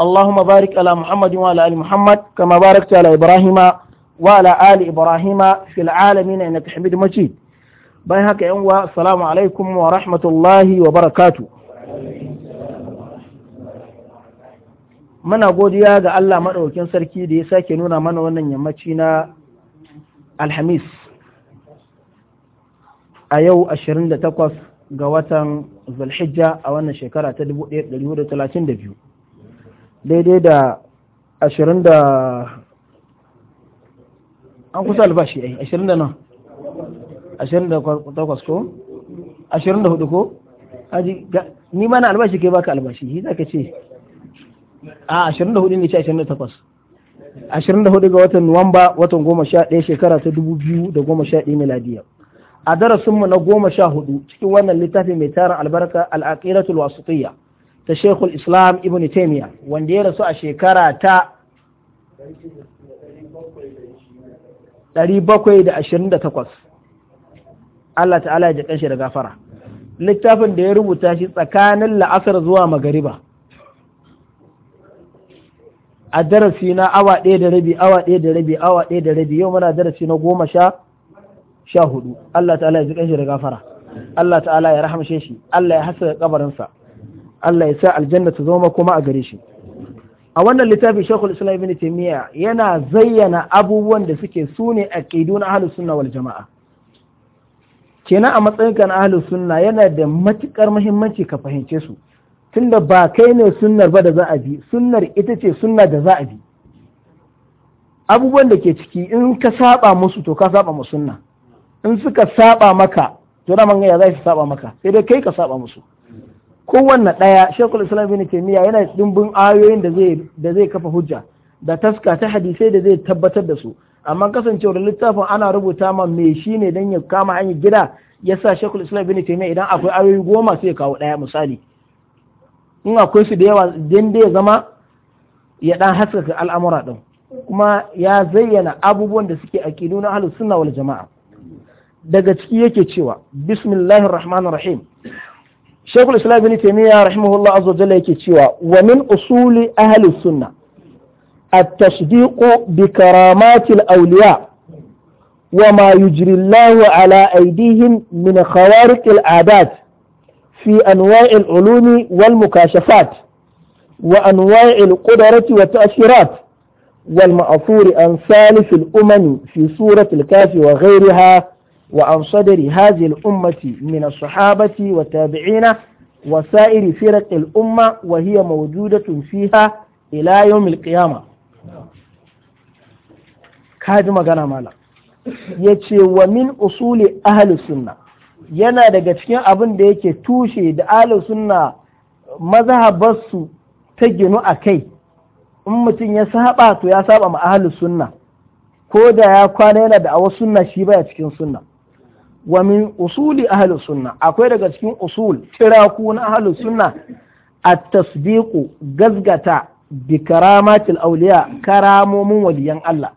اللهم بارك على محمد وعلى آل محمد كما باركت على إبراهيم وعلى آل إبراهيم في العالمين إنك حميد مجيد باي هكا ينوى السلام عليكم ورحمة الله وبركاته muna godiya ga Allah maɗaukin sarki da ya sake nuna mana wannan yammaci na alhamis a yau 28 ga watan zulhijja a wannan shekara ta 1432 daidai da ashirin da an kusa albashi ai ashirin da nan ashirin da takwas ko ashirin da hudu ko aji ni mana albashi ke baka albashi shi za ka ce a ashirin da hudu ne ce ashirin da takwas ashirin da hudu ga watan nuwamba watan goma sha ɗaya shekara ta dubu biyu da goma sha ɗaya miladiyya a darasinmu na goma sha hudu cikin wannan littafi mai tarin albarka wasu wasitiyya ta shekul islam ibn taimiya wanda ya rasu a shekara ta 728 Allah ta'ala ya jikan shi da gafara littafin da ya rubuta shi tsakanin la'asar zuwa magariba a darasi na awa ɗaya da rabi awa ɗaya da rabi awa ɗaya da rabi yau muna darasi na goma sha sha hudu Allah ta'ala ya ji shi da gafara Allah ta'ala ya rahamshe shi Allah ya hasa kabarinsa Allah ya sa aljanna ta zama kuma a gare shi a wannan littafin shekul islam ibn taymiya yana zayyana abubuwan da suke sune ne aqidu na ahlus sunna wal jama'a kenan a matsayin kan na ahlus sunna yana da matukar muhimmanci ka fahimce su tunda ba kai ne sunnar ba da za a bi sunnar ita ce sunna da za a bi abubuwan da ke ciki in ka saba musu to ka saba musu sunna in suka saba maka to da man ya za su saba maka sai dai kai ka saba musu kowanne ɗaya shekul islam bin taimiyya yana dimbin ayoyin da zai kafa hujja da taska ta hadisai da zai tabbatar da su amma kasancewar littafin ana rubuta ma me shi ne don ya kama hanyar gida ya sa shekul islam bin taimiyya idan akwai ayoyi goma sai kawo ɗaya misali in akwai su da yawa dai ya zama ya ɗan haskaka al'amura ɗin kuma ya zayyana abubuwan da suke aƙidu na ahlus sunna wal jama'a daga ciki yake cewa bismillahir rahmanir rahim شيخ الإسلام ابن تيمية رحمه الله عز وجل يكتشف ومن أصول أهل السنة التصديق بكرامات الأولياء وما يجري الله على أيديهم من خوارق العادات في أنواع العلوم والمكاشفات وأنواع القدرة والتأثيرات والمأثور عن سالف الأمم في سورة الكاف وغيرها وعن صدر هذه الأمة من الصحابة والتابعين وسائر فرق الأمة وهي موجودة فيها إلى يوم القيامة kaji magana malam ya ce wa min usuli ahli sunna yana daga cikin abin da yake tushe da ahli sunna mazhabarsu ta ginu a kai in mutum ya saba to ya saba ma ahli sunna ko da ya kwana yana da awa sunna shi baya cikin sunna wa min usuli ahli sunna akwai daga cikin usul tiraku na ahli sunna at-tasdiqu gazgata bi karamatil awliya karamomin waliyan Allah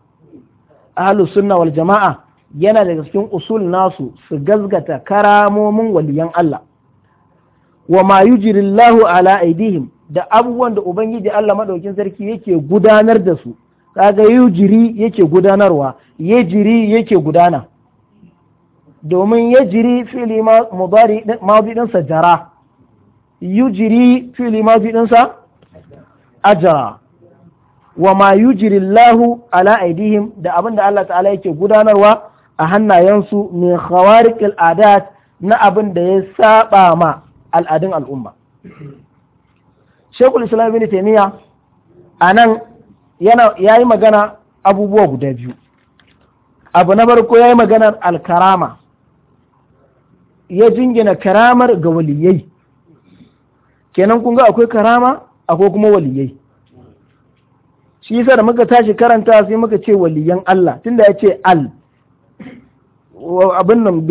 ahli sunna wal jama'a yana daga cikin usul nasu su gazgata karamomin waliyan Allah wa ma Allah ala aidihim da abubuwan da ubangiji Allah madaukin sarki yake gudanar da su kaga yujri yake gudanarwa yajiri yake gudana domin ya jiri fili mazi jara yu jiri fili mazi ajara wa ma yu jiri lahu ala aidihim da abin da Allah ta'ala yake gudanarwa a hannayensu min khawarik al'adat na abin da ya saba ma al'adun al'umma shekul islam ibn taimiyya a nan ya yi magana abubuwa guda biyu abu na farko ya yi maganar alkarama ya jingina karamar ga waliyai kenan kun ga akwai karama akwai kuma waliyai shi yasa da muka tashi karanta sai muka ce waliyan Allah tunda ya ce al abin nan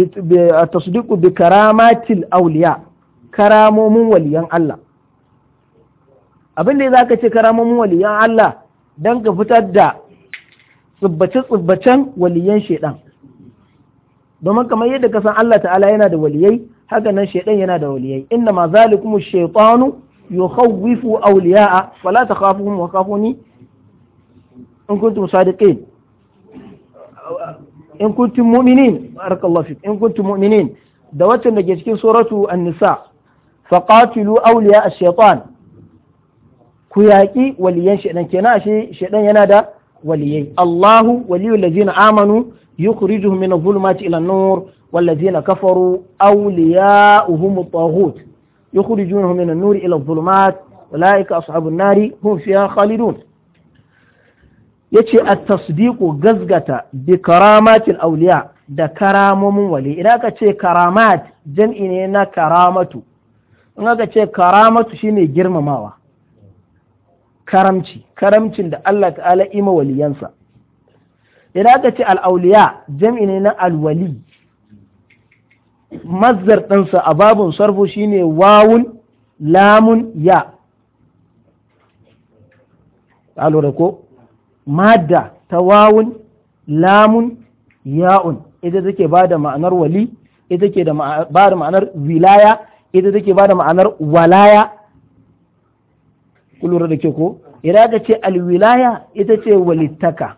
tasdiqu bi karamatil awliya karamomin waliyan Allah abin da zaka ce karamomin waliyan Allah dan ka fitar da tsubbace-tsubbacen waliyan shedan domin kamar yadda ka san Allah ta'ala yana da waliyai haka nan shaidan yana da waliyai inna ma zalikum shaytanu yukhawwifu awliya'a fala takhafuhum wa khafuni in kuntum sadiqin in kuntum mu'minin barakallahu fik in kuntum mu'minin da watan da ke cikin suratu an-nisa faqatilu awliya'a ash-shaytan ku yaqi waliyan shaidan kenan ashe shaidan yana da waliyai Allahu waliyul ladina amanu yukhrijuhum min adh-dhulumati ila an-nur wallazina kafaru awliya'uhum at-taghut yukhrijunahum min an-nur ila adh-dhulumat ulaika nari hum fiha khalidun yace at-tasdiqu gazgata bi karamatil auliya da karamomin wali idan aka karamat jam'i ne na karamatu in aka ce karamatu shine girmamawa karamci karamcin da Allah ta'ala ima waliyansa idan aka ce al'auliya jam'i ne na alwali mazzar ɗansa a babun shi shine wawun lamun ya lura ko madda ta wawun lamun ya'un ita take ba da ma'anar wali ita ke da ba da ma'anar wilaya ita take ba da ma'anar walaya ku da ke ko idan aka ce alwilaya ita ce walittaka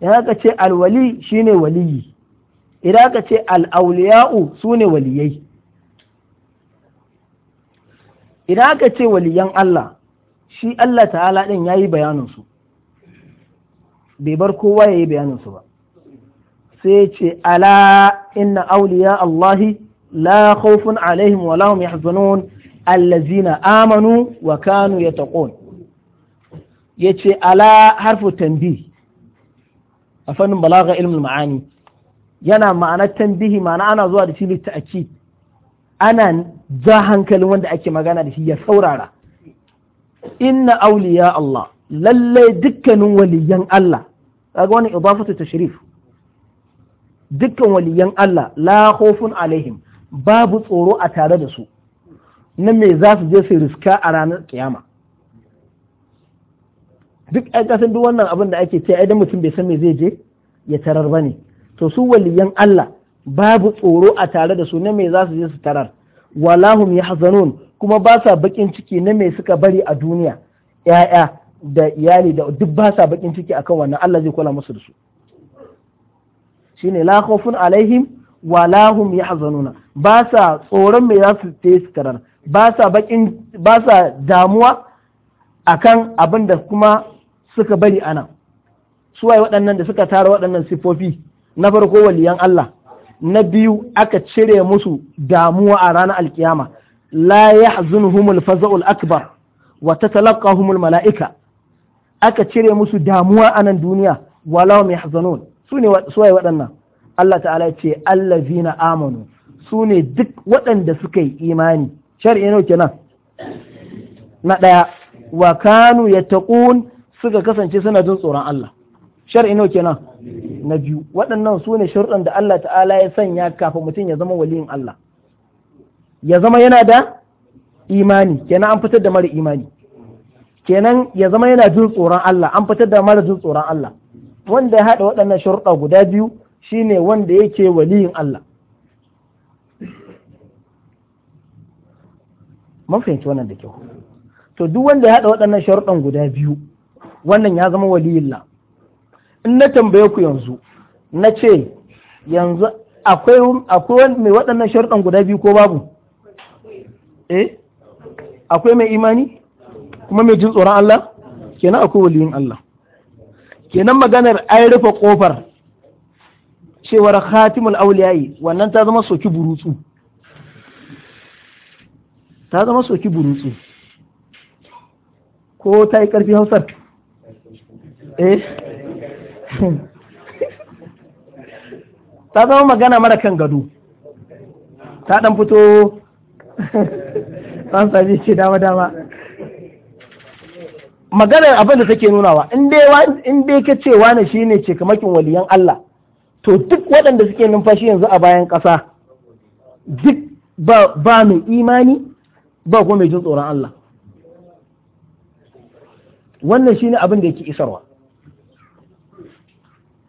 idan aka ce alwali shine waliyi idan aka ce al'auliya'u su ne waliyai idan aka ce waliyan Allah shi Allah ta'ala ɗin ya yi bayaninsu bai bar kowa ya yi bayaninsu ba sai ce ala inna auliya Allahi la khawfun alaihim wa lahum yahzanun allazina amanu wa kanu yace ala harfu tanbih a fannin balaga ilmul ma'ani yana ma'anar tambihi ma'ana ana zuwa da shi litta'akid ana ja hankalin wanda ake magana da shi ya saurara inna auliya Allah lalle dukkanin waliyan Allah kaga wani idafatu tashrif dukkan waliyan Allah la khawfun alaihim babu tsoro a tare da su nan me za su je su riska a ranar kiyama duk ai kasan duk wannan abin da ake cewa idan mutum bai san me zai je ya tarar bane to su waliyan Allah babu tsoro a tare da su na me za su je su tarar walahum yahzanun kuma ba sa bakin ciki na me suka bari a duniya ya'ya da iyali da duk ba sa bakin ciki akan wannan Allah zai kula musu da su shine la khawfun alaihim walahum yahzanuna ba sa tsoron me za su je su tarar ba sa bakin ba sa damuwa akan abin da kuma suka bari ana suwaye waɗannan da suka tara waɗannan siffofi na farko waliyan Allah na biyu aka cire musu damuwa a ranar alkiyama la yahzunhumul faza'ul akbar wa tatalaqahumul mala'ika aka cire musu damuwa a nan duniya wala hum su ne suwaye waɗannan Allah ta'ala ce allazina amanu sune duk waɗanda suka yi imani shar'i ne na ɗaya wa kanu suka kasance suna jin tsoron Allah shar'i nawa kenan na biyu waɗannan su ne sharuɗan da Allah ta'ala ya sanya kafin mutum ya zama waliyin Allah ya zama yana da imani kenan an fitar da mara imani kenan ya zama yana jin tsoron Allah an fitar da mara jin tsoron Allah wanda ya haɗa waɗannan shirɗa guda biyu shine wanda yake waliyin Allah mun fahimci wannan da kyau to duk wanda ya haɗa waɗannan sharuɗan guda biyu wannan ya zama waliyillah in na tambaye ku yanzu na ce yanzu akwai mai waɗannan sharɗan guda biyu ko babu eh akwai mai imani kuma mai jin tsoron Allah kenan akwai waliyin Allah kenan maganar ai rufe kofar cewar khatimul auliyayi wannan ta zama soki burutsu ta zama soki burutsu ko ta yi ƙarfi hausar Eh? ta zama magana mara kan gado ta dan fito san sami ce dama dama maganar abin da take nunawa in dai ka ce wane shi ne ce kamakin waliyan Allah to duk waɗanda suke numfashi yanzu a bayan ƙasa duk ba mai imani ba kuma mai jin tsoron Allah wannan shi ne abin da yake isarwa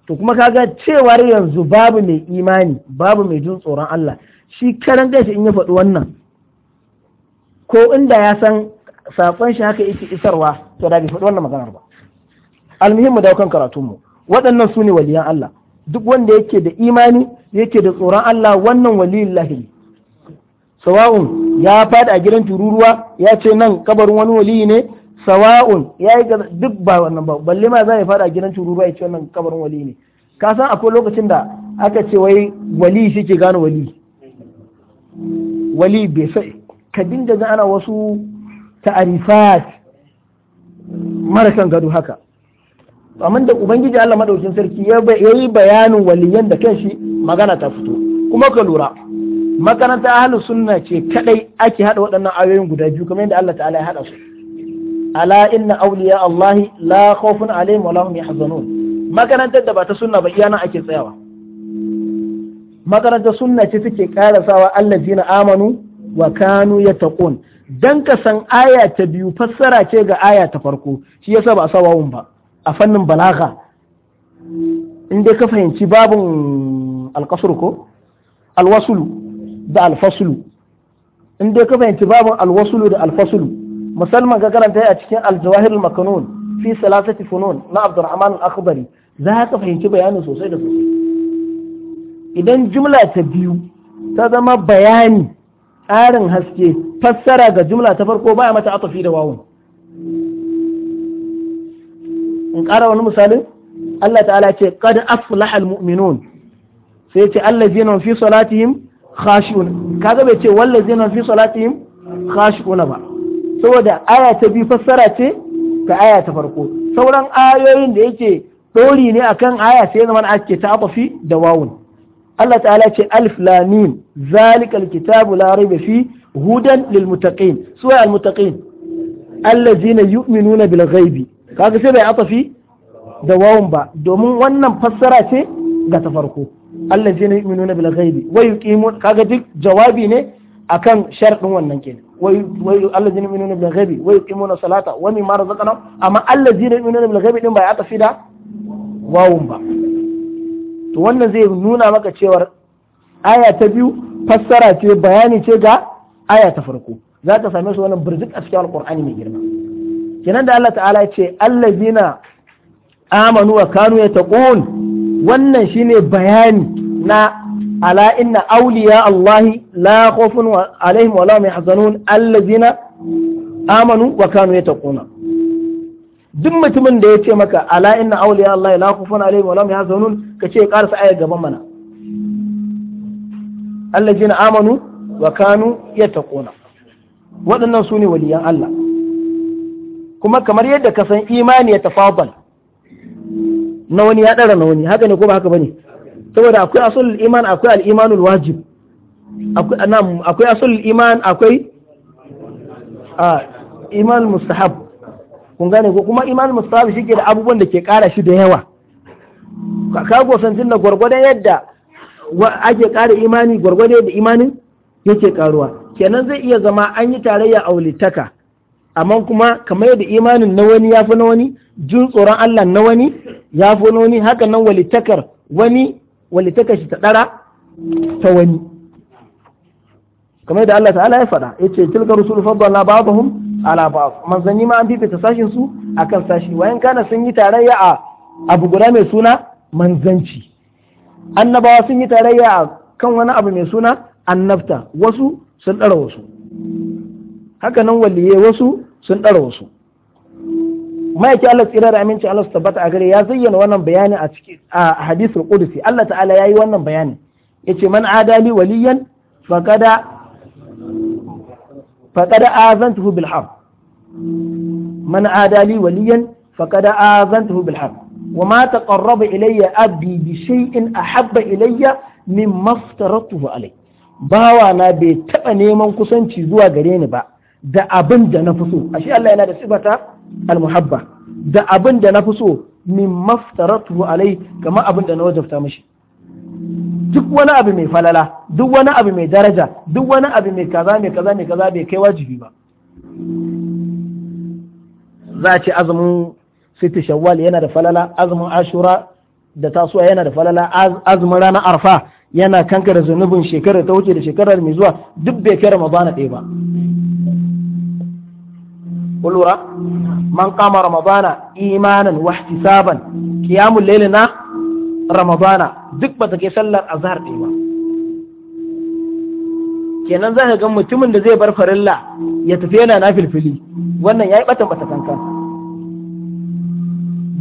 to kuma kaga cewar yanzu babu mai imani babu mai jin tsoron Allah shi karan gashi in ya faɗi wannan ko inda ya san saƙon shi haka yake isarwa to da bai faɗi wannan maganar ba mu dawo kan mu waɗannan su ne waliyan Allah duk wanda yake da imani yake da tsoron Allah wannan waliyin lahiri sawa'un ya faɗi a gidan tururuwa ya ce nan kabarin wani waliyi ne sawa'un ya yi duk ba wannan ba balle ma za ya fada gidan tururuwa ya ce wannan kabarin wali ne ka san akwai lokacin da aka ce wai wali shi ke gano wali wali bai sai ka dinga ga ana wasu ta'arifat kan gado haka amma da ubangiji Allah madaukin sarki ya yi bayanin waliyan da shi magana ta fito kuma ka lura makaranta ahlus sunna ce kadai ake hada waɗannan ayoyin guda biyu kamar yadda Allah ta'ala ya hada su ala inna awliya allahi la khawfun alaihim wa lahum yahzanun makarantar da ba ta sunna ba iyana ake tsayawa makarantar sunna ce take karasawa allazina amanu wa kanu yattaqun dan ka san aya ta biyu fassara ce ga aya ta farko shi yasa ba a sa wawun ba a fannin balaga in dai ka fahimci babin alkasur ko alwasulu da alfasulu in dai ka fahimci babin alwasulu da alfasulu musamman ga karanta a cikin al-jawahir al-makanun fi salasati funun na Abdurrahman al-Akhbari za ka fahimci bayanin sosai da sosai idan jumla ta biyu ta zama bayani tsarin haske fassara ga jumla ta farko baya mata atafi da wawun in ƙara wani misalin Allah ta'ala ce qad aflaha al-mu'minun sai ya ce allazina fi salatihim khashun kaga bai ce wallazina fi salatihim khashuna ba saboda aya ta biyu fassara ce ga aya ta farko sauran ayoyin da yake dori ne akan aya sai zaman ake ta'atafi da wawun Allah ta'ala ce alif lam mim zalikal kitabu la raiba fi hudan lil muttaqin su al muttaqin allazina yu'minuna bil ghaibi kaga sai bai atafi da wawun ba domin wannan fassara ce ga ta farko allazina yu'minuna bil ghaibi wa yuqimun kaga duk jawabi ne akan sharɗin wannan kenan والذين يؤمنون بالغيب ويقيمون الصلاة ومما رزقناهم أما الذين يؤمنون بالغيب din ba ya tafi da wawun to wannan zai nuna maka cewar aya ta biyu fassara ce bayani ce ga aya ta farko za ka same su wannan birzik a cikin alqur'ani mai girma kenan da Allah ta'ala ya ce allazina amanu wa kanu yattaqun wannan shine bayani na ala inna awliya Allahi la khawfun alaihim wa la hum yahzanun allazina amanu wa kanu yattaquna duk mutumin da ya ce maka ala inna awliya Allahi la khawfun alaihim wa la hum yahzanun ka ce karasa aya gaban mana allazina amanu wa kanu yattaquna waɗannan su ne waliyan Allah kuma kamar yadda ka san imani ya tafadal na wani ya ɗara na wani haka ne ko ba haka bane saboda akwai asul iman akwai al'imanul wajib akwai asul iman akwai iman mustahab kun gane ko kuma iman mustahab shi ke da abubuwan da ke kara shi da yawa ka gosantin da gwargwadon yadda ake kara imani gwargwadon yadda imanin yake karuwa kenan zai iya zama an yi tarayya a wulitaka amma kuma kamar yadda imanin na wani ya fi na wani jin tsoron Allah na wani ya fi na wani haka nan walittakar wani wali ta kashi ta ɗara ta wani kamar da Allah ta'ala ya faɗa ya ce tilka rusul faddala ba'dhum ala ba'd manzanni ma an fifita sashin su akan sashi wayan kana sun yi tarayya a abu guda mai suna manzanci annabawa sun yi tarayya a kan wani abu mai suna annabta wasu sun ɗara wasu haka nan waliye wasu sun ɗara wasu ma'aiki Allah tsira da aminci Allah su tabbata a gare ya zayyana wannan bayani a cikin a hadisul qudsi Allah ta'ala yayi wannan bayani yace man adali waliyan faqada faqada azantuhu bil harb man adali waliyan faqada azantuhu bil harb وما تقرب إلي أبي بشيء أحب إلي مما Bawa na bai بي neman kusanci zuwa gare ni ba, da abin da na fi so ashe Allah yana da sifata almuhabba da abin da na fi so min maftaratu alai kamar abin da na wajabta mashi duk wani abu mai falala duk wani abu mai daraja duk wani abu mai kaza mai kaza mai kaza bai kai wajibi ba za ce azumin sita shawwal yana da falala azumin ashura da tasuwa yana da falala azumin ranar arfa yana kankara zunubin shekarar ta wuce da shekarar mai zuwa duk bai kai ramadana ɗaya ba ulura man kama ramadana imanan wa ihtisaban qiyamul na ramadana duk ta ke sallar azhar ɗaya ba kenan za ka ga mutumin da zai bar farilla ya tafi yana na filfili wannan yayi batan ta kankan.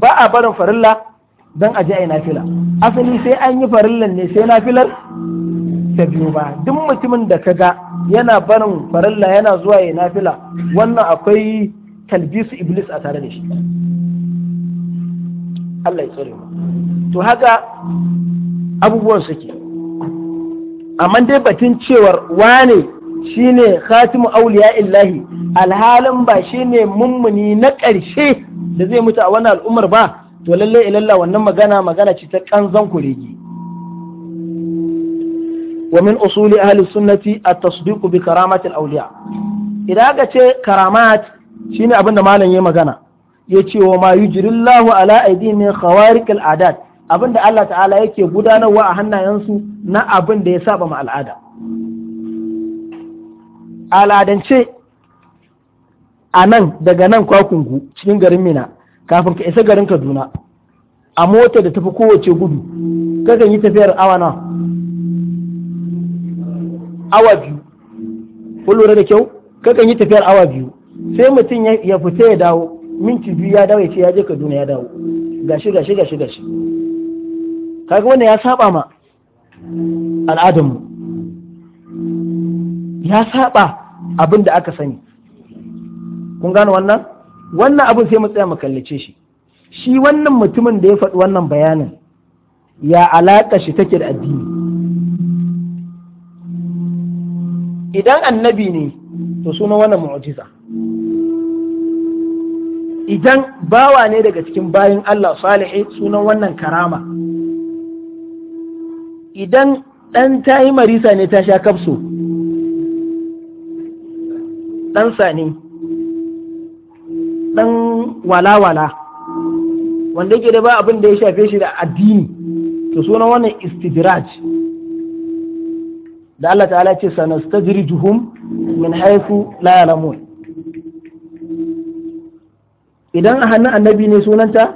ba a barin farilla don a ji a yi nafila asali sai an yi farillan ne sai nafilar ta biyu ba duk mutumin da ka ga yana barin farilla yana zuwa ya nafila wannan akwai talbisu iblis a tare da shi Allah ya tsare ma. to haka abubuwan suke amma dai batun cewar wane shine khatimu auliya illahi alhalin ba shine mummuni na ƙarshe da zai mutu a wani al'ummar ba to lalle ilalla wannan magana magana ce ta kanzan kuregi wa min usuli ahli sunnati at-tasdiq bi karamatil awliya idan aka ce karamat shine abin da malam ya magana ya ce wa ma yujrillahu ala aidi min khawarik al-adat abin da Allah ta'ala yake gudanarwa a hannayensu na abin da ya saba ma al'ada aladance a nan daga nan kwakungu cikin garin mina kafin ka isa garin kaduna a mota da tafi kowace gudu kakan yi tafiyar awa na awa biyu kun da kyau kakan yi tafiyar awa biyu sai mutum ya fita ya dawo minti biyu ya dawo ya ce ya je kaduna ya dawo gashi gashi gashi gashi kaga wanda ya saba ma al'adunmu ya saba abin da aka sani kun gane wannan wannan abin sai mu tsaya mu kallace shi shi wannan mutumin da ya faɗi wannan bayanin ya alaƙa shi take da addini idan annabi ne to suna wannan mu'ujiza. idan bawa ne daga cikin bayan Allah salihi sunan wannan karama idan ɗan tayi marisa ne ta sha kafso ɗansa ne ɗan walawala wanda yake da ba abin da ya shafe shi da addini to sunan wannan istidraj da Allah ta'ala ce sanastajrijuhum min haythu la ya'lamun idan a hannun annabi ne sunanta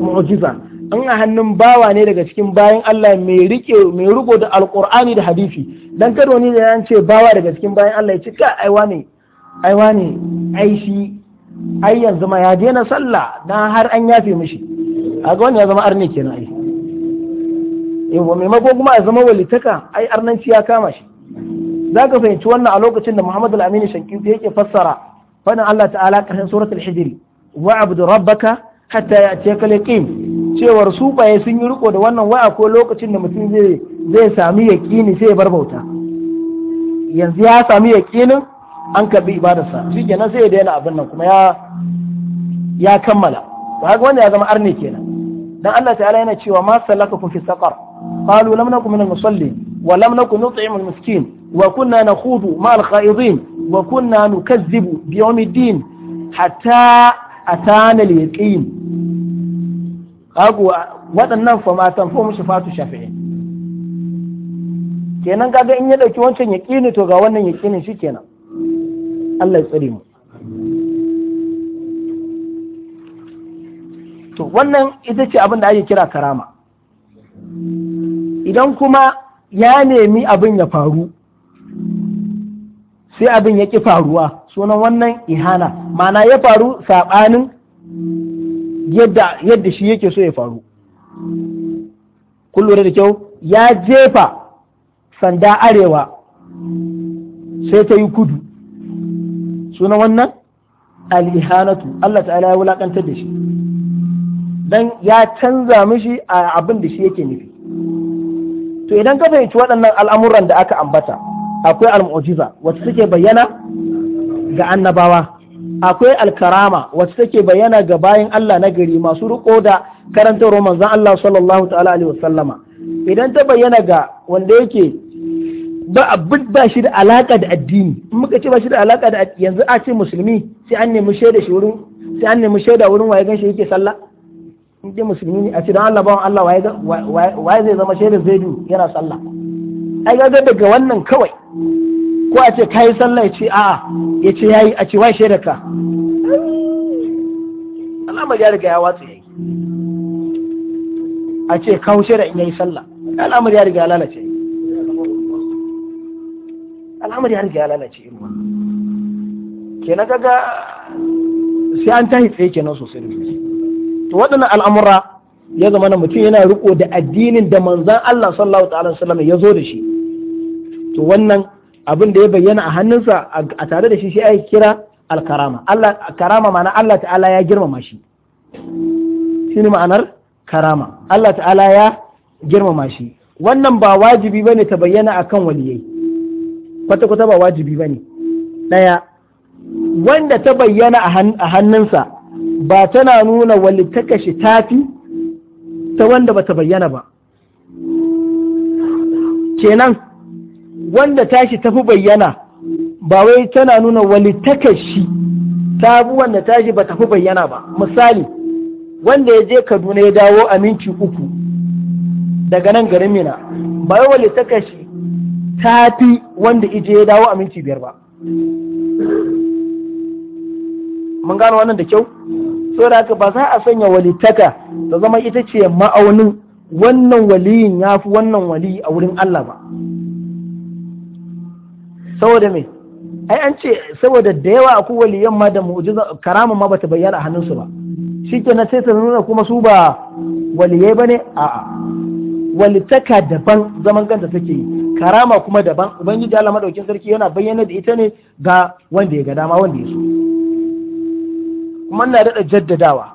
mu'jiza in a hannun bawa ne daga cikin bayan Allah mai rike mai rugo da alqur'ani da hadisi dan kado ne da yace ce bawa daga cikin bayan Allah ya ci ka aiwa ne aiwa ne ai ai yanzu ma ya daina sallah dan har an yafe mishi kaga wani ya zama arne kenan ai yawa mako kuma ya zama walitaka ai arnanci ya kama shi za ka fahimci wannan a lokacin da Muhammadu al-Aminu Shankiti yake fassara fadin Allah ta'ala ƙarshen suratul hijri wa abdu rabbaka hatta ce kale kim cewar su baye sun yi riko da wannan waya ko lokacin da mutum zai zai sami yaqini sai ya bar bauta yanzu ya sami yaƙinin? an karbi ibadarsa shi kenan sai ya daina abin nan kuma ya kammala ba haka wanda ya zama arne kenan dan Allah ta'ala yana cewa ma sallakakum fi saqar qalu lam nakum minal musalli wa lam nakum nut'imu al-miskin wa kunna nakhudu ma al-khaidin wa kunna nukazzibu bi yawmiddin hatta atana al-yaqin kago waɗannan fa fa tanfu fatu shafi'in kenan kaga in ya ɗauki wancan yaqini to ga wannan yaƙinin shi kenan. Allah ya tsare mu to wannan ita ce abin da ake kira karama idan kuma ya nemi abin ya faru sai abin ya ƙi faruwa sunan wannan ihana mana ya faru saɓanin yadda shi yake so ya faru kun da kyau ya jefa sanda arewa sai ta yi kudu suna wannan alihanatu Allah ta'ala ya wulakantar da shi dan ya canza mishi a abin da shi yake nufi to idan ka fahimci waɗannan al'amuran da aka ambata akwai al-mu'jiza wacce take bayyana ga annabawa akwai al-karama wacce take bayyana ga bayin Allah na gari masu riko da karantar manzon Allah sallallahu ta'ala alaihi wasallama idan ta bayyana ga wanda yake ba abin ba shi da alaka da addini in muka ce ba shi da alaka da yanzu a ce musulmi sai an nemi shaida shi wurin sai an nemi shaida wurin waye gan shi yake sallah in dai musulmi ne a ce dan Allah bawan Allah waye waye zai zama shaida zaidu yana sallah ai ga daga wannan kawai ko a ce kai sallah ya ce a'a ya yayi a ce waye shaida ka Allah ma ya riga ya watsa yayi a ce kawo shaida in yayi sallah ma ya riga ya lalace al'amari har ya lalace irin wannan na kaga sai an tahi tsaye nan sosai da sosai to waɗannan al'amura ya zama na mutum yana riko da addinin da manzan Allah sallallahu ta'ala sallam ya zo da shi to wannan abin da ya bayyana a hannunsa a tare da shi shi ake kira alkarama Allah karama ma'ana Allah ta'ala ya girmama shi shine ma'anar karama Allah ta'ala ya girmama shi wannan ba wajibi bane ta bayyana akan waliyai kwata-kwata ba wajibi ba ne ɗaya wanda ta bayyana a hannunsa ba tana nuna walittaka shi tafi ta wanda bata bayyana ba kenan wanda tashi tafi bayyana ba wai tana nuna wani takashi ta bi wanda tashi ba tafi bayyana ba misali wanda ya je kaduna ya dawo a minti uku daga nan garin mina ba wai walittaka shi ta fi wanda ije ya dawo a minti biyar ba mun gano wannan da kyau so da haka ba za a sanya walitaka ta zama ita ce ma'aunin wannan waliyin ya fi wannan wali a wurin Allah ba saboda me ai an ce saboda da yawa akwai waliyan ma da mu'jiza karama ma bata bayyana a hannunsu ba Shi na sai ta nuna kuma su ba waliyai ne? a'a walitaka daban zaman ganta take yi karama kuma daban ubangiji Allah madaukin sarki yana bayyana da ita ne ga wanda ya ga dama wanda ya so kuma na daɗa jaddadawa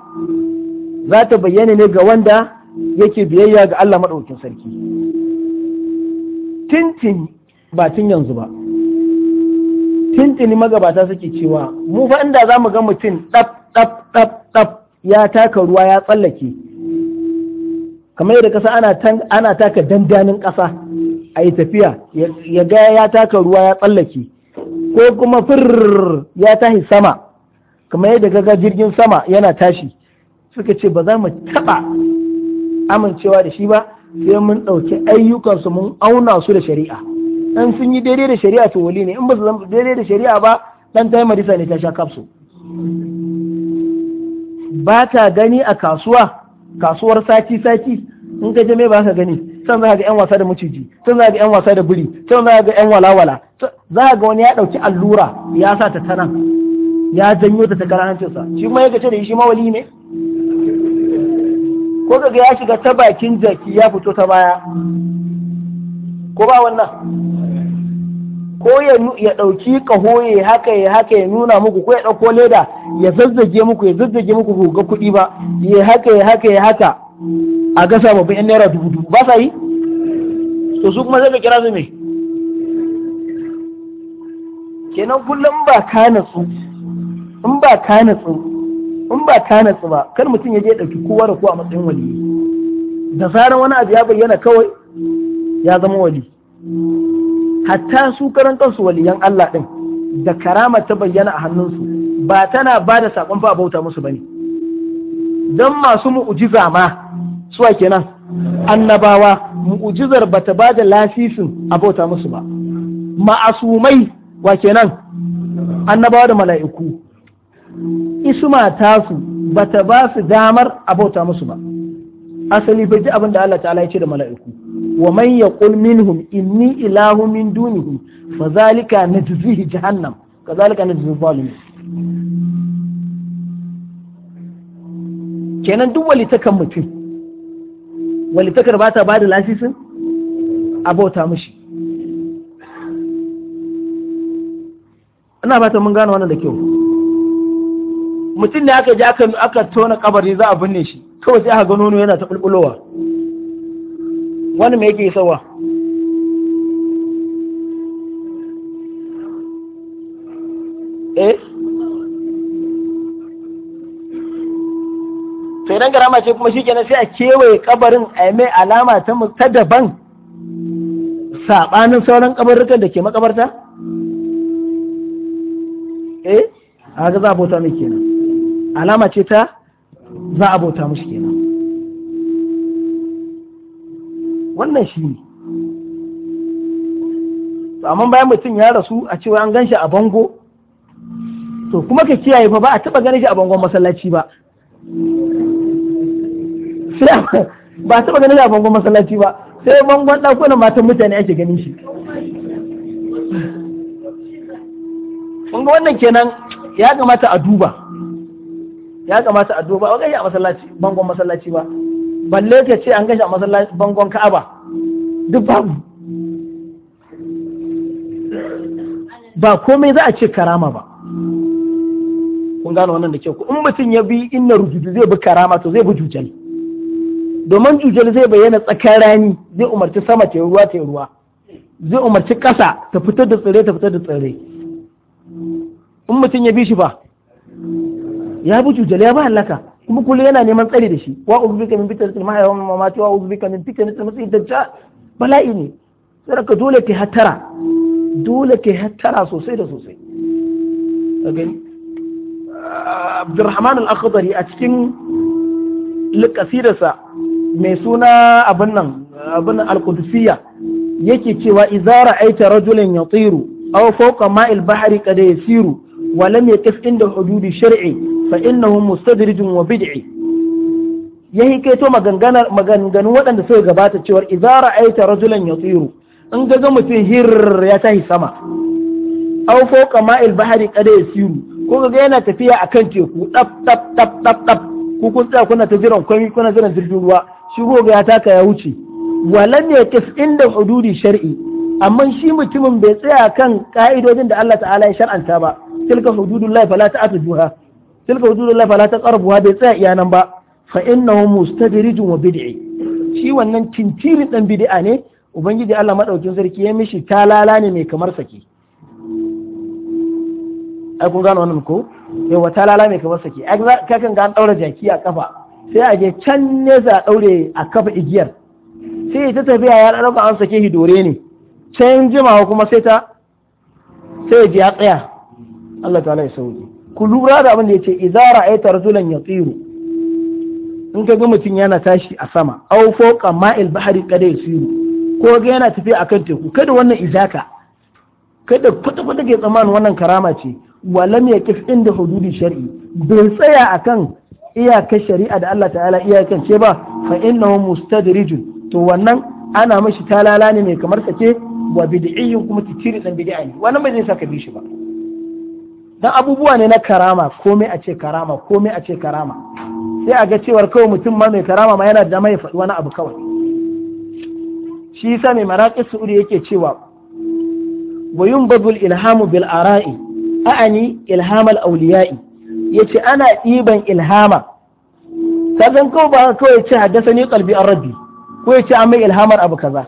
za ta bayyana ne ga wanda yake biyayya ga Allah madaukin sarki tintin ba tun yanzu ba tintini magabata suke cewa mu fa inda za mu ga mutum ɗaf ɗaf ɗaf ɗaf ya taka ruwa ya tsallake kamar yadda kasa ana taka dandanin kasa a yi tafiya ya ga ya taka ruwa ya tsallake ko kuma fir ya tashi sama kamar yadda gaga jirgin sama yana tashi suka ce ba za mu taɓa amincewa da shi ba sai mun ɗauki ayyukansu mun auna su da shari'a Dan sun yi daidai da shari'a to wali ne in ba su zama daidai da shari'a ba dan tayi marisa ne ta sha kafsu ba ta gani a kasuwa kasuwar sati sati in ka je ba ka gani san za ga yan wasa da maciji san za ga yan wasa da biri san za ga yan walawala za ga wani ya dauki allura ya sa ta tana ya janyo ta ta cinsa. shi kuma ya gace da shi mawali ne ko ga ya shiga ta bakin jaki ya fito ta baya ko ba wannan ko ya ɗauki kaho ya haka ya haka ya nuna muku ko ya ɗauko leda ya zazzage muku ya zazzage muku ku ga kuɗi ba ya haka ya haka ya haka a ga babu yan naira dubu dubu ba sa yi to su kuma zai kira su me kenan kullum ba ka natsu in ba ka natsu in ba ka natsu ba kar mutum ya je ɗauki kowa da kowa a matsayin wali da zaran wani abu ya bayyana kawai ya zama wali hatta su karan kansu waliyan Allah ɗin, da karama ta bayyana a hannunsu ba tana ba da sakon fa bauta musu bane Don masu mu'ujiza ma suwa kenan annabawa mu'ujizar ba ta ba da lasisin a bauta musu ba ma'asumai wa kenan annabawa da mala'iku isma tasu bata ba su damar a bauta musu ba asali bai ji abin da Allah ta'ala ya ce da mala'iku wa man yaqul minhum inni ilahu min dunihi fa zalika najzihi jahannam kazalika najzi zalimin kenan duk walitakan mutum walitakar ba ta bada lasisin abota mushi. ina ba ta mun gano wannan da kyau mutum ne aka je aka tona kabari za a binne shi kawai sai aka gano nono yana ta bulbulowa wani mai yake sawa eh to idan garama ce kuma shikenan sai a kewaye kabarin a mai alama ta ta daban sabanin sauran kabarrukan da ke makabarta eh a ga za a bauta mai kenan alama ce ta za a bauta musu kenan wannan shi ne to amma bayan mutum ya rasu a cewa an ganshi a bango to kuma ka kiyaye fa ba a taba ganin shi a bangon masallaci ba sai ba a taba ganin shi a bangon masallaci ba sai bangon ɗakunan matan mutane ake ganin shi ga wannan kenan ya kamata a duba ya kamata a duba a a masallaci bangon masallaci ba balle ka ce an gashi a masallaci bangon ka'aba duk babu ba komai za a ce karama ba kun gano wannan da kyau in mutum ya bi inna rujudu zai bi karama to zai bi jujal domin jujal zai bayyana tsakar rani zai umarci sama ta ruwa ta ruwa zai umarci ƙasa ta fitar da tsire ta fitar da tsire in mutum ya bi shi ba ya bi jujal ya ba halaka kuma kullum yana neman tsari da shi wa uzbika min fitnatil mahya wa mamati wa uzbika min fitnatil masih dajjal bala'i ne ka dole ke hatara dole ke hatara sosai da sosai Abdurrahman al-Akhdari a cikin likasirarsa mai suna abin nan abin al-Qudusiyya yake cewa izara aita rajulan yatiru aw fawqa ma'il bahri qad yasiru wa lam yaqif inda hududi shar'i fa innahum mustadrijun wa bid'i ya hikaito maganganar maganganun waɗanda suka gabata cewar idza ra'aita rajulan yatiru in ga ga mutum hir ya tahi sama aw fawqa ma'il bahri qad yasiru ko ga yana tafiya akan teku dab dab dab dab dab ku kun tsaya kuna ta jiran kwami kuna jiran jirgin ruwa shi goga ya taka ya wuce walam yaqis inda hududi shar'i amma shi mutumin bai tsaya kan ka'idodin da Allah ta'ala ya shar'anta ba tilka hududullah fala ta'tuha tilka hududullahi fala taqrabuha bai tsaya iya nan ba fa innahu mustadrijun wa bid'i shi wannan kintiri dan bid'a ne ubangiji Allah madaukin sarki ya mishi talala ne mai kamar saki ai kun gano wannan ko wa talala mai kamar saki ai kakan ga an daura jaki a kafa sai a je can nesa a daure a kafa igiyar sai ta tafiya ya raba an sake hidore ne can jimawa kuma sai ta sai ya tsaya Allah ta'ala ya sauke ku lura da abin da ya ce a idza ra'aita rasulan tsiro in ka ga mutum yana tashi a sama Aufo foka ma'il bahari kada tsiro ko ga yana tafiya akan teku kada wannan izaka kada kwata kwata ke tsammanin wannan karama ce walam ya ɗin inda hududi shar'i bai tsaya akan iyakar shari'a da Allah ta'ala ce ba fa innahu mustadrijun to wannan ana mashi talala ne mai kamar sake wa bid'iyyun kuma titiri dan bid'a ne wannan bai zai saka shi ba dan abubuwa ne na karama komai a ce karama komai a ce karama sai a ga cewar kawai mutum ma mai karama ma yana da mai faɗi wani abu kawai shi yasa mai maraƙi su'udi yake cewa wa yunbadul ilhamu bil ara'i a'ani ilhamal awliya'i yace ana ɗiban ilhama kazan kawai ba kawai ce haddasa ni kalbi an rabbi ko ya ce an mai ilhamar abu kaza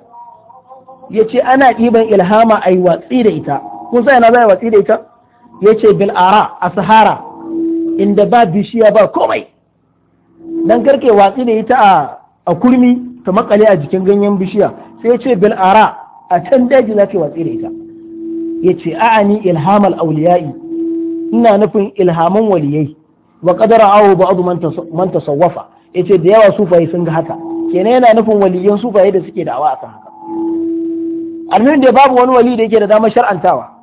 ya ce ana ɗiban ilhama a yi watsi da ita kun sa na zai yi watsi da ita yace ce bil'ara a sahara inda ba bishiya ba komai dan karke watsi da ita a kurmi ta makale a jikin ganyen bishiya sai ya ce bil'ara a can daji na ke watsi da ita yace a'ani ilhamal auliya'i ina nufin ilhaman waliyai wa qadara awu ba'd man tasawwafa yace da yawa sufaye sun ga haka kenan yana nufin waliyan sufaye da suke da'awa kan haka almin da babu wani wali da yake da damar shar'antawa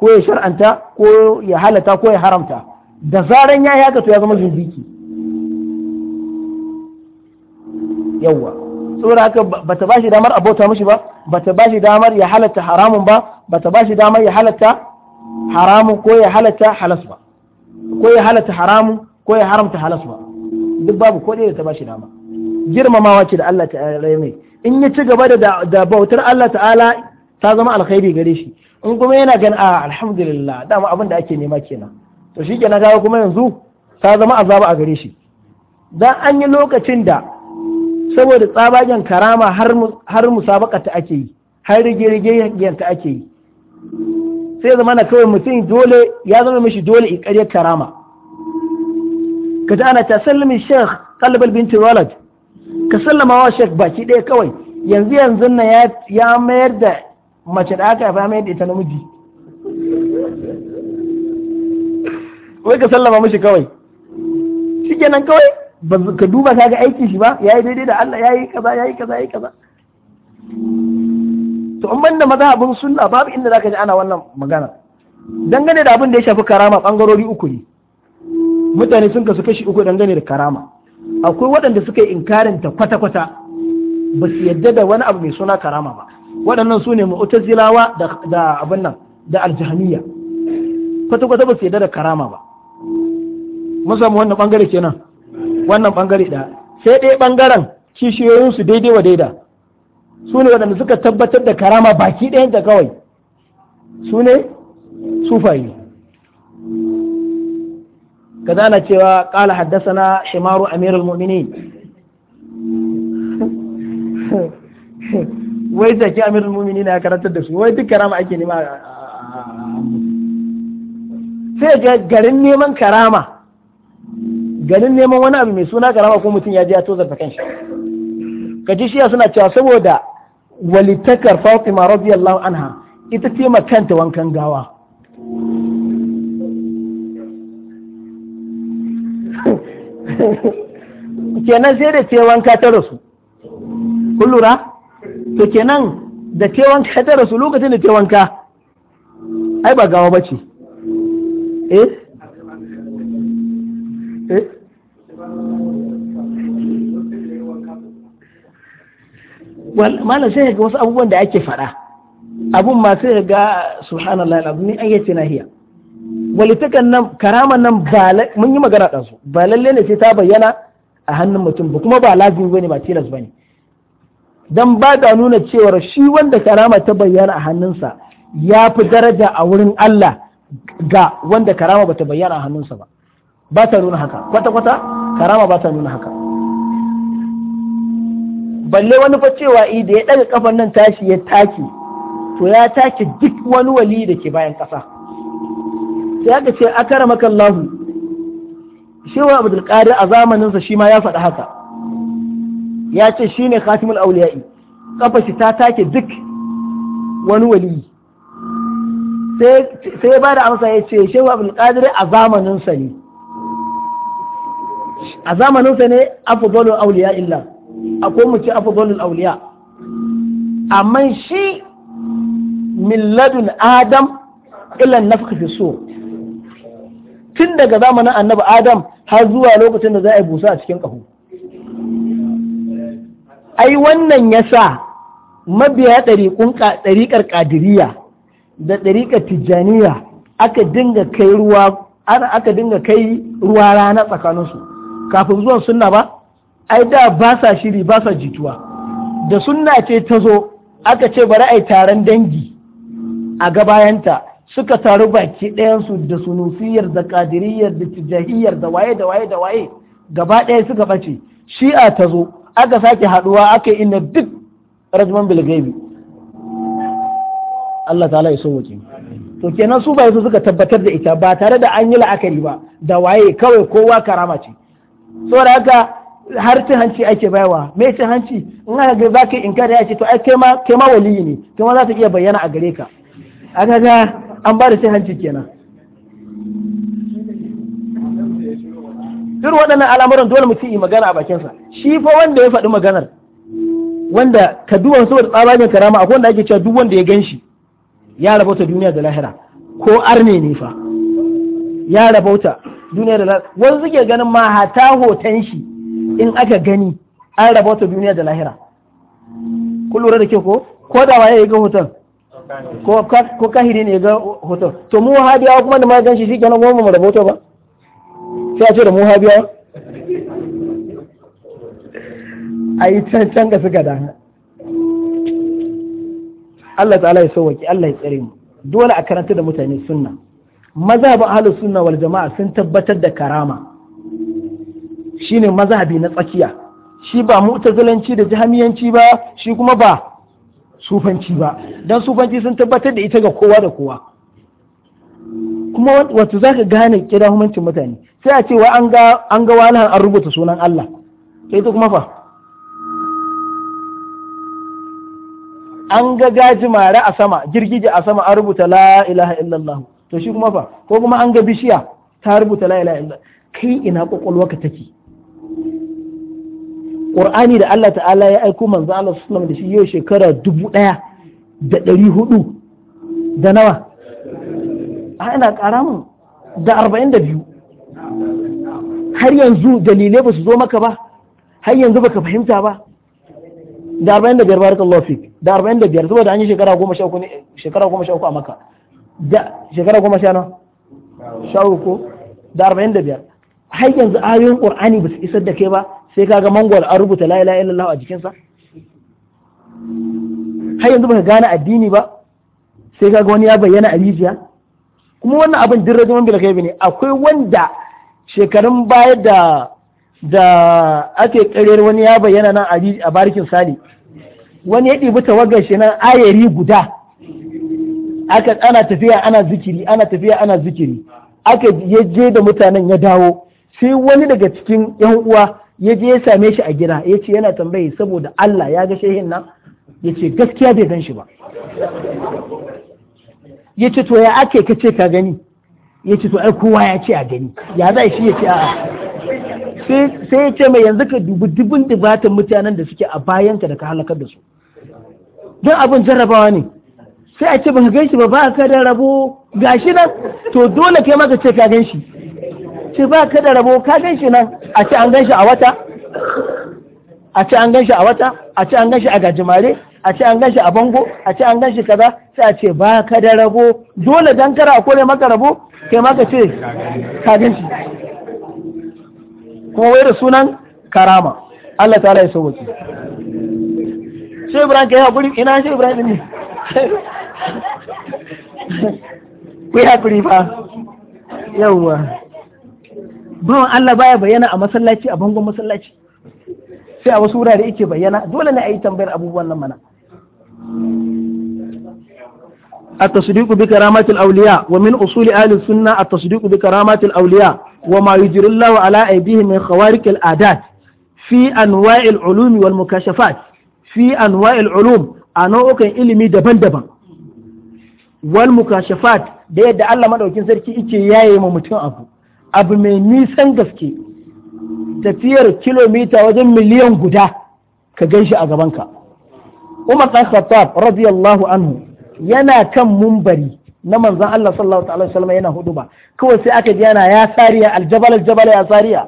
ko ya shar'anta ko ya halata ko ya haramta da zaran ya yi haka to ya zama zindiki yawwa saboda haka bata bashi damar abota mishi ba bata bashi damar ya halatta haramun ba bata bashi damar ya halatta haramun ko ya halatta halas ba ko ya halatta haramun ko ya haramta halas ba duk babu ko da ta bashi dama girmamawa ce da Allah ta'ala mai in ya ci gaba da bautar Allah ta'ala ta zama alkhairi gare shi in kuma yana gan a ah, alhamdulillah dama abin da ake nema kenan to shi kenan kuma yanzu ta zama azaba a gare shi dan an yi lokacin da saboda tsabagen karama har musabaka ta ake yi har rige-rige ta ake yi sai zama na kawai mutum dole ya zama mishi dole kare karama ka ji ana tasallimi sheikh kalbal binti walad ka sallama wa sheikh baki ɗaya kawai yanzu yanzu na ya mayar da mace da aka haifa mai da ita namiji wai ka sallama mishi kawai kenan kawai ba ka duba kaga aiki shi ba yayi daidai da Allah 'Ya yi kaza ya yi kaza ya yi kaza to in banda mazhabin sunna babu inda zaka ji ana wannan magana dangane da abin da ya shafi karama bangarori uku ne mutane sun kasu kashi uku dangane da karama akwai waɗanda suka yi inkarin ta kwata-kwata ba su yadda da wani abu mai suna karama ba waɗannan su ne mu'tazilawa da abin nan da aljahmiya kwata kwata ba su yadda da karama ba mun samu wannan bangare kenan wannan bangare da sai ɗaya bangaren kishiyoyin su daidai wa daida su ne waɗanda suka tabbatar da karama baki ɗaya da kawai su ne sufayi kaza na cewa ƙala haddasa na shimaru amirul mu'minin wai zaki amirul mumini na karantar da su wai duk karama ake nema sai ga garin neman karama garin neman wani abu mai suna karama ko mutum ya je ya tozarta kanshi ka ji ya suna cewa saboda walitakar fatima radiyallahu anha ita ce makanta wankan gawa kenan sai da ce wanka ta rasu kullura. to kenan da te wanka ya tara su lokacin da te wanka ai ba gawa bace eh eh malam sai ga wasu abubuwan da ake fada abun ma sai ga subhanallahi alazim ni ayyace nahiya walitakan nan karaman nan ba mun yi magana su ba lalle ne sai ta bayyana a hannun mutum ba kuma ba lazimi bane ba tilas bane don ba da nuna cewar shi wanda karama ta bayyana a hannunsa ya fi daraja a wurin Allah ga wanda karama ba ta bayyana a hannunsa ba ba ta nuna haka kwata-kwata karama ba ta nuna haka balle wani fa cewa da ya ɗaga kafan nan tashi ya take to ya take duk wani wali da ke bayan ƙasa sai aka ce a Lahu, makallahu shewa abdulkadir a zamaninsa shi ma ya faɗi haka ya ce shi ne khatimul auliya'i kafa shi ta take duk wani wali sai ba da amsa ya ce shehu abin kadiri a sa ne a zamanin sa ne afdalul auliya illa akwai mu ce afdalul auliya amma shi milladun adam ilan nafkh fi so tun daga zamanin annabi adam har zuwa lokacin da za a yi busa a cikin ƙaho ai wannan ya sa mabiya ɗariƙar ƙadiriya da ɗariƙar tijjaniya aka dinga kai ruwa ana aka dinga kai ruwa rana tsakaninsu kafin zuwan sunna ba ai da ba sa shiri ba sa jituwa da sunna ce ta zo aka ce bari ai taron dangi a gabayanta suka taru baki ɗayansu da sunusiyar da kadiriyar da tijahiyar da waye da waye da waye gaba ɗaya suka ɓace shi'a ta zo aka sake haduwa aka inna duk rajman bil gaibi Allah ta'ala ya so wuce to kenan su ba su suka tabbatar da ita ba tare da an yi la'akari ba da waye kawai kowa karama ce saboda haka har cin hanci ake baiwa me cin hanci in aka ga zaka kare ya ce to ai kai ma kai ma waliyi ne kai ma za ta iya bayyana a gare ka aka ga an ba da cin hanci kenan duk waɗannan al'amuran dole ci yi magana a bakinsa shi fa wanda ya faɗi maganar wanda ka duwan saboda tsabagen karama akwai wanda ake cewa duk wanda ya gan shi ya rabauta duniya da lahira ko arne ne fa ya rabauta duniya da lahira wani suke ganin ma hata hoton shi in aka gani an rabauta duniya da lahira kun lura da ke ko ko da waye ya ga hoton ko kahiri ne ya ga hoton to mu wahabiyawa kuma da ma gan shi shi kenan mu rabauta ba sai da mu habiya a yi can can ga suka da Allah ta'ala ya sauwaki Allah ya tsare mu dole a karanta da mutane sunna mazhabin ahlus sunna wal jama'a sun tabbatar da karama shine mazhabi na tsakiya shi ba mu'tazilanci da jihamiyanci ba shi kuma ba sufanci ba dan sufanci sun tabbatar da ita ga kowa da kowa kuma wato za ka gane humancin mutane sai a ce wa an ga walahan an rubuta sunan Allah sai ta kuma fa an ga gaji mare a sama girgije a sama an rubuta la ilaha illallah to shi kuma fa ko kuma an ga bishiya ta rubuta la ilaha illallah kai ina ka take Qur'ani da Allah ta'ala ya aiko manzo Allah sallallahu alaihi wasallam da shi yau shekara dubu ɗaya da ɗari hudu da nawa ana ina ƙara mun da arba'in da biyu har yanzu dalilai ba su zo maka ba har yanzu baka fahimta ba da arba'in da biyar barakallahu lofik. da arba'in da biyar da an yi shekara goma sha uku ne shekara goma sha uku a maka da shekara goma sha nawa sha uku da arba'in da biyar har yanzu ayoyin qur'ani ba su isar da kai ba sai kaga mangwal an rubuta la ilaha illallah a jikinsa har yanzu baka gane addini ba sai kaga wani ya bayyana a rijiya kuma wannan abin din rajiman bil ghaibi ne akwai wanda shekarun baya da da ake karyar wani ya bayyana nan a barikin sali wani ya ɗibi tawagar shi nan ayari guda aka ana tafiya ana zikiri ana tafiya ana zikiri aka ya je da mutanen ya dawo sai wani daga cikin yan uwa ya je ya same shi a gida ya ce yana tambayi saboda Allah ya ga shehin nan ya ce gaskiya bai gan shi ba ya ce to ya ake ka ce ka gani ya ce to ai kowa ya ce a gani ya za shi ya ce a? sai ya ce mai yanzu ka dubi dubin dubatan mutanen da suke a bayanka da ka halakar da su don abin jarrabawa ne sai a ce ba ka ganshi ba ba ka da rabo gashi nan to dole kai maka ce ka ganshi ce ba ka da rabo ka ganshi nan a ce an ganshi a wata a ce an ganshi a wata a ce an ganshi a gajimare a ce an ganshi a bango a ce an ganshi kaza sai a ce ba ka da rabo dole dan kara a kore maka rabo kai maka ce ka ganshi kuma wai da sunan karama Allah ta'ala ya sauwaki Shehu Ibrahim kai hakuri ina shi Ibrahim ne ku yi hakuri fa yawwa bawan Allah baya bayyana a masallaci a bangon masallaci sai a wasu wurare yake bayyana dole ne a yi tambayar abubuwan nan mana التصديق بكرامات الأولياء ومن أصول أهل السنة التصديق بكرامات الأولياء وما يجري الله على أيديهم من خوارق العادات في أنواع العلوم والمكاشفات في أنواع العلوم أنا أوكي إلمي دبن دبن والمكاشفات da yadda Allah madaukin sarki yake yaye ma mutum abu abu mai nisan gaske tafiyar kilomita wajen miliyan guda ka gan shi a gabanka Umar dan Khattab radiyallahu anhu yana kan mumbari na manzon Allah sallallahu alaihi wasallam yana kawai sai aka ji yana ya sariya aljabal aljabal ya sariya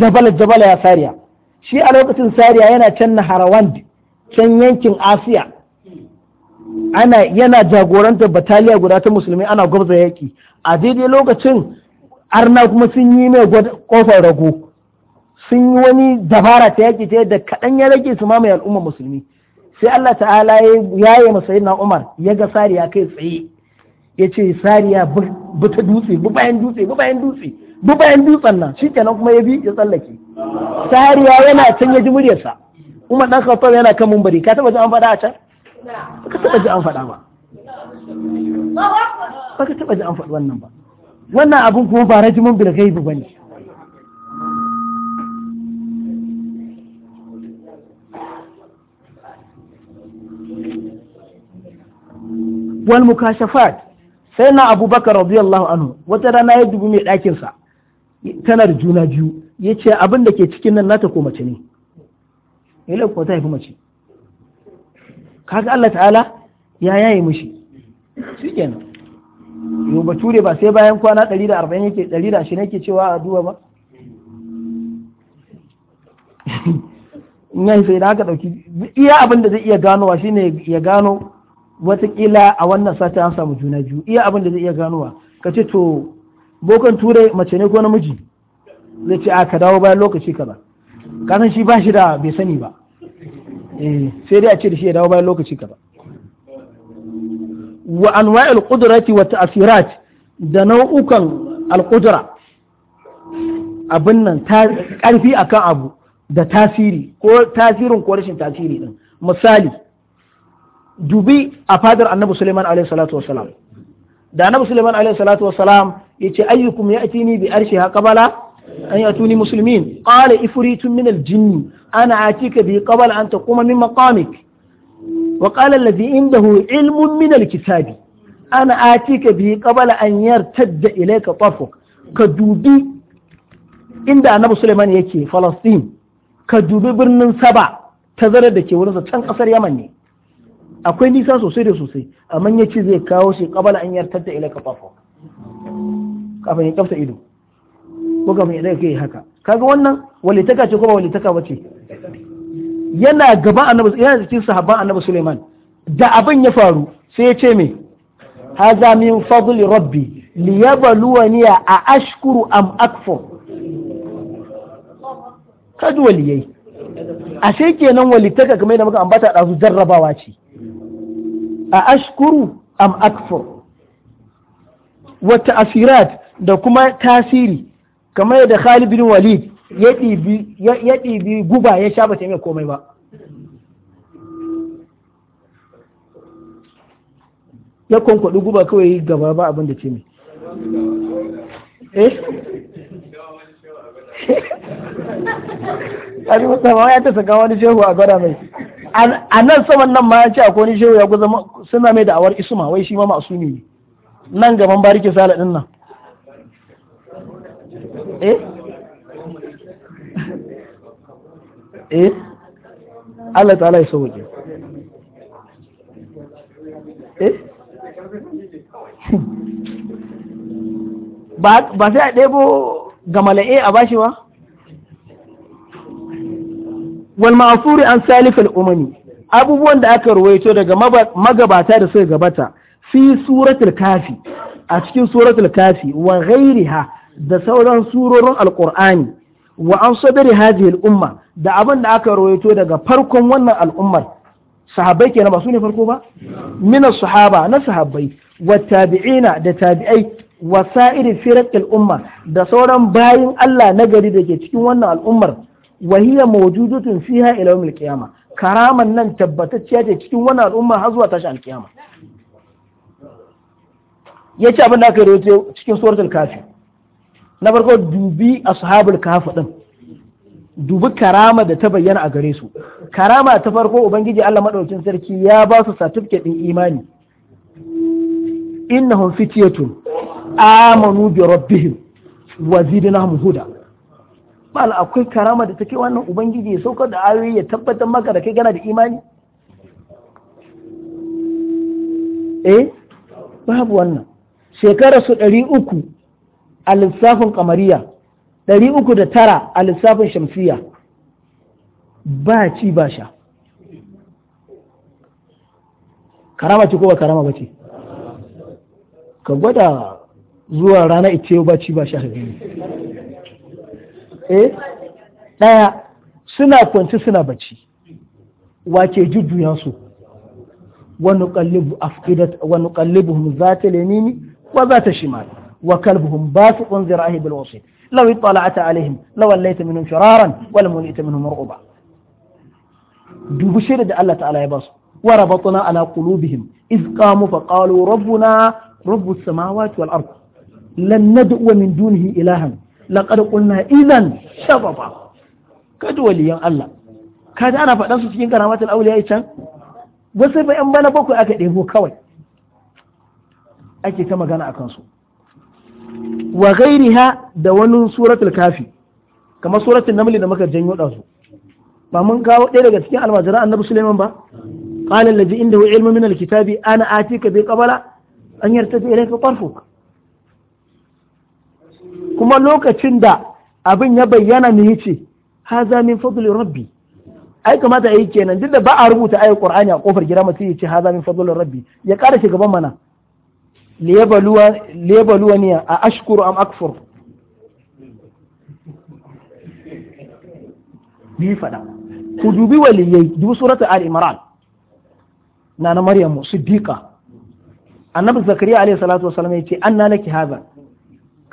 jabal jabal ya sariya shi a lokacin sariya yana can Harawand can yankin Asiya ana yana jagorantar bataliya guda ta musulmi ana gwabza yaki a daidai lokacin arna kuma sun yi mai kofar rago sun yi wani dabara ta yaki ta yadda kaɗan ya rage su mamaye al'ummar musulmi sai Allah ta'ala ya yi masa na Umar ya ga sariya kai tsaye ya ce sariya bi ta dutse bi bayan dutse bi bayan dutse bi bayan dutsen nan shi kenan kuma ya bi ya tsallake sariya yana can ya ji muryarsa Umar dan Khattab yana kan mumbari ka taba ji an faɗa a can ka taba ji an faɗa ba ba ka taba ji an faɗi wannan ba wannan abun kuma ba rajimin bil ba bane wal mukashafat sai na abubakar radiyallahu anhu wata rana ya dubi mai ɗakin sa tana da juna biyu ya ce abin da ke cikin nan nata ko mace ne ya ko ta haifi mace kaga Allah ta'ala ya yaye mishi shikenan yau bature ba sai bayan kwana 140 yake 120 yake cewa a duwa ba in sai da haka dauki iya abin da zai iya ganowa shine ya gano watakila a wannan sati an samu juna biyu iya abin da zai iya ganowa ka ce to bokan turai mace ne ko namiji zai ce a ka dawo bayan lokaci kaza kasan shi ba shi da bai sani ba eh, sai dai a ce da shi ya dawo bayan lokaci kaza wa anwa'il qudrati wa ta'sirat da nau'ukan alqudra abin nan ta karfi akan abu da tasiri ko tasirin ko rashin tasiri din misali dubi a fadar annabi Suleiman alaihi salatu wassalam da annabi Suleiman alaihi salatu wassalam yace ayyukum ya'tini bi ha qabala an yatuni muslimin qala ifritun min al-jinn ana atika bi qabla an taquma min maqamik wa qala alladhi indahu ilmun min al-kitabi ana atika bi qabla an yartadda ilayka tafuk ka dubi inda annabi Suleiman yake Falastin ka dubi birnin Saba tazarar da ke wurin sa can kasar Yaman ne akwai nisa sosai da sosai amma ya ce zai kawo shi kabala an yar da ila kafafa kafin ya kafta ido ko kafin ya daga kai haka kaga wannan walitaka ce ko ba walitaka ba ce yana gaba annabi yana cikin sahabban annabi Suleiman da abin ya faru sai ya ce me hadha min fadli rabbi liyabluwani a ashkuru am akfur kaji waliyai ashe kenan walitaka kamar yadda muka ambata da su jarrabawa ce a ashkuru am akfur wata asirat da kuma tasiri kamar da Khalid bin Walid ya bi guba ya sha ba ta komai ba ya kwankwaɗi guba kawai gaba ba abin da ce mai eh a ya ta saka wani shehu a gwada mai a nan saman nan ma ya ce akwai wani shehu ya guza suna mai da'awar isma wai shi ma masu ne nan gaban barike sala din nan eh eh Allah ta'ala ya sauke eh ba sai a ɗebo gamala'e a bashi ba walma'afuri an salif al-umami abubuwan da aka ruwaito daga magabata da suka gabata fi suratul kafi a cikin suratul kafi wa ghairiha da sauran surorin alqur'ani wa an sadari hadhihi al-umma da abin da aka ruwaito daga farkon wannan al'ummar sahabbai kenan ba su ne farko ba mina sahaba na sahabbai wa tabi'ina da tabi'ai wa sa'iri firaqil umma da sauran bayin Allah na gari da ke cikin wannan al'ummar wahiya mawjudatun fiha ila yawmil qiyama karaman nan tabbatacciya ce cikin wani al'umma har zuwa tashi alkiyama yace abin da aka rawaito cikin suratul kafi na farko dubi ashabul kafi din dubi karama da ta bayyana a gare su karama ta farko ubangiji Allah madaukakin sarki ya ba su certificate din imani innahum fityatun amanu bi rabbihim wa zidnahum huda bal akwai karama da take wannan ubangiji ya saukar da ayoyi ya tabbatar maka da kai gana da imani eh babu wannan shekara su ɗari uku a lissafin kamariya ɗari uku da tara a lissafin shamsiya ba ci ba sha karama ce ko ba karama ba ce ka gwada zuwa rana ita ba ci ba sha eh ɗaya suna kwanci suna bacci wace jujjuyansu wani kallibu afkidat wani kallibuhum za ta lenini wa za ta shimal wa kalbuhum ba su kun zira ahi bil wasu law ittala'ata alaihim law allaita minhum shiraran wal mulita minhum ru'ba dubu shida da Allah ta'ala ya basu wa rabatuna ala qulubihim iz qamu fa qalu rabbuna rabbus samawati wal ard lan nad'u min dunihi ilahan laƙar ƙunna idan shababa kada waliyan Allah kada ana faɗan su cikin karamatul auliya can wasu fa yan bana bakwai aka ɗebo kawai ake ta magana akan su wa ghairiha da wani suratul kafi kamar suratul namli da muka janyo da su ba mun kawo ɗaya daga cikin almajiran annabi Suleiman ba qala allazi indahu ilmu min alkitabi ana atika bi qabla an yartafi ilayka tarfuk kuma lokacin da abin ya bayyana ne ce, haza min fadli rabbi ai kamata yi kenan duk da ba a rubuta ayat qur'ani a kofar gida mutum ce haza min fadli rabbi ya ƙara shi gaban mana liyabaluwa ne a ashkuru am akfur bi fada ku dubi waliyai dubi surata al imran na na maryamu siddiqa annabi zakariya alaihi salatu wasallam an anna laki hadha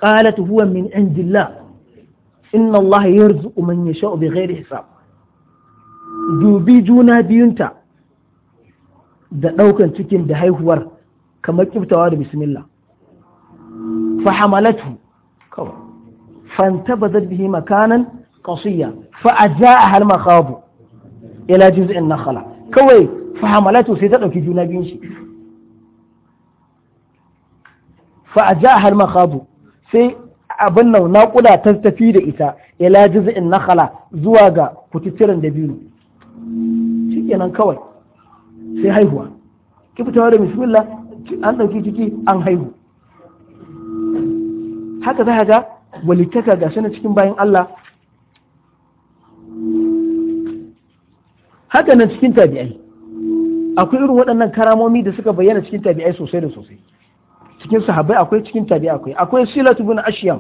قالت هو من عند الله إن الله يرزق من يشاء بغير حساب dubi juna biyunta da ɗaukan cikin da haihuwar kamar kiftawa da bismillah fahamalatu kawai fanta ba bihi makanan qasiya fa ajaa hal makhabu ila juz'in nakhala kawai fahamalatu sai ta ɗauki juna biyun shi fa ajaa hal makhabu sai abin nan naƙuda ta tafi da ita ila jiz'in nakhala zuwa ga kututturen da biyu shikenan kawai sai haihuwa ki fitawa da bismillah an ɗauki ciki an haihu haka za ga walittaka ga na cikin bayan Allah haka nan cikin tabi'ai akwai irin waɗannan karamomi da suka bayyana cikin tabi'ai sosai da sosai cikin sahabbai akwai cikin tabi akwai akwai silatu bin ashiyam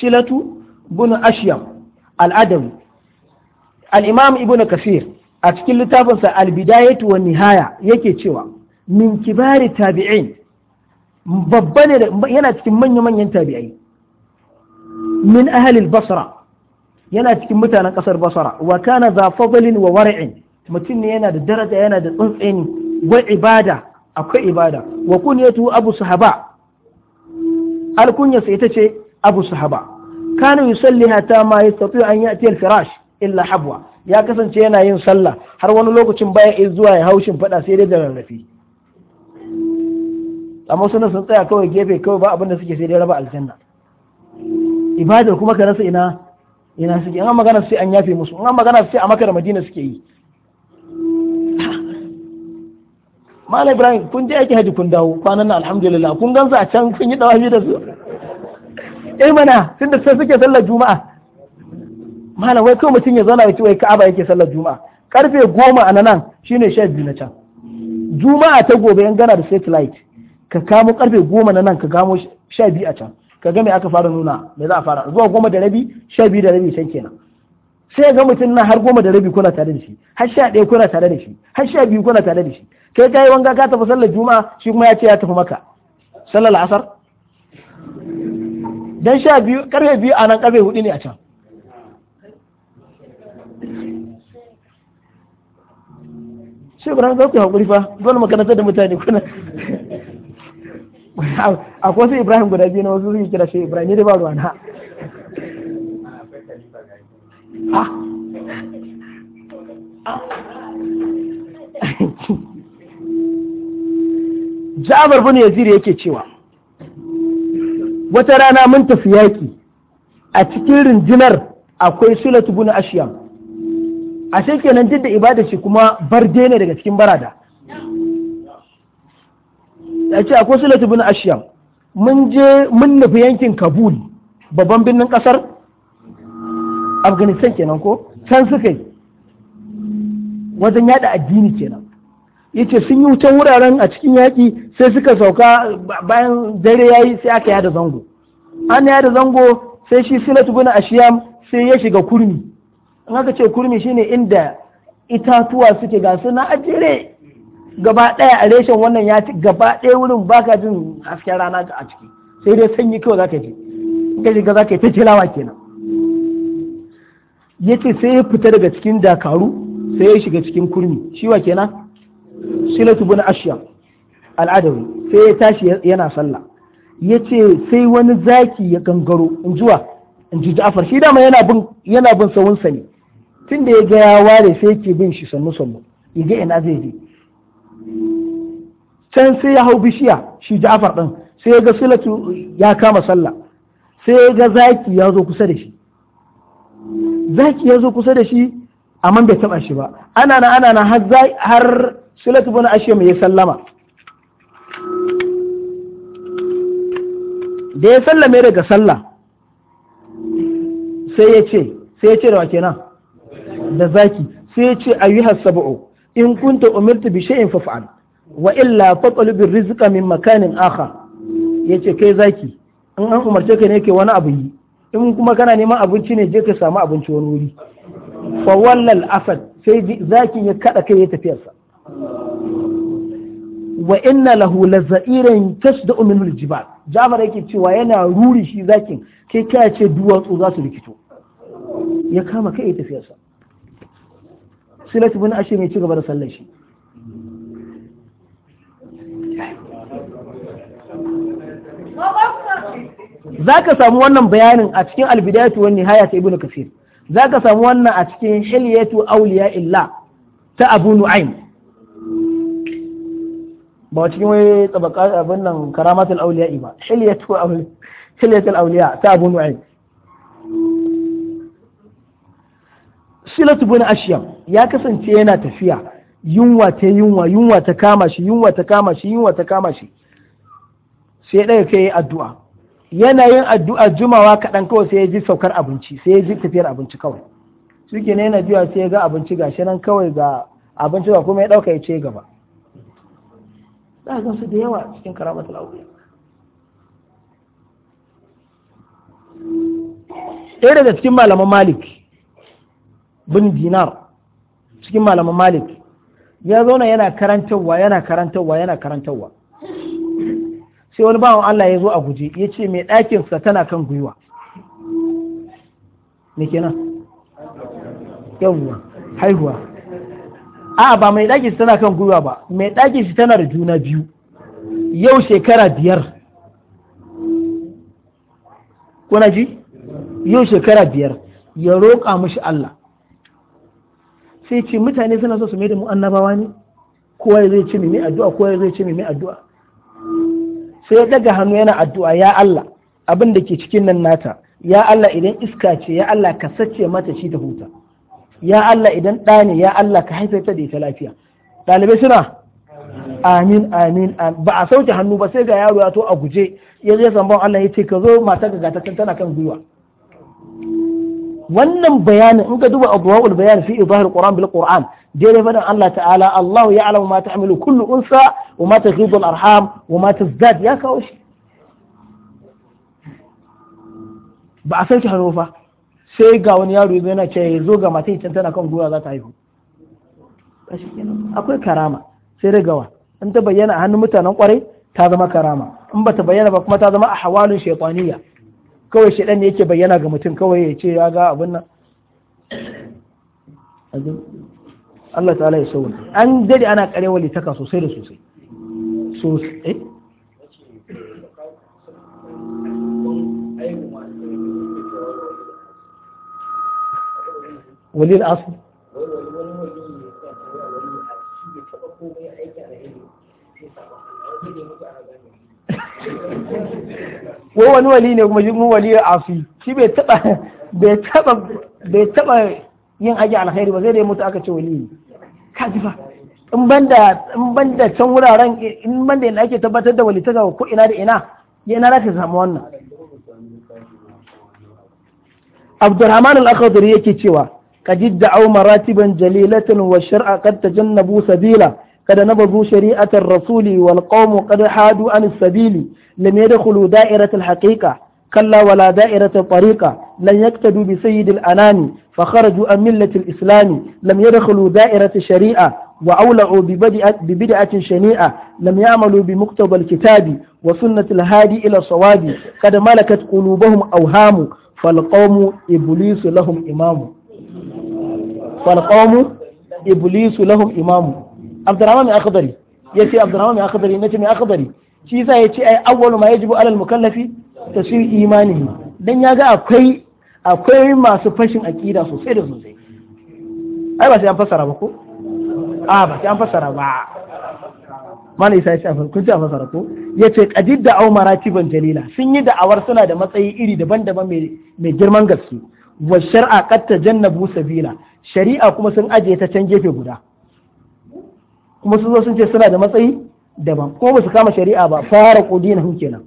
silatu bin ashiyam al'adawi al'imam ibn kasir a cikin littafinsa albidayatu wa nihaya yake cewa min kibari tabi'in babba ne yana cikin manya-manyan tabi'ai min ahalil basra yana cikin mutanen kasar basra wa kana za fadlin wa war'in mutum ne yana da daraja yana da tsuntseni wa ibada akwai ibada wa kunyatu abu sahaba alkunyarsa ita ce abu sahaba kana yusalli hatta ma yastati an yati al-firash illa habwa ya kasance yana yin sallah har wani lokacin baya zuwa ya haushin fada sai dai da rarrafi amma suna sun tsaya kawai gefe kawai ba abinda suke sai dai raba aljanna ibadar kuma ka rasa ina ina suke an magana sai an yafe musu an magana sai a makar madina suke yi Malam Ibrahim kun je aiki haji kun dawo kwanan nan alhamdulillah kun gansu a can kun yi dawa da su. Eh mana tunda sai suke sallar Juma'a. Malam wai kawai mutum ya zauna ya ce wai Ka'aba yake sallar Juma'a. Karfe goma a nan shine sha biyu na can. Juma'a ta gobe yan gana da satellite ka kamo karfe goma na nan ka gamo sha biyu a can. Ka ga me aka fara nuna me za a fara zuwa goma da rabi sha biyu da rabi can kenan. sai ga mutum na har goma da rabi kuna tare da shi har sha ɗaya kuna tare da shi har sha biyu kuna tare da shi kai kai wanka ka tafi sallar juma'a shi kuma ya ce ya tafi maka sallar asar dan sha biyu karfe biyu a nan karfe hudu ne a can shi ba ran ku haƙuri fa dole makarantar da mutane kuna ko sai ibrahim guda biyu na wasu suke kira shi ibrahim ne ba ruwana ah Ja'far bin Yazid yake cewa wata rana mun tafi yaƙi a cikin rinjinar akwai sulatu bin A sai kenan duk da ibada ce kuma barde ne daga cikin barada ya ce akwai sulatu bin ashiyam mun je mun nufi yankin Kabul babban birnin kasar Afghanistan kenan ko can suka yi wajen yada addini kenan yace sun yi wutan wuraren a cikin yaƙi sai suka sauka bayan dare yayi sai aka yada zango an yada zango sai shi silat guna ashiyam sai ya shiga kurmi in aka ce kurmi shine inda itatuwa suke ga suna ajere gaba ɗaya a reshen wannan ya ci gaba ɗaya wurin baka jin hasken rana a ciki sai dai sanyi kawai ka ji ka shiga ka yi ta tilawa kenan yace sai ya fita daga cikin dakaru sai ya shiga cikin kurmi shi wa kenan silatu bin ashiyar al'adawi sai ya tashi yana sallah ya ce sai wani zaki ya gangaro in jiwa in ji ja'afar shi dama yana bin yana bin sani tun da ya ga ya ware sai yake bin shi sannu sannu ya ga ina zai je can sai ya hau bishiya shi ja'afar ɗin sai ya ga silatu ya kama sallah sai ya ga zaki ya zo kusa da shi zaki ya zo kusa da shi amma bai taɓa shi ba ana na ana na har sulat ashe mu ya sallama da ya sallame daga sallah sai ya ce sai ya ce da wake nan da zaki sai ya ce ayyuhas sab'u in kunta umirtu bi shay'in wa illa fatalib rizqa min makanin akha ce kai zaki in an umarce ka ne ke wani abu yi in kuma kana neman abinci ne je ka samu abinci wani wuri fa wallal asad sai zaki ya kada kai ya tafiyarsa wa inna lahu za'iran tasda'u min al-jibal jabar yake cewa yana ruri shi zakin kai kai ce duwatsu za su rikito ya kama kai ya tafiyarsa silat ibn ashim ya ci gaba da sallar shi za samu wannan bayanin a cikin al-bidayatu wa nihaya ta ibnu kasir zaka samu wannan a cikin hilyatu awliya illa ta abu nu'aym ba cikin wai tsabaka abin nan karamatul auliya'i ba hilyatul auliya hilyatul auliya ta abu nu'aym silatu bin ashyam ya kasance yana tafiya yunwa ta yunwa yunwa ta kama shi yunwa ta kama shi yunwa ta kama shi sai ɗaya kai addu'a yana yin addu'a jumawa kaɗan kawai sai ya ji saukar abinci sai ya ji tafiyar abinci kawai suke ne yana biya sai ya ga abinci gashi nan kawai ga abinci ba kuma ya ɗauka ya ce gaba za a gansu da yawa cikin karamatul auliya ɗaya daga cikin malaman malik bin dinar cikin malaman malik ya zauna yana karantarwa yana karantarwa yana karantarwa sai wani bawan Allah ya zo a guje ya ce mai ɗakinsa tana kan gwiwa ne kenan yawwa haihuwa a ba mai ɗaki shi tana kan gwiwa ba mai ɗaki shi tana da juna biyu yau shekara biyar kuna ji yau shekara biyar ya roƙa mushi Allah sai ce mutane suna so su mai da mu annabawa ne kowa zai ce mai addu'a kowa zai ce mai addu'a sai ya daga hannu yana addu'a ya Allah abin da ke cikin nan nata ya Allah idan iska ce ya Allah ka sace mata shi da huta ya Allah idan ɗa ne ya Allah ka haife ta da ita lafiya ɗalibai suna amin amin ba a sauke hannu ba sai ga yaro ya to a guje ya zai zamban Allah ya ce ka zo mata ga gatattun tana kan gwiwa wannan bayanin in ka duba abwaul bayan fi idhar alquran bil quran dai fadan Allah ta'ala Allah ya alamu ma ta'malu kullu unsa wa ma taghidu al arham wa ma tazdad ya kawo shi ba a sauke hannu ba. sai ga wani yaro yana ce ya zo ga mata can tana kan gura za ta haihu akwai karama sai da gawa in ta bayyana a hannun mutanen kwarai ta zama karama in ba ta bayyana ba kuma ta zama a hawalin shekwaniya kawai shaidan ne yake bayyana ga mutum kawai ya ce ya ga abin nan Allah ta'ala ya sauwa an dade ana karewa litaka sosai da sosai sosai ولي al'asr wai wani wali ne kuma shi wali ya afi shi bai taba bai taba bai taba yin aji alkhairi ba zai dai mutu aka ce wali ne ka ji ba in banda in banda can wuraren in banda yana ake tabbatar da wali ta ga ko ina da ina ya ina ta samu wannan Abdurrahman al-Akhdari yake cewa قد ادعوا مراتبا جليلة والشرع قد تجنبوا سبيلا قد نبذوا شريعة الرسول والقوم قد حادوا عن السبيل لم يدخلوا دائرة الحقيقة كلا ولا دائرة الطريقة لن يقتدوا بسيد الأنام فخرجوا عن ملة الإسلام لم يدخلوا دائرة الشريعة وأولعوا ببدعة شنيعة لم يعملوا بمقتضى الكتاب وسنة الهادي إلى الصواب قد ملكت قلوبهم أوهام فالقوم إبليس لهم إمام fal qawmu iblisu lahum imamu abdurrahman mai akhdari yace abdurrahman mai akhdari nace mai akhdari shi yasa yace ai awwalu ma yajibu alal mukallafi tasir imanihi dan yaga akwai akwai masu fashin akida sosai da sosai ai ba sai an fassara ba ko a ba sai an fassara ba mana isa ya kun ci a fassara ko ya ce kadid da au maratiban jalila sun yi da'awar suna da matsayi iri daban-daban mai girman gaske wa shar'a qad tajannabu sabila shari'a kuma sun ajiye ta can gefe guda kuma sun zo sun ce suna da matsayi daban ko ba su kama shari'a ba fara qudinahum kenan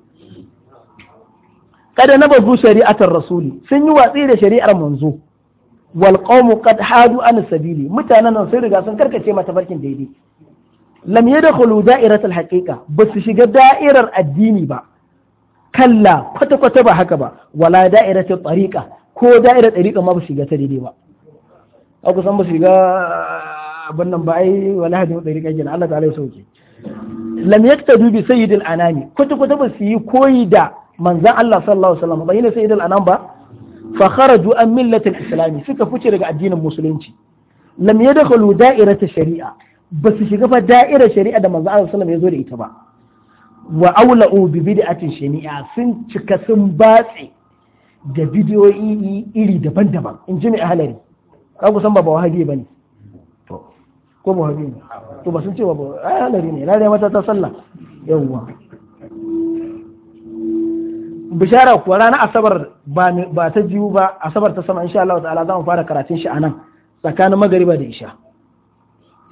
kada na bazu shari'atar rasuli sun yi watsi da shari'ar manzo wal qawmu qad hadu an sabili mutanen nan sun riga sun karkace mata barkin daidai lam yadkhulu da'iratul haqiqa ba su shiga da'irar addini ba kalla kwata kwata ba haka ba wala da'iratul tariqa ko da'irar ɗariƙa ma ba su shiga ta daidai ba a kusan ba su shiga ah, abin nan ba ai wani hadin ɗariƙa kenan Allah ta'ala ya sauke lam yaktadu bi sayyidil anami kwata kwata ba su yi koyi da manzan Allah sallallahu alaihi wasallam ba yi ne sayyidil anam ba fa kharaju an millatil islami suka fice daga addinin musulunci lam yadkhulu ta shari'a ba su shiga fa da'irar shari'a da manzan Allah sallallahu alaihi wasallam ya zo da ita ba wa aula'u bi bid'atin shari'a sun cika sun batse da bidiyoyi iri daban-daban in ji mai halari ka kusan ba ba wahabi ba ne ko ba wahabi ne to ba sun ce ba ba ai halari ne lalai mata ta sallah yawwa bishara kuwa ranar asabar ba ta jiwu ba asabar ta sama insha Allah ta'ala za mu fara karatun shi anan tsakanin magariba da isha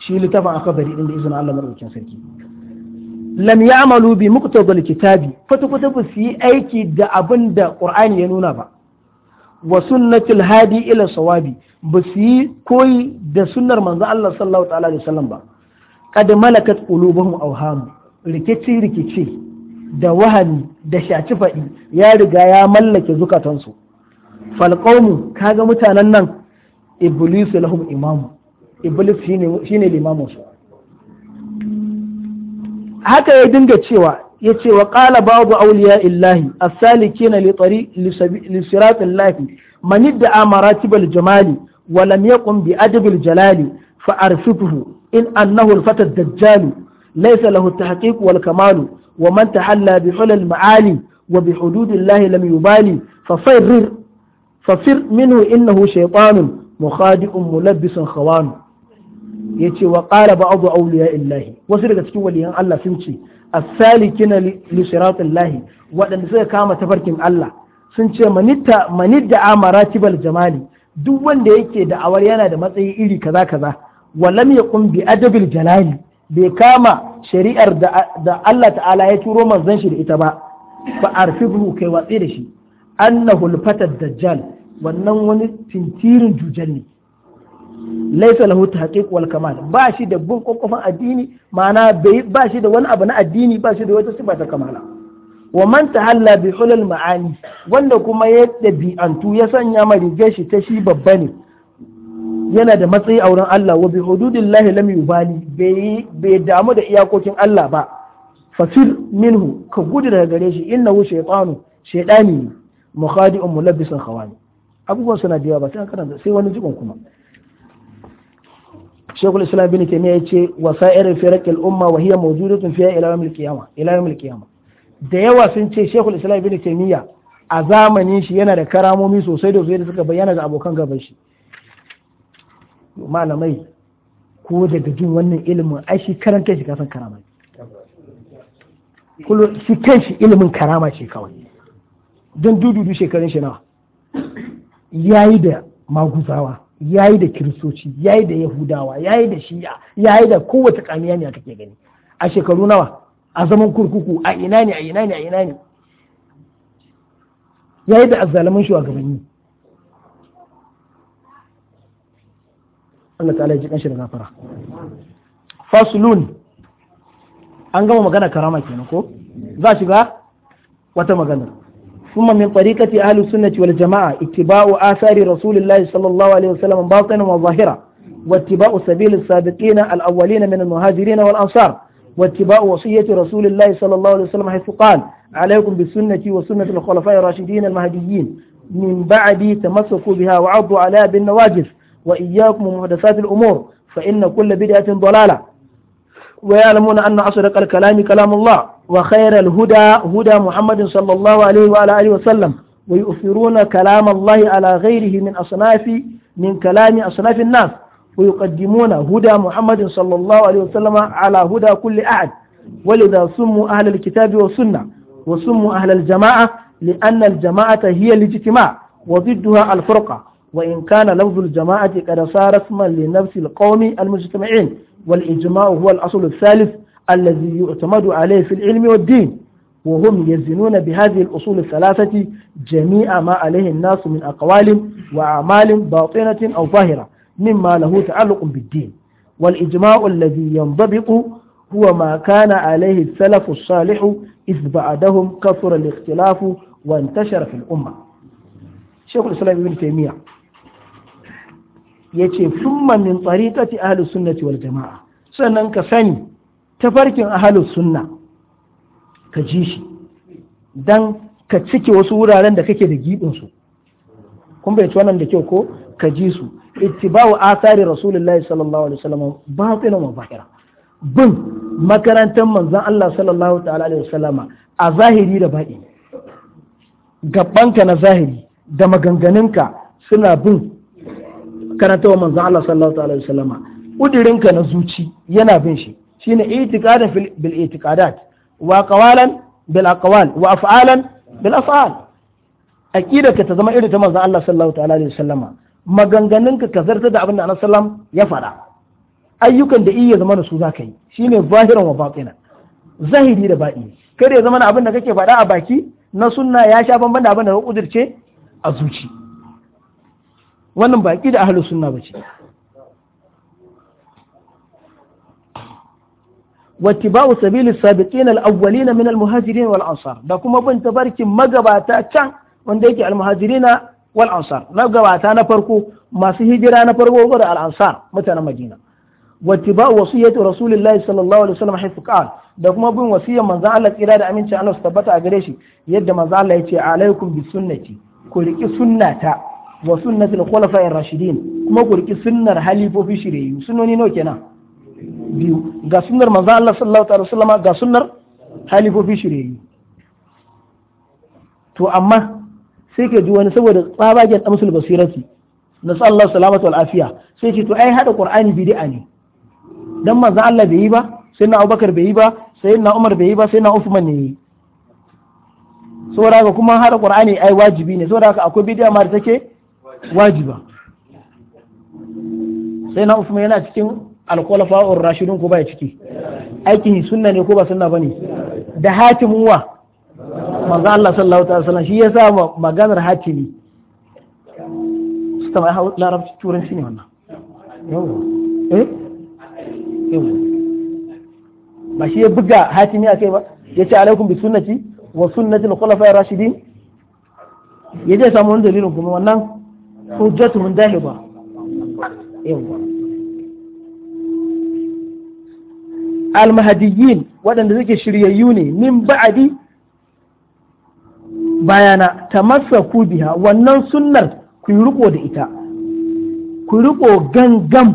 shi littafin akabari din da izinin Allah madaukakin sarki lam ya'malu bi muqtadal kitabi kwata ba su yi aiki da abin da qur'ani ya nuna ba wa sunnatul hadi ila sawabi ba su yi koyi da sunnar manzo Allah sallallahu ta'ala alaihi wasallam ba kad malakat qulubuhum awham rikici rikici da wahani da shaci faɗi ya riga ya mallake zukatansu falqaumu kaga mutanen nan iblis lahum imamu iblis shine shine limamin su haka ya dinga cewa ya ce wa ƙala babu auliya illahi as-salikina li tari li siratil lahi man idda'a maratibal jamali wa ya yaqum bi adabil jalali fa arfifuhu in annahu al-fata dajjal lahu at-tahqiq wal wa man tahalla bi hulal ma'ali wa bi hududillahi lam yubali fa fafir minhu innahu shaytanun mukhadi'un mulabbisun khawan ya ce wa ƙara ba abu auliya illahi wasu daga cikin waliyan Allah sun ce a salikina li siratin lahi waɗanda suka kama tafarkin Allah sun ce manitta manidda amaratibal jamali duk wanda yake da'awar yana da matsayi iri kaza kaza walam yaqum bi adabil jalali bai kama shari'ar da Allah ta'ala ya turo manzon shi da ita ba fa buhu kai watsi da shi annahu Hulfatar dajjal wannan wani tintirin jujal ne laisa lahu tahqiq wal kamal ba shi da bin kokofin addini ma'ana ba shi da wani abu na addini ba shi da wata sifa ta kamala wa man tahalla bi hulul ma'ani wanda kuma ya dabi'antu ya sanya ma riga shi ta shi babba ne yana da matsayi a wurin Allah wa bi hududillahi lam yubali bai bai damu da iyakokin Allah ba fasir minhu ka gudu daga gare shi innahu shaytanu shaydani mukhadi'un mulabbisan khawani abubuwan suna da yawa ba sai an karanta sai wani jikon kuma shekul islam bin taimiyya ya ce wa sa'irin firakil umma wa hiya mawjudatun fiha ila yawmil qiyamah qiyamah da yawa sun ce shekul islam bin taimiyya a zamanin shi yana da karamomi sosai da sosai da suka bayyana ga abokan gaban shi malamai ko daga jin wannan ilimin ai shi karanta kai shi kasan karama kullum shi kan shi ilimin karama ce kawai don dududu shekarun shi nawa yayi da maguzawa yayi da kiristoci yayi da yahudawa yayi da shi'a yayi da kowace kamiya ne kake gani a shekaru nawa a zaman kurkuku a ina ne a ina ne a ina ne yayi da gaban shugabanni Allah ta'ala ya ji kanshi da gafara faslun an gama magana karama kenan ko za shiga wata magana. ثم من طريقة أهل السنة والجماعة اتباع آثار رسول الله صلى الله عليه وسلم باطنا وظاهرا واتباع سبيل السابقين الأولين من المهاجرين والأنصار واتباع وصية رسول الله صلى الله عليه وسلم حيث قال عليكم بالسنة وسنة الخلفاء الراشدين المهديين من بعدي تمسكوا بها وعضوا عليها بالنواجذ وإياكم ومحدثات الأمور فإن كل بدعة ضلالة ويعلمون أن أصدق الكلام كلام الله وخير الهدى هدى محمد صلى الله عليه وعلى آله وسلم ويؤثرون كلام الله على غيره من أصناف من كلام أصناف الناس ويقدمون هدى محمد صلى الله عليه وسلم على هدى كل أحد ولذا سموا أهل الكتاب والسنة وسموا أهل الجماعة لأن الجماعة هي الاجتماع وضدها الفرقة وإن كان لفظ الجماعة قد صار اسما لنفس القوم المجتمعين والإجماع هو الأصل الثالث الذي يعتمد عليه في العلم والدين وهم يزنون بهذه الأصول الثلاثة جميع ما عليه الناس من أقوال وأعمال باطنة أو ظاهرة مما له تعلق بالدين والإجماع الذي ينضبط هو ما كان عليه السلف الصالح إذ بعدهم كثر الاختلاف وانتشر في الأمة شيخ الإسلام ابن تيمية ya ce summa min ce ahalus sunnati wal jama'a sannan ka sani ta farkin ahalus sunna ka ji shi don ka cike wasu wuraren da kake da giɓinsu kun bai wannan da kyau ko ka ji su ittiba'u athari rasulullahi sallallahu alaihi wasallam batinan wa bahira bin makarantar manzon Allah sallallahu alaihi wasallama a zahiri da baɗi gabanka na zahiri da maganganunka suna bin karanta wa manzon Allah sallallahu alaihi wasallama udirinka na zuci yana bin shi shine i'tiqadan bil i'tiqadat wa qawalan bil aqwal wa af'alan bil af'al aqidarka ta zama irin ta manzon Allah sallallahu alaihi wasallama Maganganun ka kazarta da abin da Annabi sallam ya faɗa ayyukan da iya zama da su zaka yi shine zahiran wa batinan zahiri da baɗi kada ya zama abin da kake faɗa a baki na sunna ya sha bamban da abin da ka kudirce a zuci wannan ba da ahlus sunna ba ce wattiba'u sabili sabiqin al-awwalin min al-muhajirin wal ansar da kuma bin tabarkin magabata can wanda yake al-muhajirina wal ansar magabata na farko masu hijira na farko da al-ansar mutanen Madina wattiba'u wasiyati rasulillahi sallallahu alaihi wasallam haythu qala da kuma bin wasiyar manzon Allah tsira da amincin Allah su tabbata a gare shi yadda manzon Allah ya ce alaikum bi sunnati ku riki sunnata wa sunnatul khulafa'ir rashidin kuma gurki sunnar halifofi shiriyu sunnoni nawa kenan biyu ga sunnar manzo Allah sallallahu alaihi wasallam ga sunnar halifofi shiriyu to amma sai ka ji wani saboda tsabagen amsul basirati na sallallahu salamatu wal afiya sai ce to ai hada qur'ani bid'a ne dan manzo Allah bai yi ba sai na Abubakar bai yi ba sai na Umar bai yi ba sai na Uthman ne saboda kuma hada qur'ani ai wajibi ne saboda akwai bid'a ma da take wajiba sai na usman yana cikin wa rashidun ko baya ciki aikin sunna ne ko ba sunna bane da hatimin wa manzo Allah sallallahu alaihi wasallam shi yasa maganar hatimi sistema ya larabci turanci ne wannan eh ba shi ya buga hatimi akai ba yace alaikum bi sunnati wa sunnati al-khulafa'ir rashidin yaje samu wani dalilin kuma wannan hujjatun dahiba almahadiyyin waɗanda suke shiryayyu ne min ba'adi bayana tamassaku biha wannan sunnar ku yi riko da ita ku riko gangam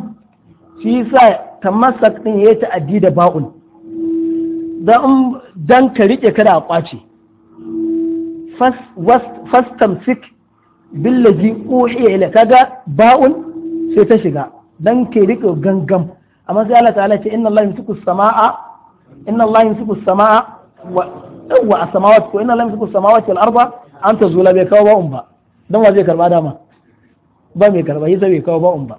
shi yasa tamassak din yayi ta'addi da ba'un dan ka rike kada a kwace fast fastamsik billazi uhiya ila kaga ba'un sai ta shiga dan ke rike gangam amma sai Allah ta'ala ce inna Allah yumsiku samaa inna Allah yumsiku samaa wa wa as-samawati ko inna Allah yumsiku samawati wal arda an tazula bai kawo ba'un ba dan wa zai karba dama ba mai karba yi bai kawo ba'un ba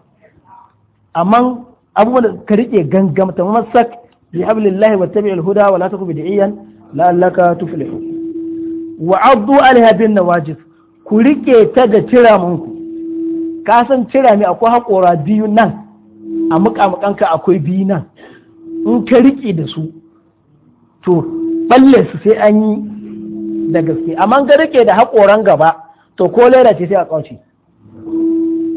amma abubuwan da ka rike gangam ta masak bi hablillahi wattabi'il huda wa la taku bid'iyan la'allaka tuflihu wa addu alaiha bin nawajis ku rike ta da munku ka san ne akwai haƙora biyu nan a muƙamuƙanka akwai biyu nan in ka rike da su to balle su sai an yi da gaske amma ka rike da haƙoran gaba to ko laira ce sai a ƙauce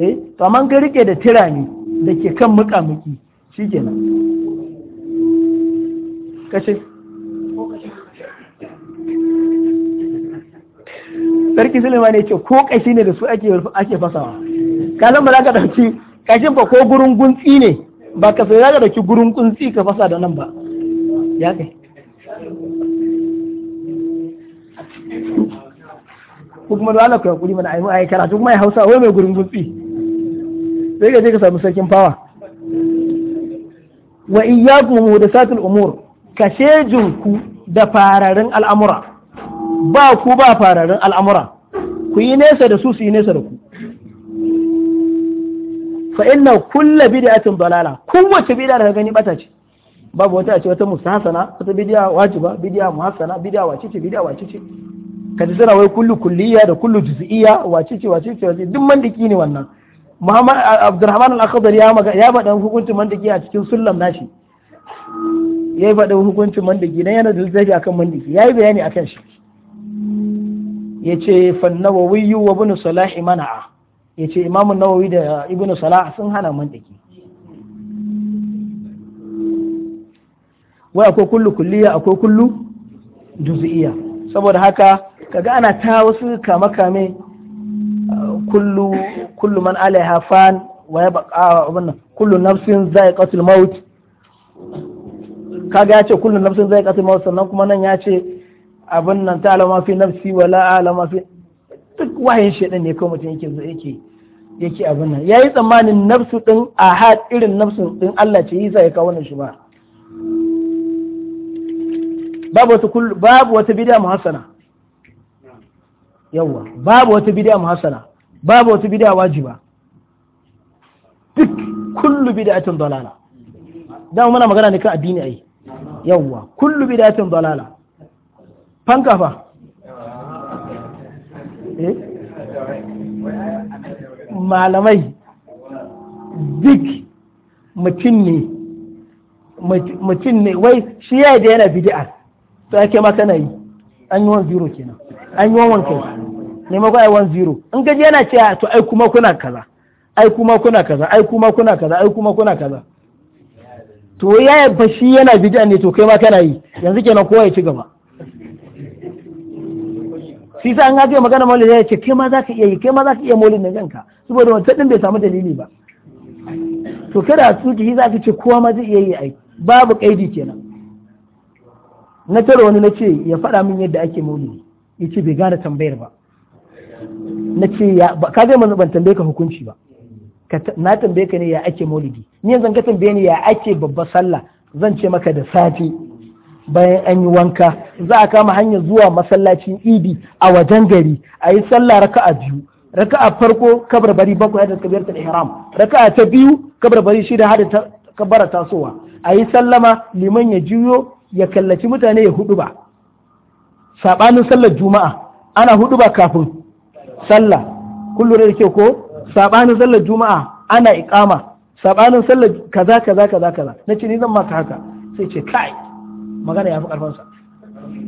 eh to amma ka rike da ne da ke kan muƙamuƙi shikenan kashe sarki suleiman ya ce ko kashi ne da su ake ake fasawa ka san ba za ka dauki kashin ba ko gurin guntsi ne ba ka sai za ka dauki gurin guntsi ka fasa da nan ba ya kai ko kuma dole Allah ku hakuri mana ayi ayi karatu kuma ya Hausa wai mai gurin guntsi sai ka je ka samu sarkin fawa wa iyyakum muhdathatil umur kashe ku da fararin al'amura ba ku ba fararin al'amura ku yi nesa da su su yi nesa da ku fa inna kulla bid'atin dalala kowace bid'a da gani bata ce babu wata ce wata mustahsana wata bid'a wajiba bid'a muhassana bid'a ce bid'a wacece ce. Kaji suna wai kullu kulliya da kullu juz'iyya wacece ce wace. duk mandiki ne wannan Muhammad Abdurrahman Al-Akhdari ya maga ya faɗa hukuncin mandiki a cikin sullam nashi ya faɗa hukuncin mandiki dan yana da littafi akan mandiki yayi bayani akan shi ya ce fannawawi wa bin salahi mana'a ya ce imamun nawawi da ibn salah sun hana mantiki wai akwai kullu kulliya akwai kullu juz'iyya saboda haka kaga ana ta wasu kama kame kullu kullu man alaiha fan wa yabqa wannan kullu nafsin za'iqatul maut kaga ya ce kullu nafsin za'iqatul maut sannan kuma nan ya ce abin nan ta alama fi nafsi wala alama fi duk wahayin shaidan ne kawai mutum yake zo yake yake abin nan yayi tsammanin nafsu din ahad irin nafsu din Allah ce yasa ya kawo wannan shi ba babu wata kullu babu wata bid'a muhassana yawa babu wata bid'a muhassana babu wata bid'a wajiba duk kullu bid'atin dalala dan muna magana ne kan addini ai yawa kullu bid'atin dalala fanka fa eh? malamai duk mutum ne mutum ne wai shi ya yi da yana bid'a to ake ma kana yi an yi wan zero kenan an yi wan wanke ne ma ai wan zero in ka yana cewa to ai kuma kuna kaza ai kuma kuna kaza ai kuma kuna kaza ai kuma kuna kaza to ya ba shi yana bid'a ne to kai ma kana yi yanzu kenan kowa ya ci gaba shi sa an gaje magana maulid ya ce kai ma za ka iya yi kai ma za ka iya maulid na kanka saboda wancan din bai samu dalili ba to kada su ki za ka ce kowa ma zai iya yi aiki. babu kaidi kenan na tara wani na ce ya faɗa min yadda ake maulidi ya ce bai gane tambayar ba na ce ya ka ga ban tambaye ka hukunci ba na tambaye ka ne ya ake maulidi ni yanzu ka tambaye ni ya ake babbar sallah zan ce maka da safe bayan an yi wanka za a kama hanyar zuwa masallacin idi a wajen gari a yi sallah raka a biyu raka a farko bari bakwai hadda ta ihram a ta biyu bari shida hadda kabara tasowa a yi sallama liman ya juyo ya kallaci mutane ya hudu ba sabanin sallar juma'a ana hudu ba kafin sallah kullum da ke ko sabanin sallar juma'a ana iqama sabanin sallar kaza kaza kaza kaza nace ni zan maka haka sai ce kai magana ya fi karfansa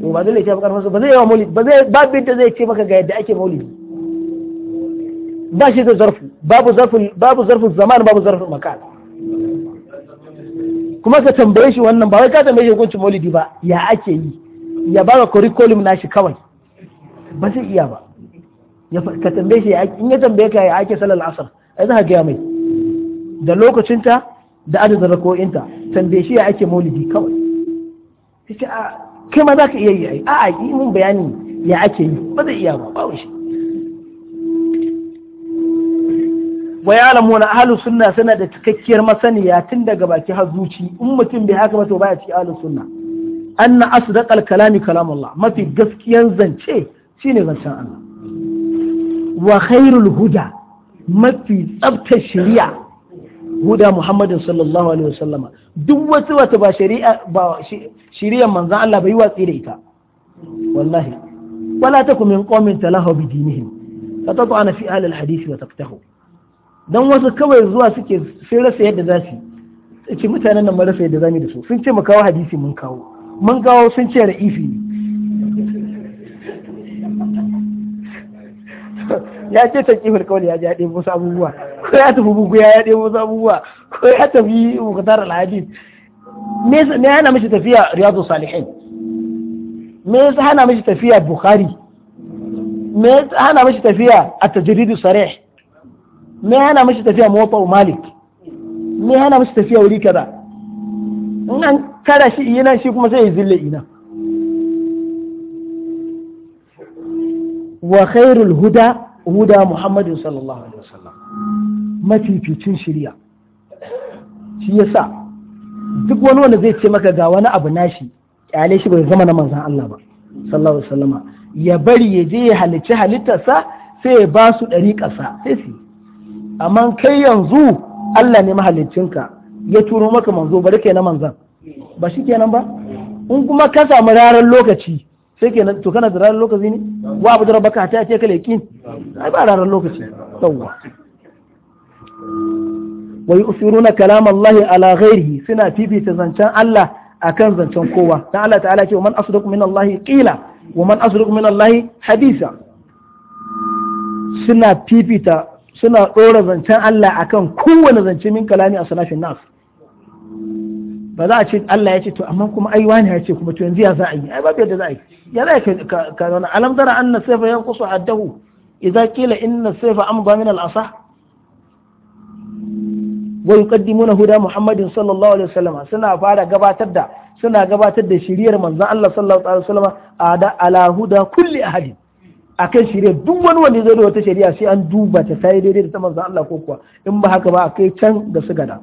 to ba zai ya fi karfansa ba zai yawa maulidi ba zai ba da zai ce maka ga yadda ake maulidi ba shi da zarfu babu zarfu babu zarfu zaman babu zarfu makal kuma ka tambaye shi wannan ba wai ka tambaye shi hukuncin maulidi ba ya ake yi ya baka curriculum nashi kawai ba zai iya ba ka tambaye shi in ya tambaye ka ya ake sallar asar ai za ka gaya mai da lokacinta da adadin rako'inta tambaye shi ya ake maulidi kawai ta a kai ma ka iya yi a a yi mun bayani ya ake yi ba zai iya ba ba shi wa ya alamu na ahlus sunna suna da cikakkiyar masaniya tun daga baki har zuci in mutum bai haka ba to baya ci ahlus sunna anna asdaqal kalami kalamullah mafi gaskiyan zance shine zancen Allah wa khairul huda mafi tsabtar shari'a huda Muhammadin sallallahu alaihi wasallama duk wasu wata ba shari'a ba manzon Allah bai watsi da ita wallahi wala takum min qaumin talahu bi dinihim fatatu ana fi ahli alhadith wa taqtahu dan wasu kawai zuwa suke sun rasa yadda za su ce mutanen nan marasa yadda zamu da su sun ce mu kawo hadisi mun kawo mun kawo sun ce ra'ifi ne ya ce ta kifar kawai ya ji ya ɗebo wasu abubuwa ko ya tafi bugu ya ɗebo wasu abubuwa ko ya tafi mukhtar al-hadid me me hana mishi tafiya riyadu salihin me yasa hana mishi tafiya bukhari me yasa hana mishi tafiya at-tajrid sarih me hana mishi tafiya muwatta malik me hana mishi tafiya wuri kaza in an kara shi yana shi kuma sai ya zille ina wa khairul huda huda Muhammadu sallallahu alaihi wasallam mafificin shirya shi yasa duk wani wanda zai ce maka ga wani abu nashi kyale shi bai zama na manzan Allah ba sallallahu alaihi wasallama ya bari ya je ya halicci halittarsa sai ya ba su ƙasa sai su amma kai yanzu Allah ne mahalicinka ya turo maka manzo bari na manzan ba shi kenan ba in kuma ka samu rarar lokaci sai kenan to kana da ranar lokaci ne wa abu da rabaka hatta ya ce ka lekin ai ba ranar lokaci yawwa wa yusiruna kalam Allah ala ghairihi suna fifita zancen Allah akan zancen kowa dan Allah ta'ala ce wa man asdaqu min Allah qila wa man asdaqu min Allah hadisa suna fifita suna dora zancen Allah akan kowane zance min kalami a sanafin nasu ba za a ce Allah ya ce to amma kuma ai wani ya ce kuma to yanzu ya za a yi ai babu yadda za a yi ya za a yi ka zauna alam dara anna sayfa yanqusu addahu idza qila inna sayfa amdha min al-asa wa yuqaddimuna huda muhammadin sallallahu alaihi wasallam suna fara gabatar da suna gabatar da shiriyar manzon Allah sallallahu alaihi wasallam ada ala huda kulli ahadi akan shirya duk wani wanda zai da wata shari'a sai an duba ta tayi daidai da ta manzon Allah ko kuwa in ba haka ba akai can da su gada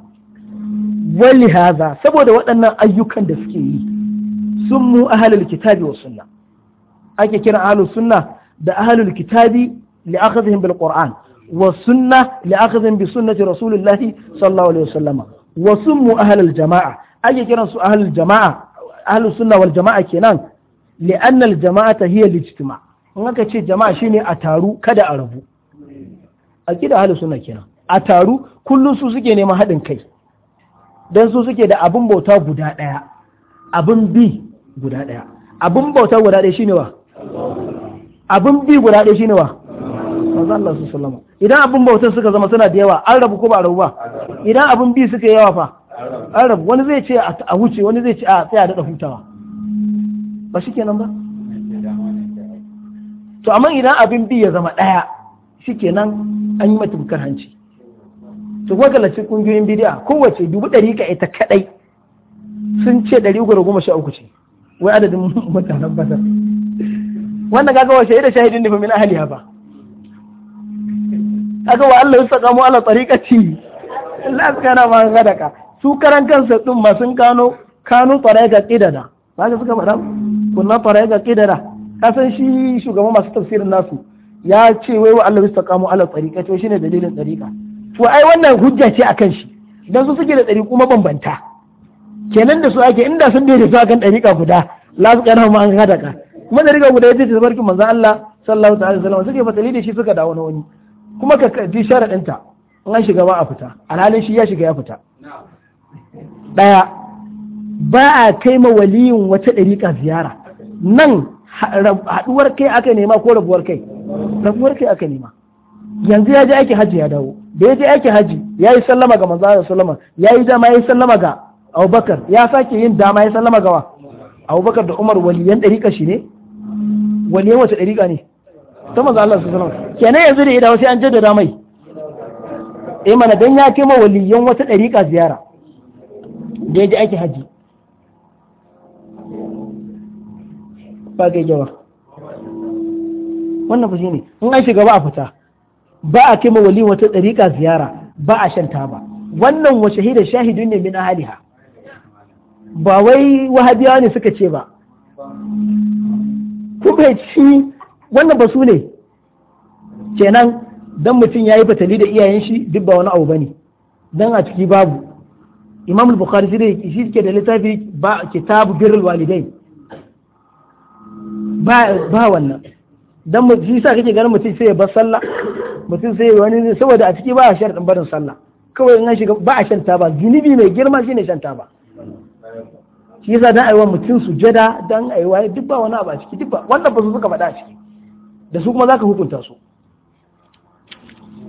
wali haza saboda waɗannan ayyukan da suke yi sun mu ahalul kitabi wa sunna ake kira ahalul sunna da ahalul kitabi li akhadhihim bil qur'an wa sunna li akhadhihim bi sunnati rasulillahi sallallahu alaihi wasallam wa summu ahalul jama'a ake kiran su ahalul jama'a ahalul sunna wal jama'a kenan li anna al jama'ata hiya al ijtima in aka ce jama'a shine a taru kada a rabu akida ahalul sunna kenan a taru kullum su suke neman haɗin kai don su suke da abin bauta guda ɗaya abin bi guda ɗaya abin bauta guda ɗaya shine wa abin bi guda ɗaya shine wa manzo Allah su sallama idan abin bauta suka zama suna da yawa an rabu ko ba rabu ba idan abin bi suka yawa fa an rabu wani zai ce a wuce wani zai ce a tsaya da hutawa ba shi kenan ba to amma idan abin bi ya zama ɗaya shi kenan an yi matukar hanci su kuma kallaci kungiyoyin bidiya kowace dubu ɗari ka ita kaɗai sun ce ɗari uku da goma sha uku ce wai adadin mutanen basar wannan kaga gawa shaida shahidin nufin min ahaliya ba ka wa Allah yasa kamo ala tariqati Allah kana ma gadaka su karan kansa din ma sun kano kano ga qidada ba ka suka faɗa kunna ga qidada ka san shi shugaban masu tafsirin nasu ya ce wai wa Allah yasa kamo ala tariqati wai shine dalilin tariqa to ai wannan hujja ce kan shi don su suke da ɗari kuma bambanta kenan da su ake inda sun da su akan ɗariƙa guda la su kana ma an kada ka kuma ɗariƙa guda ya ce ta barkin manzan Allah sallallahu ta'ala alaihi wasallam suke fatali da shi suka dawo na wani kuma ka ji sharaɗinta ta an shiga ba a fita alhalin shi ya shiga ya fita ɗaya ba a kai ma waliyin wata ɗariƙa ziyara nan haɗuwar kai aka nema ko rabuwar kai rabuwar kai aka nema yanzu ya je aiki hajji ya dawo da ya je aiki hajji ya yi sallama ga manzo Allah sallama ya yi dama ya yi sallama ga Abubakar ya sake yin dama ya sallama ga Abubakar da Umar waliyan dariƙa shi ne waliyan wace dariƙa ne ta manzo Allah sallama kenan yanzu da ya dawo sai an jaddada mai eh mana dan ya kai ma waliyan wata dariƙa ziyara da ya je aiki hajji ba ga jawa wannan fa ne in an shiga ba a fita ba a kima wali wata ɗariƙa ziyara ba a shan taba wannan wa shahida shahidun ne min ahliha ba wai wahabiyawa ne suka ce ba kuma ci wannan ba su ne kenan dan mutum ya yi fatali da iyayen shi duk ba wani abu bane dan a ciki babu imam al-bukhari shi shi ke da littafi ba kitab birrul walidain ba ba wannan dan mutum ji sa kake ganin mutum sai ya bar sallah mutum sai wani saboda a ciki ba a sharɗin barin sallah kawai in an shiga ba a shan ba zunubi mai girma shine shan ba shi yasa dan aiwa mutum su jada, dan aiwa duk ba wani abu a ciki duk ba wanda ba su suka faɗa a ciki da su kuma zaka hukunta su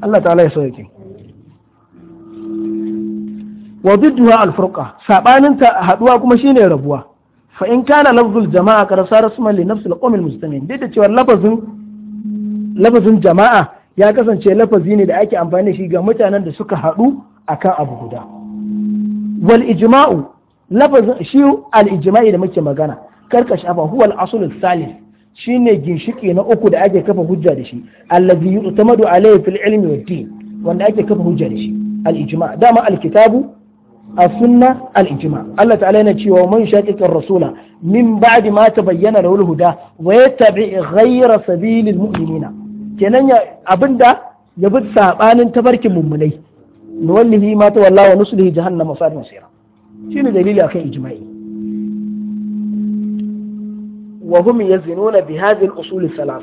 Allah ta'ala ya sauke wa dudduha al-furqa sabanin ta haduwa kuma shine rabuwa fa in kana lafzul jama'a ka rasa rasman li nafsil qawmil muslimin duk da cewa lafazin jama'a ya kasance lafazi ne da ake amfani da shi ga mutanen da suka haɗu akan abu guda wal ijma'u lafazin shi al ijma'i da muke magana karka shafa huwa al asl salis shine ginshiki na uku da ake kafa hujja da shi allazi yu'tamadu alayhi fil ilmi wad din wanda ake kafa hujja da shi al ijma' dama al kitabu السنة الإجماع الله تعالى يقول ومن يشاكك الرسول من بعد ما تبين له الهدى ويتبع غير سبيل المؤمنين kenan abinda ya bi sabanin tabarkin mummunai wallahi ma ta wallahi wa nuslihi jahannam masar masira shine dalili akan ijma'i wa hum yazinuna bi hadhihi al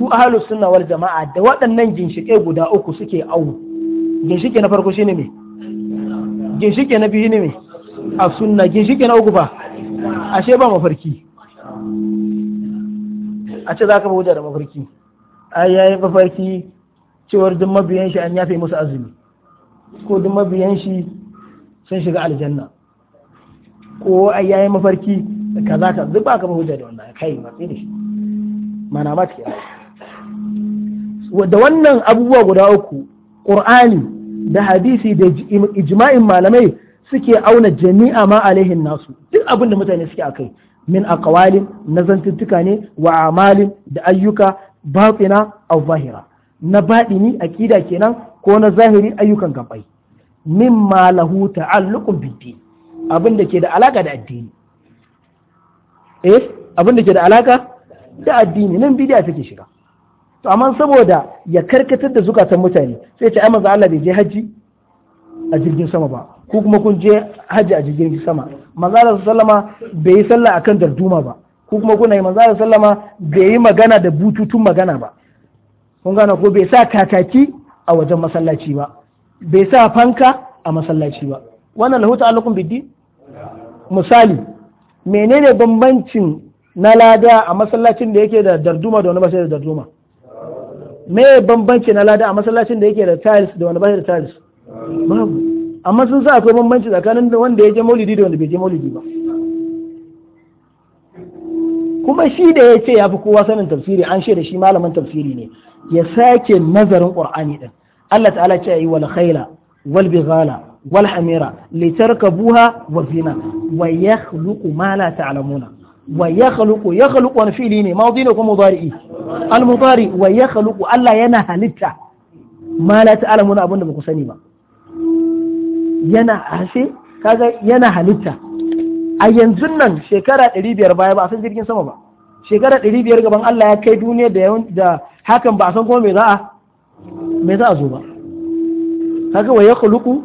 su ahlus sunna wal jama'a da waɗannan ginshiƙe guda uku suke au, ginshiƙe na farko shine me ginshike na biyu ne mai a sunna ginshike na uku a ashe ba mafarki a ce za ka bauta da mafarki ai yayi mafarki cewar duk mabiyan shi an yafe musu azumi ko duk mabiyan shi sun shiga aljanna ko ai yayi mafarki da ka duk ba ka bauta da wannan kai matsi da shi mana ma ke da wannan abubuwa guda uku qur'ani da hadisi da ijma'in malamai suke auna jami'a ma alaihin nasu duk abin da mutane suke akai min aqwalin na ne wa amalin da ayyuka batina aw zahira na ni akida kenan ko na zahiri ayyukan gabai mimma lahu ta'alluqun bidi abin da ke da alaka da addini eh abin da ke da alaka da addini nan bidiya take shiga to amma saboda ya karkatar da zukatan mutane sai ce amma Allah bai je haji a jirgin sama ba ko kuma kun je haji a jirgin sama manzo Allah sallama bai yi sallah akan darduma ba ko kuma kuna yi manzo sallama bai yi magana da bututun magana ba kun gane ko bai sa kataki a wajen masallaci ba bai sa fanka a masallaci ba wannan lahu ta'allakum biddi misali menene bambancin na lada a masallacin da yake da darduma da wani ba sai da darduma me bambanci na lada a masallacin da yake da tiles da wanda bai da tiles babu amma sun sa akwai bambanci tsakanin da wanda ya je maulidi da wanda bai je maulidi ba kuma shi da ya ce ya fi kowa sanin tafsiri an shaida shi malamin tafsiri ne ya sake nazarin qur'ani din Allah ta'ala ce ayi wal khaila wal bighala wal hamira litarkabuha wa zina wa yakhluqu ma la ta'lamuna ويخلق يخلق وانا فيلي ني ماضي نكم مضارئي المضارئ ويخلق الله ينا هلتا ما لا تعلمون أبونا da ba ku sani ba yana hashe kaga yana halitta a yanzu nan shekara 500 baya ba a san jirgin sama ba shekara 500 gaban Allah ya kai duniya da da hakan ba a san kuma me za a me za a zo ba kaga wa yakhluqu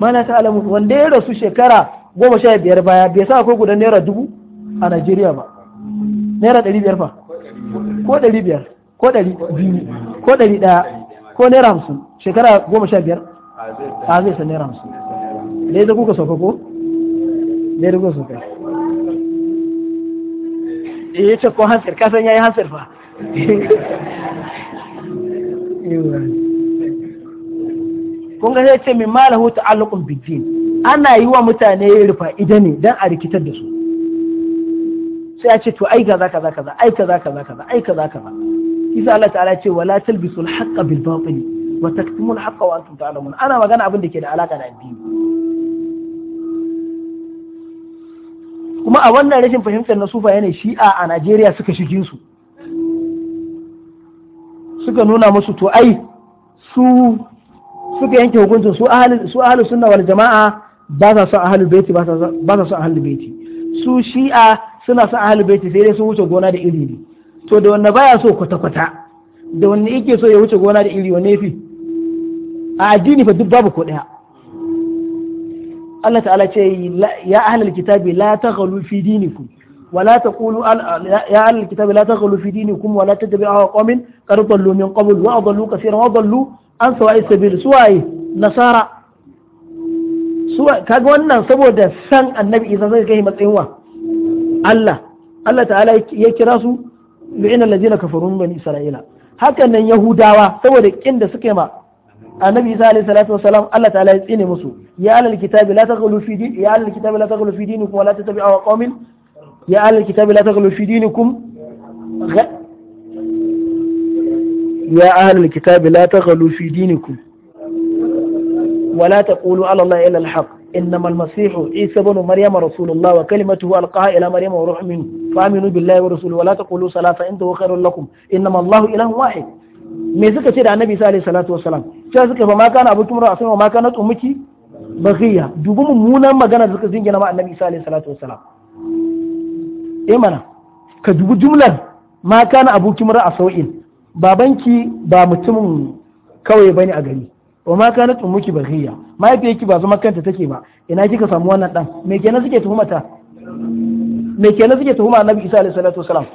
ma la wanda ya rasu shekara 15 baya bai sa akwai gudan naira dubu a Najeriya ba naira ɗari biyar fa ko ɗari biyar ko ɗari biyu ko ɗari ɗaya ko naira hamsin shekara goma sha biyar a zai san naira hamsin da kuka sauka ko da kuka sauka eh, ya ce ko hansar kasan ya yi hansar fa kun ga sai ce min malahu ta'alluqun bid din ana yi wa mutane rufa ida ne don a rikitar da su sai a ce to ai kaza kaza kaza ai kaza kaza kaza ai kaza kaza isa Allah ta'ala ce wala talbisul haqqa bil batil wa taktumul haqqa wa antum ta'lamun ana magana abin da ke da alaka da addini kuma a wannan rashin fahimtar na sufa yana shi'a a Najeriya suka shigin su suka nuna musu to ai su suka yanke hukuncin su ahli su ahli sunna wal jama'a ba sa son ahli baiti ba sa son ahli baiti su shi'a suna son a baiti sai dai sun wuce gona da iri ne to da wanda baya so kwata kwata da wanda yake so ya wuce gona da iri wanne fi a addini fa duk babu ko daya Allah ta'ala ce ya ahlul kitabi la taghlu fi dinikum ولا تقولوا يا أهل الكتاب لا تغلوا في دينكم ولا تتبعوا قوم قد ضلوا من قبل وأضلوا كثيرا وأضلوا عن سواء السبيل سواء نصارى سواء كاغوانا سبودا سان النبي إذا زي كهي متسيوا Allah Allah ta'ala ya kira su lu'ina allazina kafaru min bani isra'ila hakan nan yahudawa saboda kin da suka yi ma annabi isa alaihi salatu wasalam Allah ta'ala ya tsine musu ya alal kitabi la taghlu fi din ya alal kitabi la taghlu fi dinikum wa la tattabi'u aqwamin ya alal kitabi la taghlu fi dinikum ya alal kitabi la taghlu fi dinikum wa la taqulu ala allahi illa al-haqq إنما المسيح عيسى بن مريم رسول الله وكلمته ألقاها إلى مريم وروح منه فآمنوا بالله ورسوله ولا تقولوا صلاة فإنه خير لكم إنما الله إله واحد me suka ce da annabi isa alaihi salatu wasalam cewa suka fa ma kana abukum ra'asun wa ma kanat ummuki baghiya dubu mummunan magana suka zingina ma annabi isa alaihi salatu wasalam eh mana ka dubi jumlar ma kana abukum ra'asun babanki ba mutumin kawai bane a gari wa ma kana tumuki baghiya mahaifiyarki ba zama kanta take ba ina kika samu wannan dan me kenan suke tuhumata? ta me kenan suke tuhuma annabi isa alaihi salatu wasalam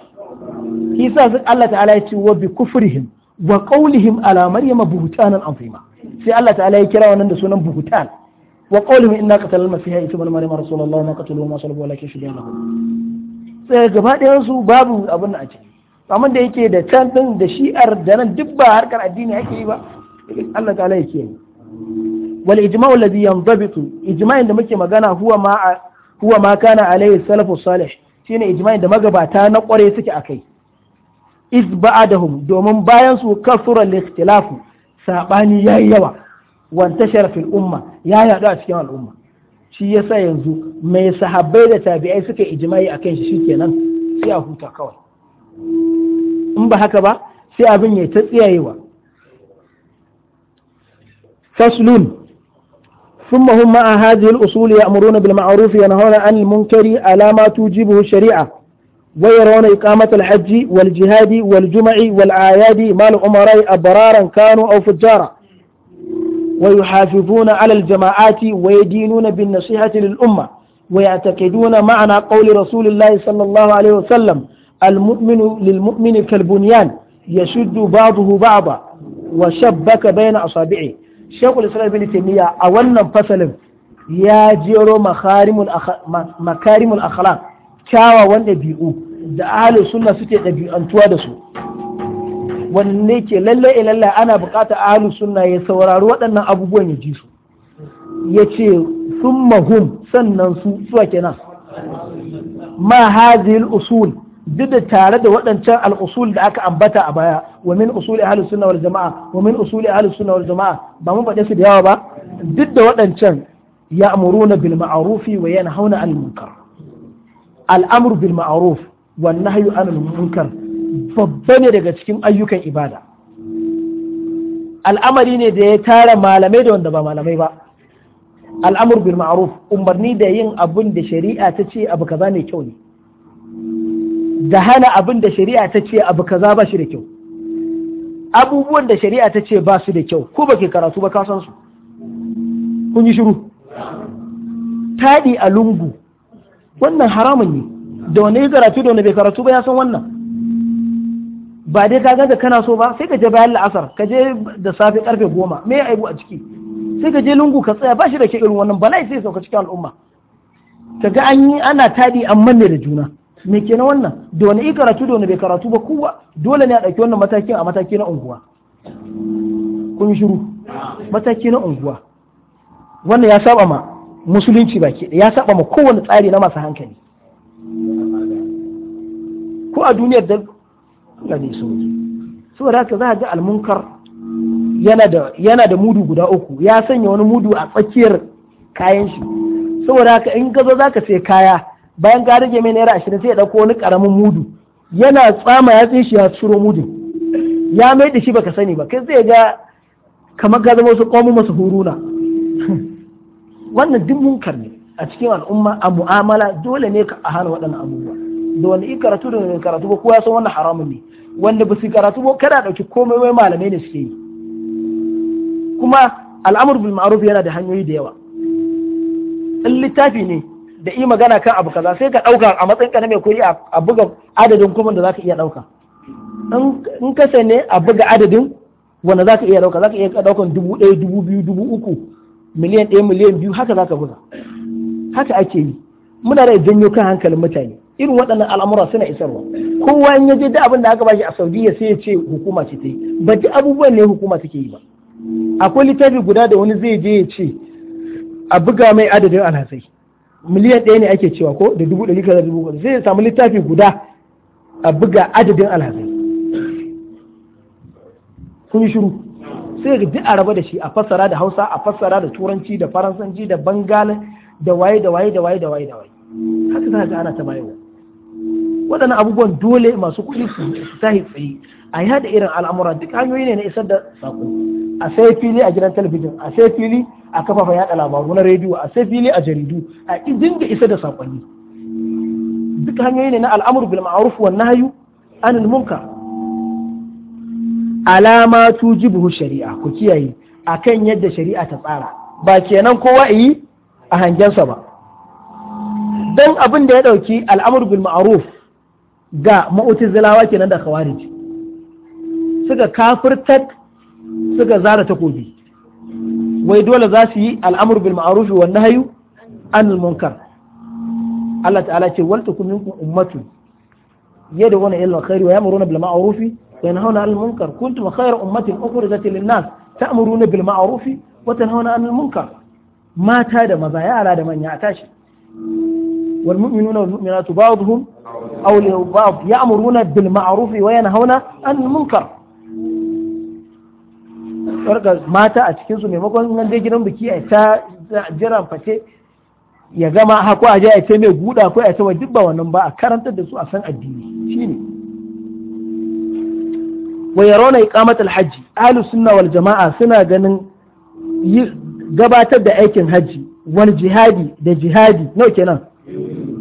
isa Allah ta'ala ya ce wa bi kufrihim wa qawlihim ala maryama buhtanan azima sai Allah ta'ala ya kira wannan da sunan buhtan wa qawlihim inna qatalna masiha isa ibn maryama rasulullah ma qataluhu ma salabu walakin shubbiha lahu sai gaba ɗayan su babu abin a ciki amma da yake da can din da shi'ar da nan duk ba harkar addini ake yi ba Allah ta'ala yake ne wal ijma'u alladhi yanzabitu ijma'in da muke magana huwa ma huwa ma kana alayhi salafu salih shine ijma'in da magabata na kware suke akai iz ba'adahum domin bayan su kasura al-ikhtilafu sabani yayi yawa wantashara fil umma ya yadu a cikin al'umma shi yasa yanzu mai sahabbai da tabi'ai suka ijma'i akan shi shikenan sai a huta kawai in ba haka ba sai abin ya ta tsiyayewa فصل ثم هم مع هذه الأصول يأمرون بالمعروف ينهون عن المنكر على ما توجبه الشريعة ويرون إقامة الحج والجهاد والجمع والأعياد مع الأمراء أبرارا كانوا أو فجارا ويحافظون على الجماعات ويدينون بالنصيحة للأمة ويعتقدون معنى قول رسول الله صلى الله عليه وسلم المؤمن للمؤمن كالبنيان يشد بعضه بعضا وشبك بين أصابعه shekul islam bin taimiyya a wannan fasalin ya jero makarimul akhlaq kyawawan dabi'u da ahli sunna suke ɗabi'antuwa da su wanne ke lalle eh lalle ana buƙatar ahli sunna ya saurari waɗannan abubuwan ya ji su ya ce sun mahum sannan su suwa kenan ma hazil usul duk da tare da waɗancan al'usul da aka ambata a baya wa min usuli ahli sunna wal jama'a wa min usuli ahli sunna wal jama'a ba mun faɗe su da yawa ba duk da waɗancan ya'muruna bil ma'rufi wa yanhauna 'anil munkar al'amru bil ma'ruf wan nahyu 'anil munkar babba ne daga cikin ayyukan ibada al'amari ne da ya tara malamai da wanda ba malamai ba al'amru bil ma'ruf umarni da yin abun da shari'a ta ce abu kaza ne kyau ne da hana abin da shari'a ta ce abu kaza ba shi da kyau abubuwan da shari'a ta ce ba su da kyau ko ba ke karatu ba kasan su kun yi shiru taɗi a lungu wannan haramun ne da wani ya karatu da wani bai karatu ba ya san wannan ba dai ka ganta kana so ba sai ka je bayan la'asar ka je da safe karfe goma me ya a ciki sai ka je lungu ka tsaya ba shi da ke irin wannan bala'i sai sauka cikin al'umma ka ga an yi ana taɗi an manne da juna me ke na wannan da wani karatu da wani bai karatu ba kowa dole ne a ɗauki wannan matakin a mataki na unguwa kun shiru mataki na unguwa wannan ya saba ma musulunci ba ke ya saba ma kowane tsari na masu hankali ko a duniyar da ne so saboda haka za a ga almunkar yana da mudu guda uku ya sanya wani mudu a tsakiyar kayan shi saboda haka in gaza za ka sai kaya bayan ka rage mai naira ashirin sai ya ɗauko wani ƙaramin mudu yana tsama ya tsin shi ya ciro mudu. ya mai da shi baka sani ba kai zai ga kamar ka zama wasu ƙomu masu huruna wannan duk munkar ne a cikin al'umma a mu'amala dole ne ka hana waɗannan abubuwa da wanda in karatu da wanda karatu ba kowa san wannan haramun ne wanda ba su karatu ba kada ɗauki komai wai malamai ne suke yi kuma al'amur bil ma'ruf yana da hanyoyi da yawa in littafi ne da yi magana kan abu kaza sai ka ɗauka a matsayin ka na mai koyi a buga adadin kuma da za ka iya ɗauka in ka ne a buga adadin wanda za ka iya ɗauka za ka iya ɗaukan dubu ɗaya dubu biyu dubu uku miliyan ɗaya miliyan biyu haka za ka buga haka ake yi muna da janyo kan hankalin mutane irin waɗannan al'amura suna isarwa kowa in ya je da abin da aka bashi a saudiya sai ya ce hukuma ce ta yi ba duk abubuwan ne hukuma take yi ba akwai littafi guda da wani zai je ya ce a buga mai adadin alhazai miliyan ɗaya ne ake cewa ko da dubu ɗari kaza dubu kaza sai ya samu littafi guda a buga adadin alhazai kun yi shiru sai ga duk a raba da shi a fassara da hausa a fassara da turanci da faransanci da bangal da waye da waye da waye da waye da waye haka za ga ana ta bayarwa waɗannan abubuwan dole masu kuɗi su tahi tsaye a yi haɗa irin al'amura duk hanyoyi ne na isar da saƙo a sai fili a gidan talabijin a sai fili a kafafen yaɗa labaru na rediyo a sai fili a jaridu a dinga isar da saƙonni duk hanyoyi ne na al'amur bil ma'ruf wan nahyu anil munkar alama buhu shari'a ku kiyaye a kan yadda shari'a ta tsara ba kenan kowa yi a hangensa ba dan abin da ya ɗauki al'amur bil ma'ruf ga ma'utizilawa kenan da khawarij suka kafirtar suka zara takobi wai dole za su yi al'amur bil ma'ruf wa nahyu anil munkar Allah ta'ala ce wal takum minkum ummatu yad'una ila alkhair wa ya'muruna bil ma'ruf wa yanhauna 'anil munkar kuntum khayra ummatin ukhrijat lin nas ta'muruna bil ma'ruf wa tanhauna 'anil munkar mata da maza yara da manya a tashi wal mu'minuna wal mu'minatu ba'dhum أو لبعض يأمرون بالمعروف وينهون عن المنكر warga mata a cikin su maimakon nan dai gidan biki a ta jiran face ya gama hako a je a ce mai guda ko a ce duk ba wannan ba a karantar da su a san addini shine wa yarawna iqamat al-hajj sunna wal jamaa suna ganin gabatar da aikin hajji wal jihadi da jihadi nawa kenan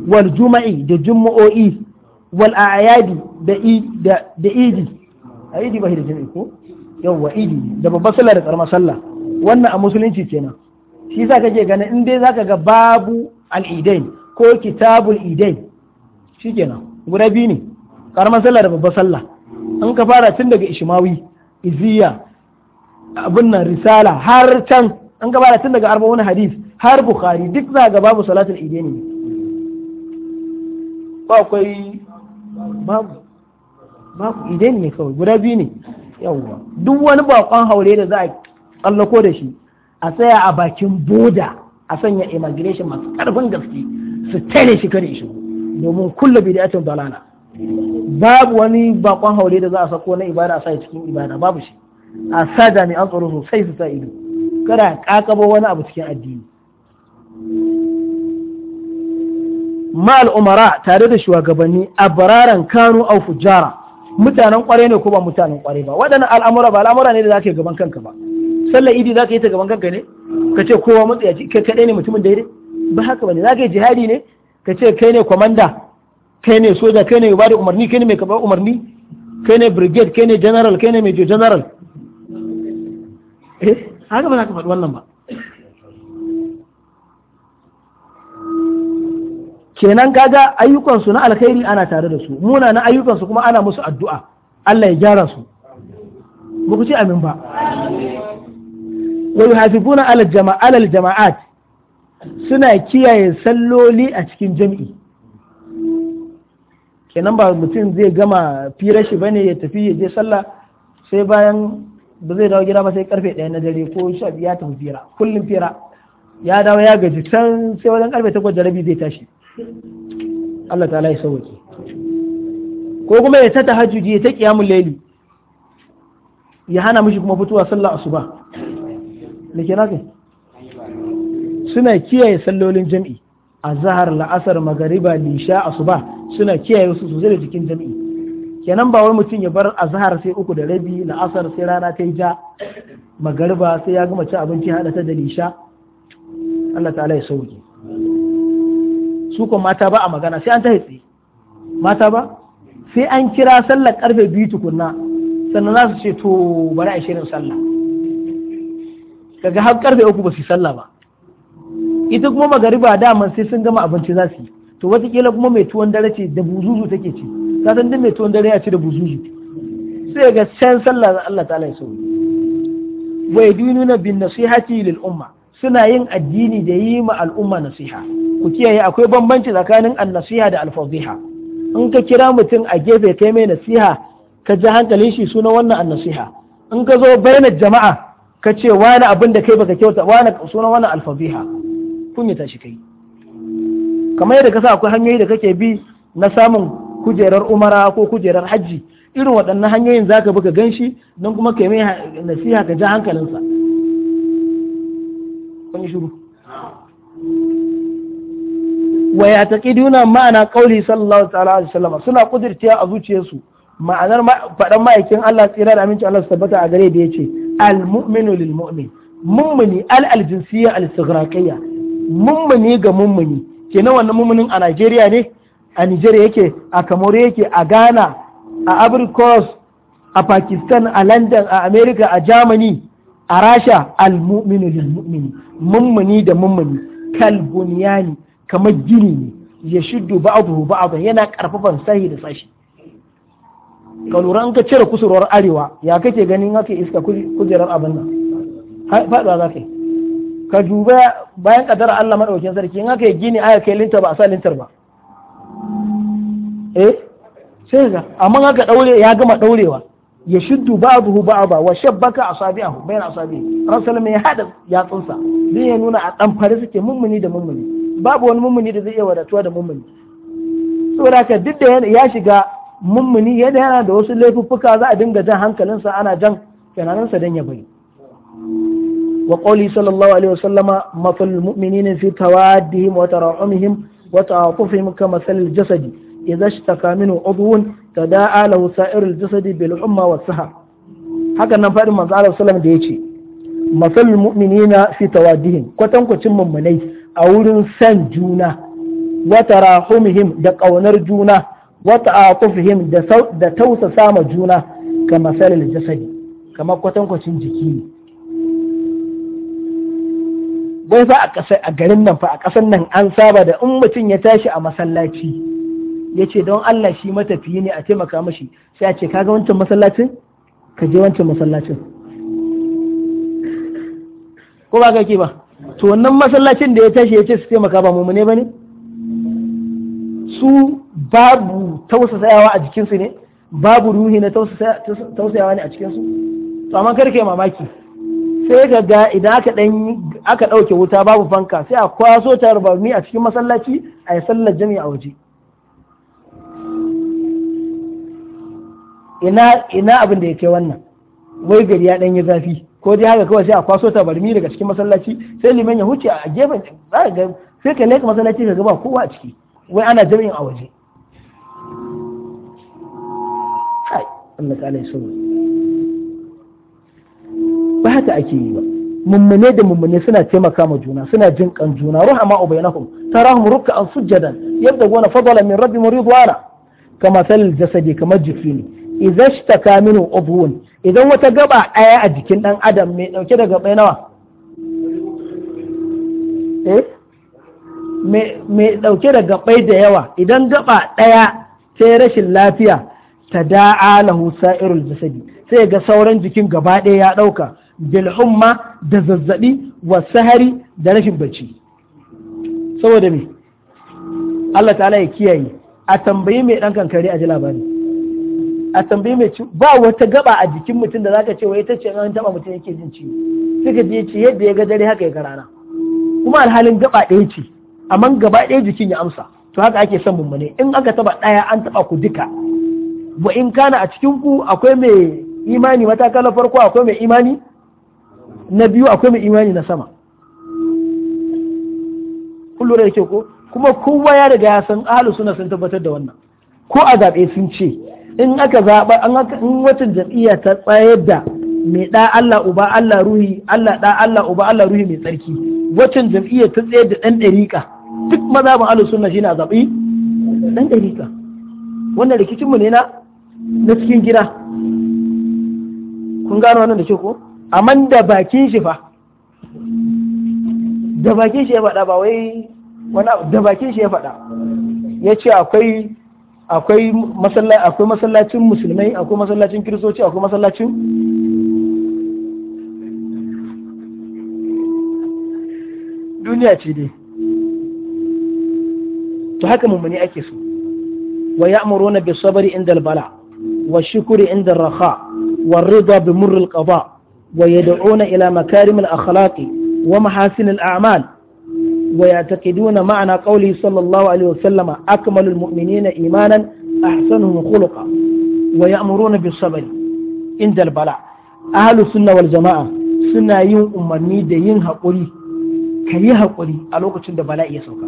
wal juma'i da jumu'o'i wal a'yadi da da idi a idi ba da jami'i ko yawwa idi da babbar sallah da karamar sallah wannan a musulunci kenan shi yasa kake ganin in dai zaka ga babu al-idain ko kitabul idain kenan guda biyu ne karamar sallah da babbar sallah an ka fara tun daga ishmawi iziya abin nan risala har can an ka fara tun daga arba'un hadis har bukhari duk za ga babu salatul idain ne ko akwai babu babu ne kawai guda biyu ne yawwa duk wani bakon haure da za a tsallako da shi a tsaya a bakin boda a sanya immigration masu karfin gaske su tare shi kare shi domin da atin dalana babu wani bakon haure da za a sako na ibada a sa cikin ibada babu shi a sa jami'an tsaro sosai su sa ido kada kakabo wani abu cikin addini ma'al umara tare da shugabanni bararen kanu au fujara mutanen kware ne ko ba mutanen kware ba waɗannan al'amura ba al'amura ne da zaka yi gaban kanka ba sallar idi zaka yi ta gaban kanka ne ka ce kowa ji kai kadai ne mutumin daidai ba haka bane zaka yi jihadi ne ka ce kai ne kwamanda? kai ne soja kai ne ubadi umarni kai ne mai karɓar umarni kai ne brigade kai ne general kai ne major general eh haka ba za ka faɗi wannan ba kenan kaga ayyukansu na alkhairi ana tare da su muna na ayyukansu kuma ana musu addu'a Allah ya gyara su ba ku ce amin ba wa yuhafifuna alal ala jama'at suna kiyaye salloli a cikin jami'i kenan ba mutum zai gama fira shi bane ya tafi ya je sallah sai bayan ba zai dawo gida ba sai karfe 1 na dare ko sha ya tafi fira kullum fira ya dawo ya gaji can sai wajen karfe takwas da rabi zai tashi Allah ta'ala ya sauke ko kuma ya ta hajjuji ya ta qiyamul laili ya hana mishi kuma fitowa sallar asuba me ke nake suna kiyaye sallolin jami'i Zahar, la'asar magariba lisha asuba suna kiyaye su sosai da cikin jami'i kenan ba wai mutum ya bar a Zahar sai uku da rabi la'asar sai rana ta yi ja magariba sai ya gama ci abinci haɗa ta da lisha Allah ta'ala ya sauke sukan mata ba a magana sai an ta mata ba sai an kira sallar karfe biyu tukunna sannan za su ce to bari a shirin sallah kaga har karfe uku ba su sallah ba ita kuma magariba daman sai sun gama abinci za su yi to watakila kuma mai tuwon dare ce da buzuzu take ci ka san duk mai tuwon dare ya ci da buzuzu sai ga can sallah Allah ta'ala ya so wa yadununa bin nasihati lil umma suna yin addini da yi ma al'umma nasiha ku kiyaye akwai bambanci tsakanin annasiha da alfaziha in ka kira mutum a gefe kai mai nasiha ka ji hankalin shi suna wannan annasiha in ka zo baina jama'a ka ce wani abin da kai baka kyauta wani suna wannan alfadhiha kunyata shi kai kamar yadda ka sa akwai hanyoyi da kake bi na samun kujerar umara ko kujerar hajji irin waɗannan hanyoyin zaka bi ka ganshi don kuma kai mai nasiha ka ji hankalinsa kun shuru wa ya taqiduna ma'ana qauli sallallahu ta'ala alaihi wasallam suna kudirtiya a zuciyarsu ma'anar faɗan ma'aikin Allah tsira da aminci Allah tabbata a gare da yace al-mu'minu lil mu'min mummuni al aljinsiyya al istighraqiyya mummuni ga mummuni kenan wannan mummunin a Najeriya ne a Nijeriya yake a Kamaru yake a Ghana a Ivory a Pakistan a Landan, a Amerika, a Germany a rasha Muminu, lil mu'mini mummuni da mummuni kal bunyani kamar gini ne ya shuddu ba'dahu ba'dahu yana karfafan sahi da sashi ka lura an ka cire kusurwar arewa ya kake ganin haka iska kujerar abin nan faɗuwa za ka yi ka duba bayan kadar Allah madaukakin sarki in haka gini aya kai lintar ba a sa lintar ba eh sai ga amma haka daure ya gama daurewa ya shuddu ba'dahu ba'da wa shabbaka asabi'ahu bayna asabi'i rasul mai hada yatsunsa zai ya nuna a dan fari suke mummuni da mummuni babu wani mummuni da zai iya wadatuwa da mummuni saboda duk da ya shiga mummuni yadda yana da wasu laifuffuka za a dinga jan sa ana jan kenaninsa dan ya bari wa qawli sallallahu alaihi wasallama mafal mu'minina fi tawaddihim wa tarahumihim wa ta'atufihim jasadi idza ishtaka minhu udwun tada'a da sa'irul jasadi bil umma wa saha haka nan fadin manzo Allah sallallahu da yace masalul mu'minina fi tawaddihim kwatankwacin mummunai a wurin san juna wa tarahumihim da kaunar juna wa ta'atufihim da da tausasa ma juna kama masalul jasadi kamar kwatankwacin jiki ne wai fa a garin nan fa a ƙasar nan an saba da in mutum ya tashi a masallaci ya ce don Allah shi matafiyi ne a taimaka mashi sai a ce kaga wancan masallacin ka je wancan masallacin ko ba kake ba to wannan masallacin da ya tashi ya ce su taimaka ba mummune ba ne su babu tausasayawa a jikinsu ne babu ruhi na tausayawa ne a cikinsu to amma karke mamaki sai ka ga idan aka dan aka dauke wuta babu fanka sai a kwaso tarbarmi a cikin masallaci a yi sallar jami'a a waje ina abin da ya ce wannan wai gari ya dan yi zafi ko dai haka kawai sai a kwaso tabarmi daga cikin masallaci sai liman ya huce a gefen za ga sai ka leka masallaci ka gaba kowa a ciki wai ana jami'in a waje kai Allah ba haka ake yi ba mummune da mummune suna taimaka ma juna suna jin kan juna ruhama ubainahum tarahum ruk'an sujadan gona fadala min rabbihim ridwana kama sal jasadi kamar jifini idza ta minhu ubhun idan wata gaba ɗaya a jikin ɗan adam mai ɗauke da gaba nawa eh? mai ɗauke da gabai da yawa idan gaba ɗaya ta yi rashin lafiya ta da'a lahu sa'irul jasadi sai ga sauran jikin gaba ɗaya ya ɗauka bil'umma da zazzaɓi wa sahari da rashin bacci saboda me Allah ta'ala ya kiyaye a tambayi mai ɗan kankare a ji labari a tambayi mai ciwo ba wata gaba a jikin mutum da zaka ce wai ita ce an taba mutum yake jin ciwo suka je ce yadda ya ga dare haka ya ga rana kuma alhalin gaba ɗaya ce amma gaba ɗaya jikin ya amsa to haka ake son mummune in aka taba ɗaya an taba ku duka wa in kana a cikin ku akwai mai imani matakala farko akwai mai imani na biyu akwai mai imani na sama kullum da ke ko kuma kowa ya riga ya san ahalu suna sun tabbatar da wannan ko a zaɓe sun ce in aka zaɓa in wata jam'iyya ta tsayar da mai ɗa Allah uba Allah ruhi Allah ɗa Allah uba Allah ruhi mai tsarki wacin jam'iyyar ta tsayar da ɗan ɗariƙa duk mazhabin ahlus sunna shine a zaɓi ɗan ɗariƙa wannan rikicin mu ne na na cikin gida kun gano wannan da ke ko amma da bakin shi fa da bakin shi ya faɗa ba wai wani da bakin shi ya faɗa ya ce akwai akwai masallacin musulmai akwai masallacin kiristoci akwai masallacin duniya ce dai to haka mummuni ake so wa ya'muruna bis sabri inda al-bala wa shukri inda ar-raha wa ar-ridha bi murr al-qada wa yad'una ila makarim al-akhlaqi wa mahasin al-a'mal ويعتقدون معنى قوله صلى الله عليه وسلم أكمل المؤمنين إيمانا أحسنهم خلقا ويأمرون بالصبر عند البلاء أهل السنة والجماعة سنة يوم أمني دين هقولي كي هقولي ألوك تند بلاء يسوكا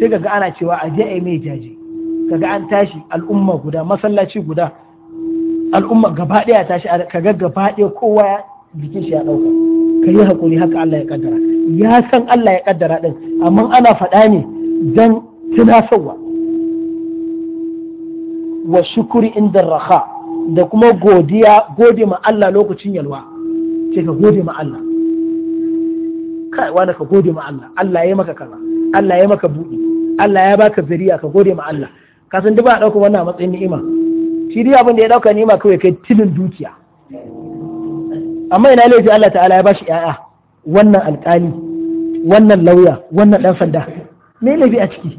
سيكا أنا شواء أجاء مي جاجي كا أن تاشي الأمة قدا مسلاتي قدا al'umma gaba ɗaya ta shi kaga gaba ɗaya kowa jikin shi ya ɗauka ka yi haƙuri haka Allah ya kaddara ya san Allah ya kaddara ɗin amma ana faɗa ne don sauwa wa shukuri inda raha da kuma godiya gode ma Allah lokacin yalwa ce ka gode ma Allah kai wani ka gode ma Allah Allah ya maka kaza Allah ya maka buɗi Allah ya baka zuriya ka gode ma Allah kasan san duk ba a ɗauka wannan matsayin ni'ima shi dai abin da ya ɗauka ni'ima kawai kai tilin dukiya amma ina laifi Allah ta'ala ya bashi ya'a wannan alƙali wannan lauya wannan ɗan sanda me laifi a ciki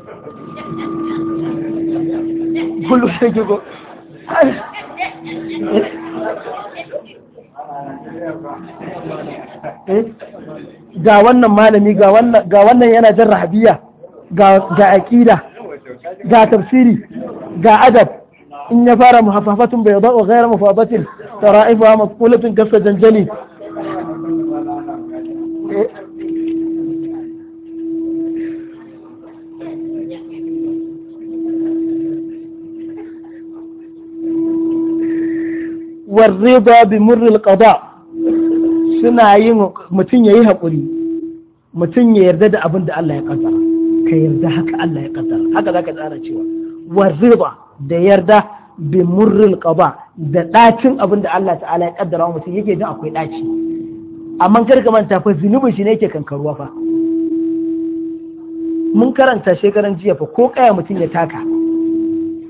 eh, ga wannan malami ga wannan yana jan rahabiya ga aƙida ga tafsiri ga adab in ya fara muhafafatun bai ba wa gaira mufafatin tara'ifa mafkulatun kasa janjali warrida bi murril qada suna yin mutum ya yi haƙuri, mutum ya yarda da abin da Allah ya kaddara ka yarda haka Allah ya kaddara haka za ka tsara cewa warrida da yarda bi murrul qada da ɗacin abin da Allah ta'ala ya kaddara mutum yake jin akwai daci amma kar ka manta fa zunubin shi ne yake kankaruwa fa mun karanta shekaran jiya fa ko kaya mutum ya taka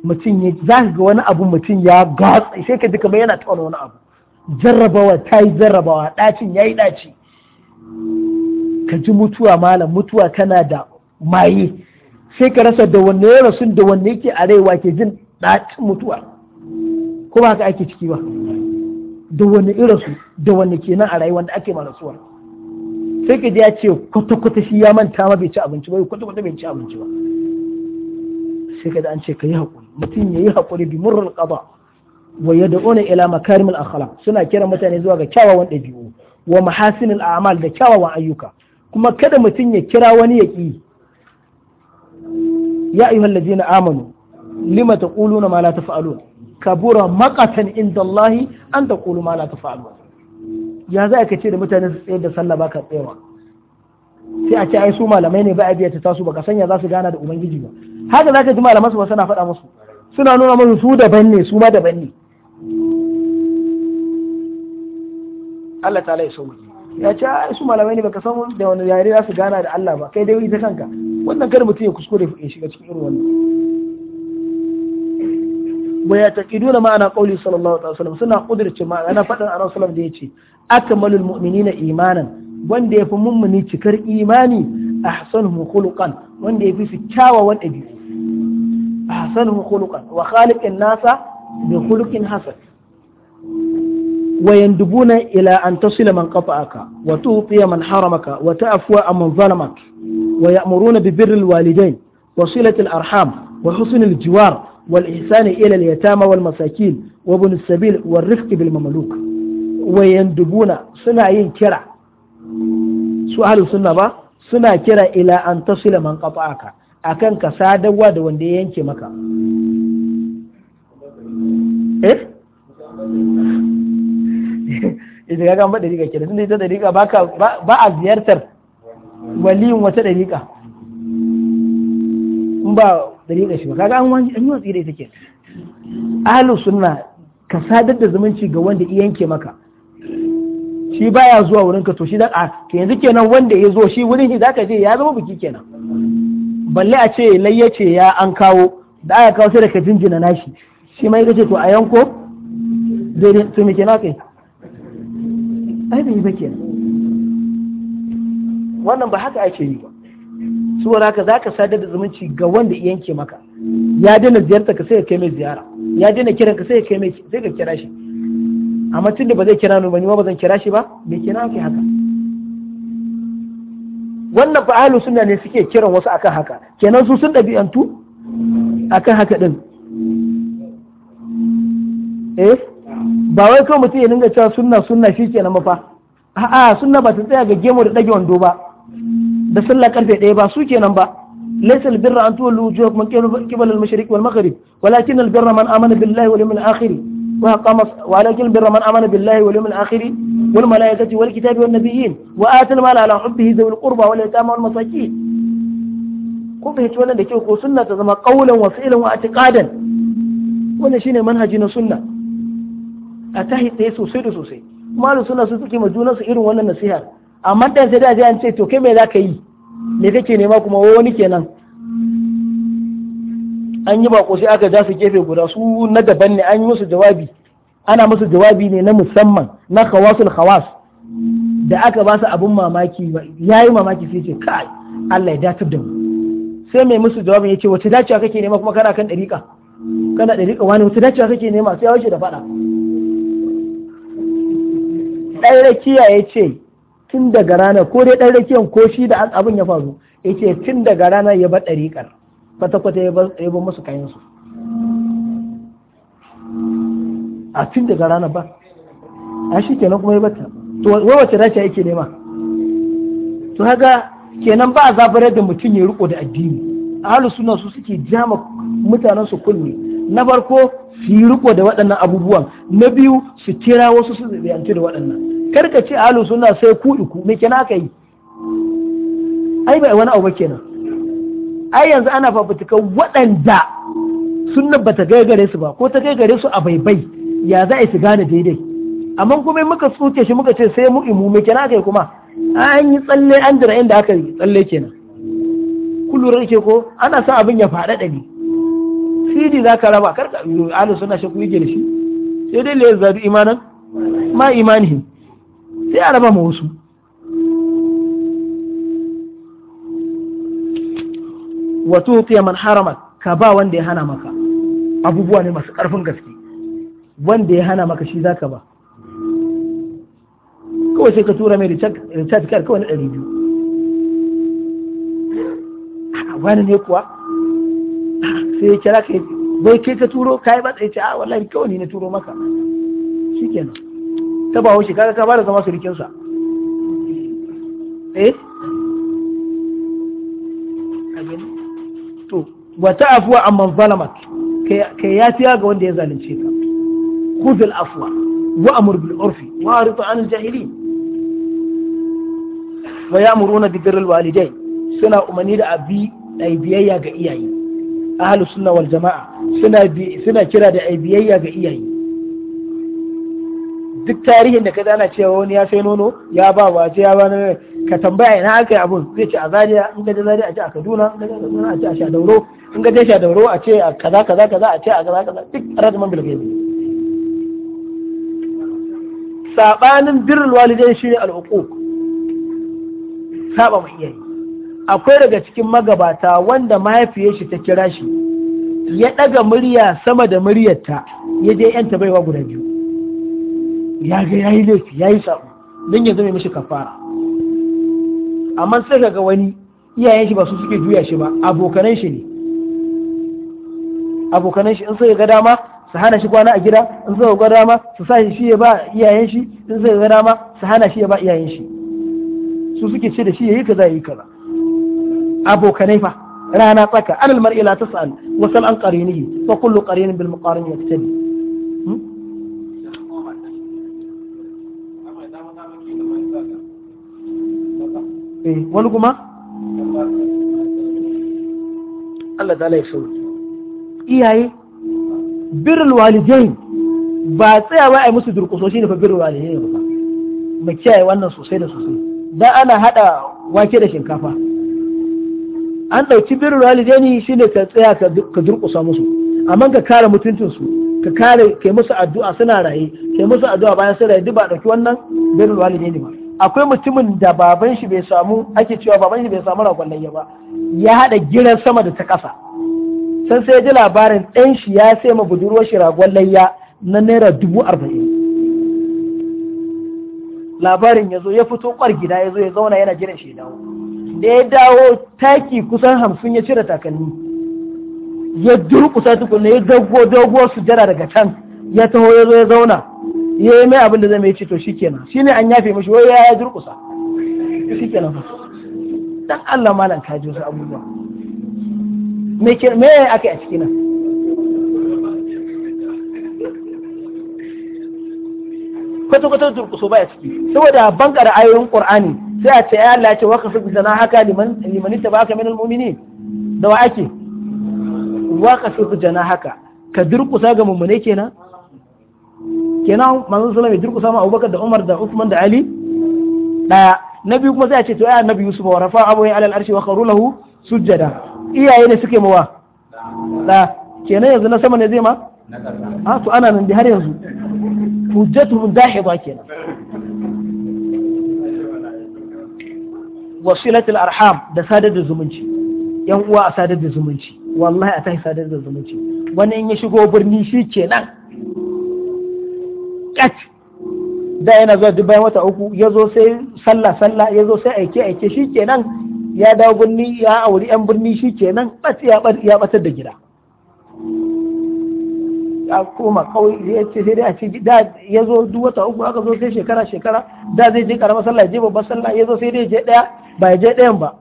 mutum ya zaka ga wani abu mutum ya gatsa sai ka ji kamar yana tauna wani abu jarrabawa ta jarrabawa ɗacin yayi daci ɗaci ka ji mutuwa malam mutuwa tana da maye sai ka rasa da wanne ya da wanne yake arewa ke jin ɗacin mutuwa ko ba haka ake ciki ba da wani irasu da wani kenan a rayuwar da ake ma rasuwa sai ka ya ce kwata-kwata shi ya manta ma bai ci abinci ba kwata-kwata bai ci abinci ba sai ka an ce ka yi haƙuri mutum ya yi haƙuri bi murar ƙaba. wa yad'una ila makarimil akhlaq suna kiran mutane zuwa ga kyawawan ɗabi'u wa mahasinil a'mal da kyawawan ayyuka kuma kada mutum ya kira wani ya ƙi ya ayyuhal ladina amanu lima taquluna ma la taf'alun kabura makatan inda Allah an taqulu ma la taf'alun ya za ka ce da mutane su tsayar da sallah baka tsewa, sai a ce ai su malamai ne ba a biya ta tasu baka sanya za su gana da ubangiji ba haka za ka ji malaman su ba suna faɗa musu suna nuna musu su daban ne su ma daban ne Allah ta ya sauki ya ce ai su malamai ne baka san da wani yare za su gana da Allah ba kai dai ta kanka wannan kar mutum ya kuskure ya shiga cikin irin wannan wa yataqiduna ma'ana qawli sallallahu alaihi wasallam suna kudirce ma'ana faɗin annabi sallallahu da yace akmalul mu'minina imanan wanda yafi mummuni cikar imani ahsanuhum khuluqan wanda yafi su kyawawan dabi'u ahsanuhum khuluqan wa khaliqin nasa bi khuluqin hasan ويندبون إلى أن تصل من قطعك وتوطي من حرمك وتعفو عمن ظلمك ويأمرون ببر الوالدين وصلة الأرحام وحسن الجوار والإحسان إلى اليتامى والمساكين وابن السبيل والرفق بالمملوك ويندبون سنعين كرع سؤال السنة با سنة كرع إلى أن تصل من قطعك أكن كسادة واد ينكي مكا إيه إذا كان ba da rika سنة tunda ita باكا rika ba a ziyartar waliyin dariƙa shi ba kaga an wani an yi watsi da ita ke ahlu sunna ka sadar da zumunci ga wanda iya yanke maka shi baya zuwa wurin ka to shi dan a yanzu kenan wanda ya zo shi wurin shi zaka ce ya zama biki kenan balle a ce layya ce ya an kawo da aka kawo sai da ka jinjina nashi shi mai ce to a yanko daidai to me kenan kai ai bai ba kenan wannan ba haka ake yi ba mutuwar haka zaka sadar da zumunci ga wanda yanke maka ya daina ziyarta ka sai ka kai mai ziyara ya daina kiran ka sai ka kai mai sai ka kira shi amma tunda ba zai kira ni ba ni ma ba zan kira shi ba me kira ki haka wannan fa ahlus sunna ne suke kiran wasu akan haka kenan su sun dabi'antu akan haka din eh ba wai kawai mutum ya dinga cewa sunna sunna shikenan mafa a'a sunna ba ta tsaya ga gemu da dage wando ba da sallah karfe ɗaya ba su kenan ba laysa albirra an tuwallu wujuhakum qibala al-mashriq wal maghrib walakin albirra man amana billahi wal yawmil akhir wa aqama walakin albirra man amana billahi wal yawmil akhir wal malaikati wal kitabi wan nabiyyin wa ata al-mala ala hubbihi dhul qurba wal yatama wal masakin ko fahimci wannan da kyau ko sunna ta zama qaulan wa fi'lan wa i'tiqadan wannan shine manhaji na sunna a tahi tsaye sosai da sosai malu suna su suke ma junansu irin wannan nasiha amma dan sai da an ce to kai me za ka yi me kake nema kuma wani kenan an yi bako sai aka ja su gefe guda su na daban ne an yi musu jawabi ana musu jawabi ne na musamman na khawasul khawas da aka ba su abun mamaki ya yi mamaki sai ce kai Allah ya datar da mu sai mai musu jawabin ya ce wace dacewa kake nema kuma kana kan ɗariƙa kana ɗariƙa wani wace dacewa kake nema sai ya wuce da faɗa ɗaya kiyaye ce tun daga rana ko dai ɗan rakiyar ko shi da abin ya faru ya ce tun daga rana ya bar ɗariƙar kwata-kwata ya bar musu kayansu a tun daga rana ba a shi kenan kuma ya bata to wai wace rasha yake nema to haka kenan ba a zabarar da mutum ya riko da addini ahlus suna su suke jama mutanen su kunne na farko su yi riko da waɗannan abubuwan na biyu su kira wasu su zabiyantu da waɗannan karka ce alu suna sai ku iku me kenan aka yi ai bai wani abu ba kenan ai yanzu ana fafutukan waɗanda sunna bata gaigare su ba ko ta gaigare su a baibai ya za a su gane daidai amma kuma muka tsuke shi muka ce sai mu imu me kenan aka yi kuma an yi tsalle an jira inda aka yi tsalle kenan kun lura ke ko ana sa abin ya faɗaɗa ne cd za ka raba karka alu suna shi ku yi shi sai dai la zabi imanan ma imanin. sai a raba ma wasu wato man harama ka ba wanda ya hana maka abubuwa ne masu ƙarfin gaske wanda ya hana maka shi zaka ba kawai sai ka tura mai recharge card kawai na ɗari biyu wani ne kuwa sai ya kira ka yi bai ke ka turo ka yi ba tsaye ce a wallahi kawai ne na turo maka kenan ta ba shi kaga ka da zama surukin sa eh to wa ta'afuwa amman zalamak kai yafiya ga wanda ya zalunce ka khudh afuwa wa amur bil urfi wa arid an al-jahilin wa ya'muruna bi suna umarni da abi dai biyayya ga iyaye ahlus sunna wal jama'a suna suna kira da ai biyayya ga iyaye duk tarihin da kaji ana cewa wani ya sai nono ya ba wa ce ya ba na ka tambaya ina aka yi abun zai ce a Zariya in gaje Zaria a ce a kaduna in gaje kaduna a ce a shadauro in gaje shadauro a ce a kaza kaza kaza a ce a kaza kaza duk radaman bilgaibi sabanin birrul walidain shine al'uquq saba ma iyaye akwai daga cikin magabata wanda mahaifiyar shi ta kira shi ya daga murya sama da muryarta ya je yanta baiwa guda biyu ya ga yayi laifi yayi sabu don ya zama mashi kafara amma sai ga wani iyayen shi ba su suke juya shi ba abokanan shi ne abokanan shi in sai ga dama su hana shi kwana a gida in sai ga dama su sa shi ya ba iyayen shi in sai ga dama su hana shi ya ba iyayen shi su suke ce da shi yayi kaza yayi kaza abokanai fa rana tsaka anal mar'ila tas'al wa sal an qarinihi fa kullu qarinin bil muqarin yaktabi Eh, wani kuma Allah ta ya sauki iyaye birin walidain ba ba ai musu shi ne fa birin walidain ba mu kiyaye wannan sosai da sosai dan ana hada wake da shinkafa an ɗauki ne walidain ne ka tsaya ka durƙusa musu amma ka kare mutuncin ka kare kai musu addu'a suna raye kai musu addu'a bayan suna raye duk ba ɗauki wannan birrul walidain ba akwai mutumin da baban shi bai samu ake cewa baban shi bai samu ragon layya ba ya haɗa giran sama da ta ƙasa sai sai ji labarin ɗan shi ya sai ma budurwar shi ragon layya na naira dubu arba'in labarin ya zo ya fito kwar gida ya zo ya zauna yana jiran shi dawo da ya dawo taki kusan hamsin ya cire takalmi ya durƙusa tukunna ya dago dago sujada daga can ya taho ya zo ya zauna ya yi mai abin da zai mai ce to shikenan shine an yafe mashi wai ya durkusa shikenan fa dan Allah malam ka ji wasu abubuwa me ke me aka a cikin nan kwata kwata durkuso baya ciki saboda bankar ayoyin qur'ani sai a ce ya Allah ya ce waka fi zana haka liman liman tabaka min almu'minin da wa ake waka fi jana haka ka durkusa ga mummune kenan kenan manzon sallallahu alaihi durkusa ma Abubakar da Umar da Uthman da Ali daya na biyu kuma sai a ce to ai nabi Yusuf wa rafa'a abu ala al arshi wa kharu lahu sujada iyaye ne suke mawa da kenan yanzu na sama ne zai ma a to ana nan da har yanzu hujjatuhum dahidha kenan wasilatul arham da sadar da zumunci yan uwa a sadar da zumunci wallahi a tahi sadar da zumunci wani in ya shigo birni shi kenan ƙat da yana zuwa duk bayan wata uku ya zo sai sallah sallah ya zo sai aike aike shi kenan ya dawo birni ya auri yan birni shi kenan ɓat ya bat ya batar da gida ya koma kawai ya ce sai dai a ce da ya zo duk wata uku aka zo sai shekara shekara da zai je karamar sallah ya je babbar sallah ya zo sai dai je ɗaya ba ya je ɗayan ba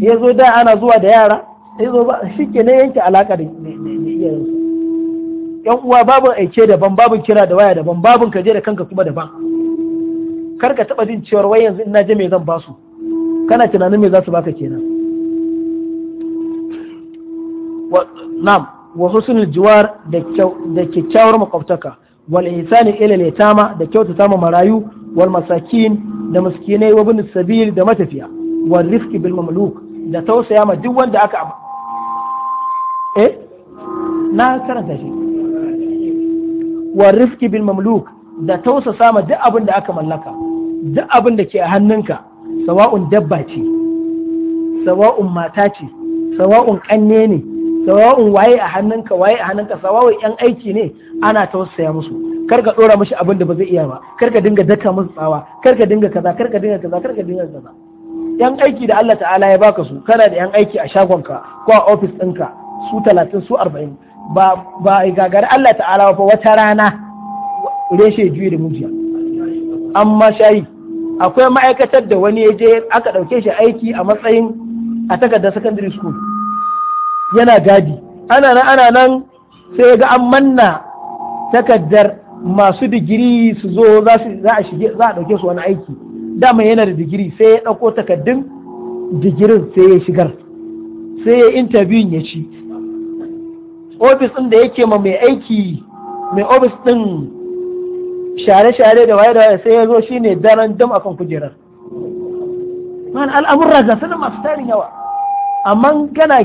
ya zo da ana zuwa da yara ya zo ba shi kenan yanke alaƙa da yaransu yan uwa babin aike daban babin kira da waya daban babin kaje da kanka kuma daban kar ka taba jin cewar wai yanzu ina je me zan basu kana tunanin me za su baka kenan nam wa husnul jiwar da kyakkyawar makwabtaka wal ihsani ila litama da kyautata ma marayu wal masakin da miskinai wa bin sabil da matafiya wal rifqi bil mamluk da tausaya ma duk wanda aka eh na karanta shi wa rifki bil mamluk da tausa sama duk abin da aka mallaka duk abin da ke a hannunka sawa'un dabba ce sawa'un mata ce sawa'un kanne ne sawa'un waye a hannunka waye a hannunka sawa'un yan aiki ne ana tausaya musu kar ka dora mishi abin da ba zai iya ba kar ka dinga daka musu tsawa kar ka dinga kaza kar ka dinga kaza kar ka dinga kaza yan aiki da Allah ta'ala ya baka su kana da yan aiki a shagonka ko a ofis ɗinka su talatin su arba'in ba gagari gagar Allah ta'ala ba wata rana reshe juyi da mujiya amma shayi akwai ma'aikatar da wani ya je aka ɗauke shi aiki a matsayin a takardar secondary school yana gadi ana nan ana nan sai ga an manna takardar masu digiri su zo za a shige za a ɗauke su wani aiki dama yana da digiri sai ya ɗauko takardun digirin sai ya shigar sai ya intabiyun ya ci ofis ɗin da yake ma mai aiki mai ofis ɗin share-share da waye da waye sai ya zo shi ne daren dam kan kujerar man al'amurra ga sanin masu tarin yawa amma gana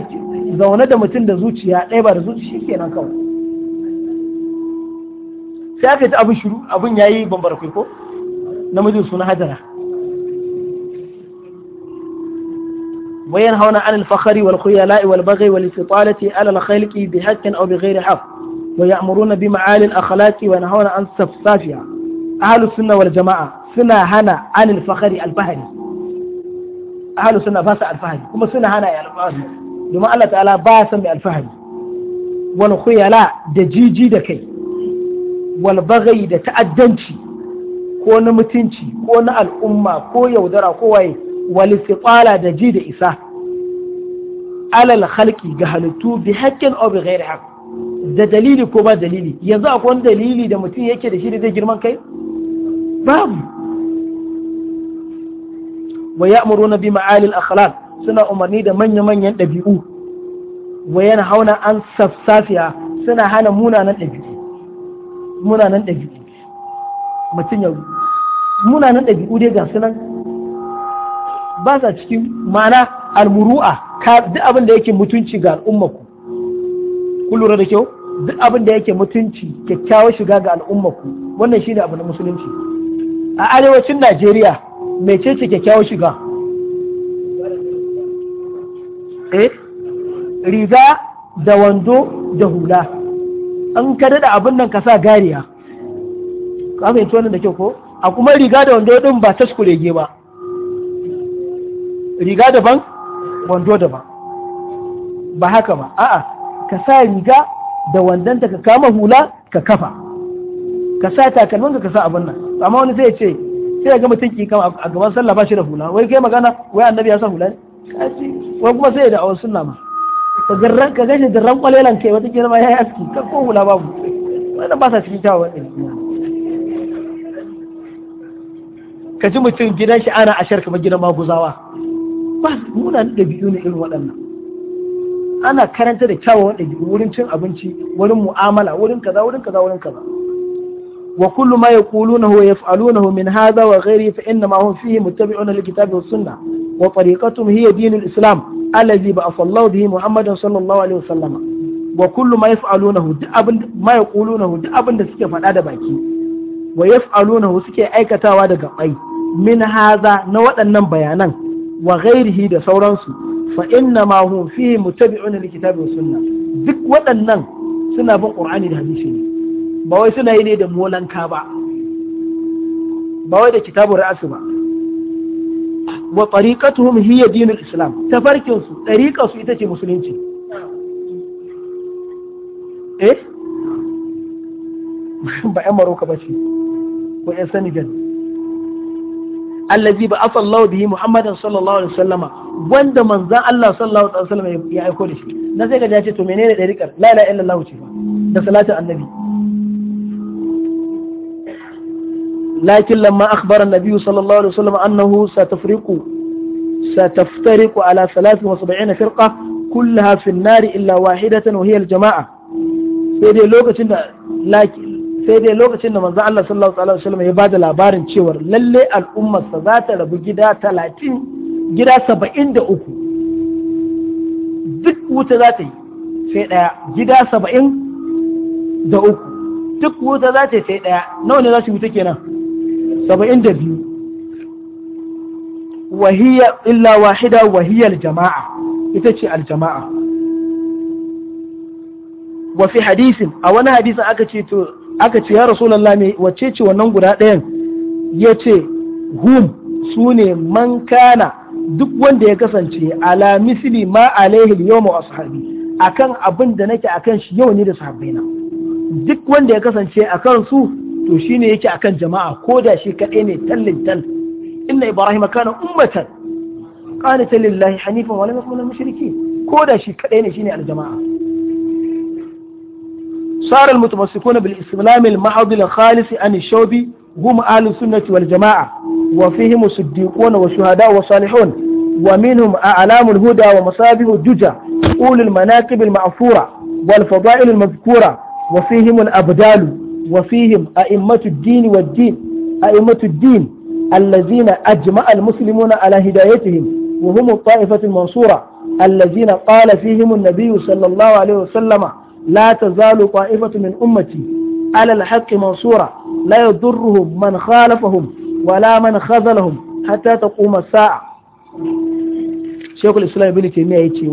zaune da mutum da zuciya ɗaya ba da zuciya nan kawai sai aka yi ta abin shiru abin yi bambara na namijin suna hajara وينهون عن الفخر والخيلاء والبغي والاستطالة على الخلق بحق أو بغير حق ويأمرون بمعالي الأخلاق وينهون عن سفسافها أهل السنة والجماعة سنة هنا عن الفخر الفهري أهل السنة باسع الفهري كما سنة هنا يا الفهري لما الله تعالى باسع الفهري والخيلاء دجيجي دكي والبغي دتأدنشي ko na mutunci ko na al'umma ko yaudara ko waye wal kwala da ji da isa alal halki ga halittu bi haqqin aw bi ghairi da dalili ko ba dalili yanzu akwai wani dalili da mutum yake da shi da zai girman kai babu wa ya'muruna bi ma'alil akhlaq suna umarni da manya-manyan ɗabi'u wa yana hauna an suna hana ba sa cikin mana almuru'a duk abin da yake mutunci ga al'ummaku ku lura da kyau duk abin da yake mutunci kyakkyawar shiga ga al'ummaku wannan shine abu na musulunci a arewacin Najeriya ce ce kyakkyawar shiga eh riga da wando da hula an ka da abin nan ka sa gariya ka fahimci wannan da kyau ko a kuma riga da wando din ba taskurege ba riga daban wando daban ba haka ba a'a ka sa riga da wandanta ka kama hula ka kafa ka sa takalmin ka sa abin nan amma wani zai ce sai ga mutum ki kama a gaban sallah ba shi da hula wai kai magana wai annabi ya sa hula ne wai kuma sai da awon sunna ma ka garran ka gashi da ran kwalelan kai wata girma yayi aski ka ko hula babu wannan ba sa cikin kyawawan ɗin ka ji mutum gidan shi ana shirka kamar gidan maguzawa ba muna ɗabi'u ne irin waɗannan ana karanta da kyawawan ɗabi'u wurin cin abinci wurin mu'amala wurin kaza wurin kaza wurin kaza wa kullu ma yaqulunahu wa yaf'alunahu min hadha wa ghairi fa inna ma hum fihi muttabi'una likitabi was sunnah wa tariqatuhum hiya dinul islam alladhi ba'atha Allah bihi Muhammadan sallallahu alaihi wasallam wa kullu ma yaf'alunahu duk abin ma yaqulunahu duk abin da suke faɗa da baki wa yaf'alunahu suke aikatawa da gabai min haza na waɗannan bayanan wa da sauransu fa inna ma hum fihi muttabi'una likitabi was sunna duk waɗannan suna bin ƙur'ani da hadisi ne ba suna yi ne da molanka ba ba da kitabu ra'asu ba wa tariqatuhum hiya dinul islam tafarkin su tariqa su ita ce musulunci eh ba ƴan Maroko ba ce ko ƴan Senegal allazi ba asallahu bihi muhammadan sallallahu alaihi wasallama wanda manzan Allah sallallahu alaihi wasallama ya aiko da shi na sai gaji ya ce to menene dariƙar la ilaha illallah ce da salatin annabi lakin lamma akhbara annabi sallallahu alaihi wasallama annahu satafriqu satafriqu ala 73 firqa kullaha fi an-nar illa wahidatan wa hiya al-jama'a sai dai lokacin da lakin sai dai lokacin da manzo Allah sallallahu alaihi wasallam ya bada labarin cewa lalle al'ummar al'ummarsa za ta rabu gida 30 gida 73 duk wuta za ta yi sai daya gida 70 da uku duk wuta za ta yi sai daya nawa ne za su wuta kenan 72 wahiya illa wahida wahiyar jama'a ita ce aljama'a wa fi hadisin a wani hadisin aka ce to aka ce ya rasulallah ne wace ce wannan guda ɗayan ya ce hum su ne man kana duk wanda ya kasance ala misli ma alaihi yawma ashabi akan abin da nake akan shi yau ne da sahabbaina duk wanda ya kasance akan su to shine yake akan jama'a ko da shi kaɗai ne tallin tal inna ibrahim kana ummatan qanita lillahi hanifan wa lam yakun minal ko da shi kaɗai ne shine aljama'a صار المتمسكون بالإسلام المحض الخالص عن الشوب هم أهل السنة والجماعة وفيهم الصديقون والشهداء والصالحون ومنهم أعلام الهدى ومصابيح الدجى أولي المناكب المعفورة والفضائل المذكورة وفيهم الأبدال وفيهم أئمة الدين والدين أئمة الدين الذين أجمع المسلمون على هدايتهم وهم الطائفة المنصورة الذين قال فيهم النبي صلى الله عليه وسلم la tazalu qa'ifatu min ummati ala al-haqqi mansura la yadurruhum man khalafahum wala man khazalahum ta taquma sa'a Sheikhul Islam Ibn Taymiyyah yace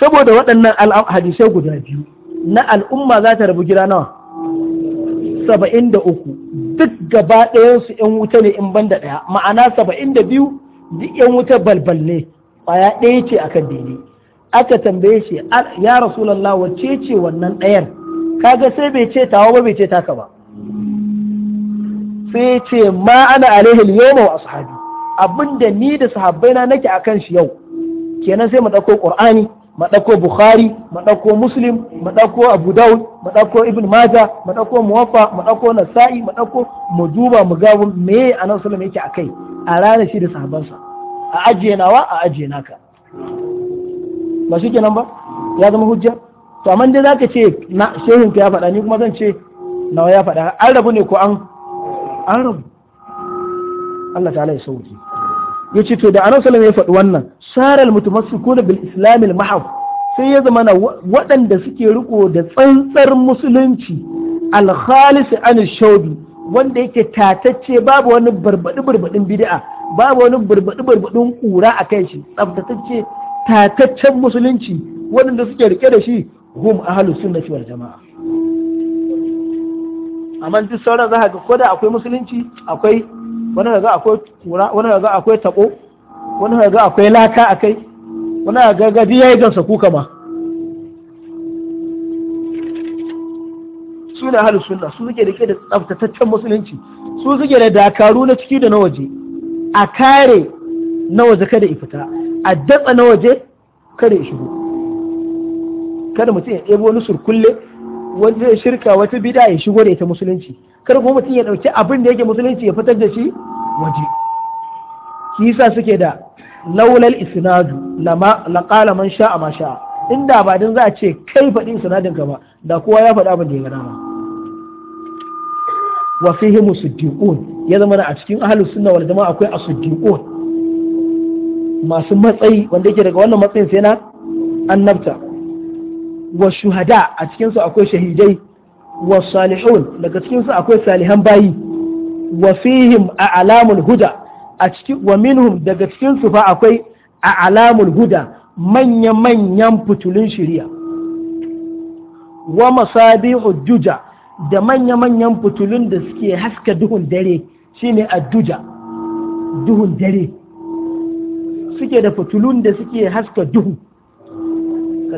saboda waɗannan hadisai guda biyu na al'umma za ta rabu gida nawa saba'in da uku duk gaba ɗayansu ‘yan wuta ne in banda ɗaya ma'ana saba'in da biyu duk ‘yan wuta balbal ne ƙwaya ɗaya ce akan daidai aka tambaye shi ah, ya rasulallah wacce ce wannan ɗayar kaga sai bai ce tawa ba bai ce taka ba sai ce ma ana alaihi yawma wa ashabi abinda ni da sahabbaina nake akan shi yau kenan sai mu ɗauko qur'ani mu dauko bukhari mu dauko muslim mu dauko abu daud mu dauko ibn maja mu dauko muwaffa mu dauko nasa'i mu ɗauko mu duba mu ga me anan sallallahu alaihi yake akai a ranar shi da sahabansa. a ajiye nawa a ajiye naka ba shi kenan ba ya zama hujja to amma dai zaka ce na shehin ka ya faɗa ni kuma zan ce nawa ya faɗa an rabu ne ko an an rabu Allah ta'ala ya sauki yace to da Annabi sallallahu ya faɗi wannan saral mutamassikuna bil islamil mahaf sai ya zama waɗanda suke riko da tsantsar musulunci al khalis an shaubi wanda yake tatacce babu wani barbadi barbadin bid'a babu wani barbadi barbadin kura a kai shi tsabtatacce tataccen musulunci waɗanda suke rike da shi hum ahlus sunnati wal jama'a amma duk sauran za ka koda akwai musulunci akwai wani da za akwai tura wani da za akwai tabo wani da akwai laka akai wani da gargaji yayi gansa kuka ma su ne ahlus sunna su suke rike da tsaftataccen musulunci su suke da dakaru na ciki da na waje a kare na waje kada ifita a datsa na waje kada ya shigo kada mutum ya ɗebo wani surkulle wanda ya shirka wata bida ya shigo da ita musulunci kada kuma mutum ya ɗauki abin da yake musulunci ya fitar da shi waje kisa suke da laulal isnadu laqala man sha'a ma sha'a inda ba din za a ce kai faɗin isnadin ka ba da kowa ya faɗa abin da ya gana ma wa fihi musaddiqun ya zama a cikin ahlus sunna wal jama'a akwai asuddiqun masu matsayi wanda yake daga wannan matsayin sai na annabta wa shuhada a cikinsu akwai shahidai wa salihun daga cikinsu akwai salihan bayi wa fihim a alamul huda a ciki wa minhum daga cikinsu fa akwai a alamul huda manya-manyan fitulun shirya wa masabihu juja da manya-manyan fitulun da suke haska duhun dare shine adduja duhun dare suke da fitulun da suke haska duhu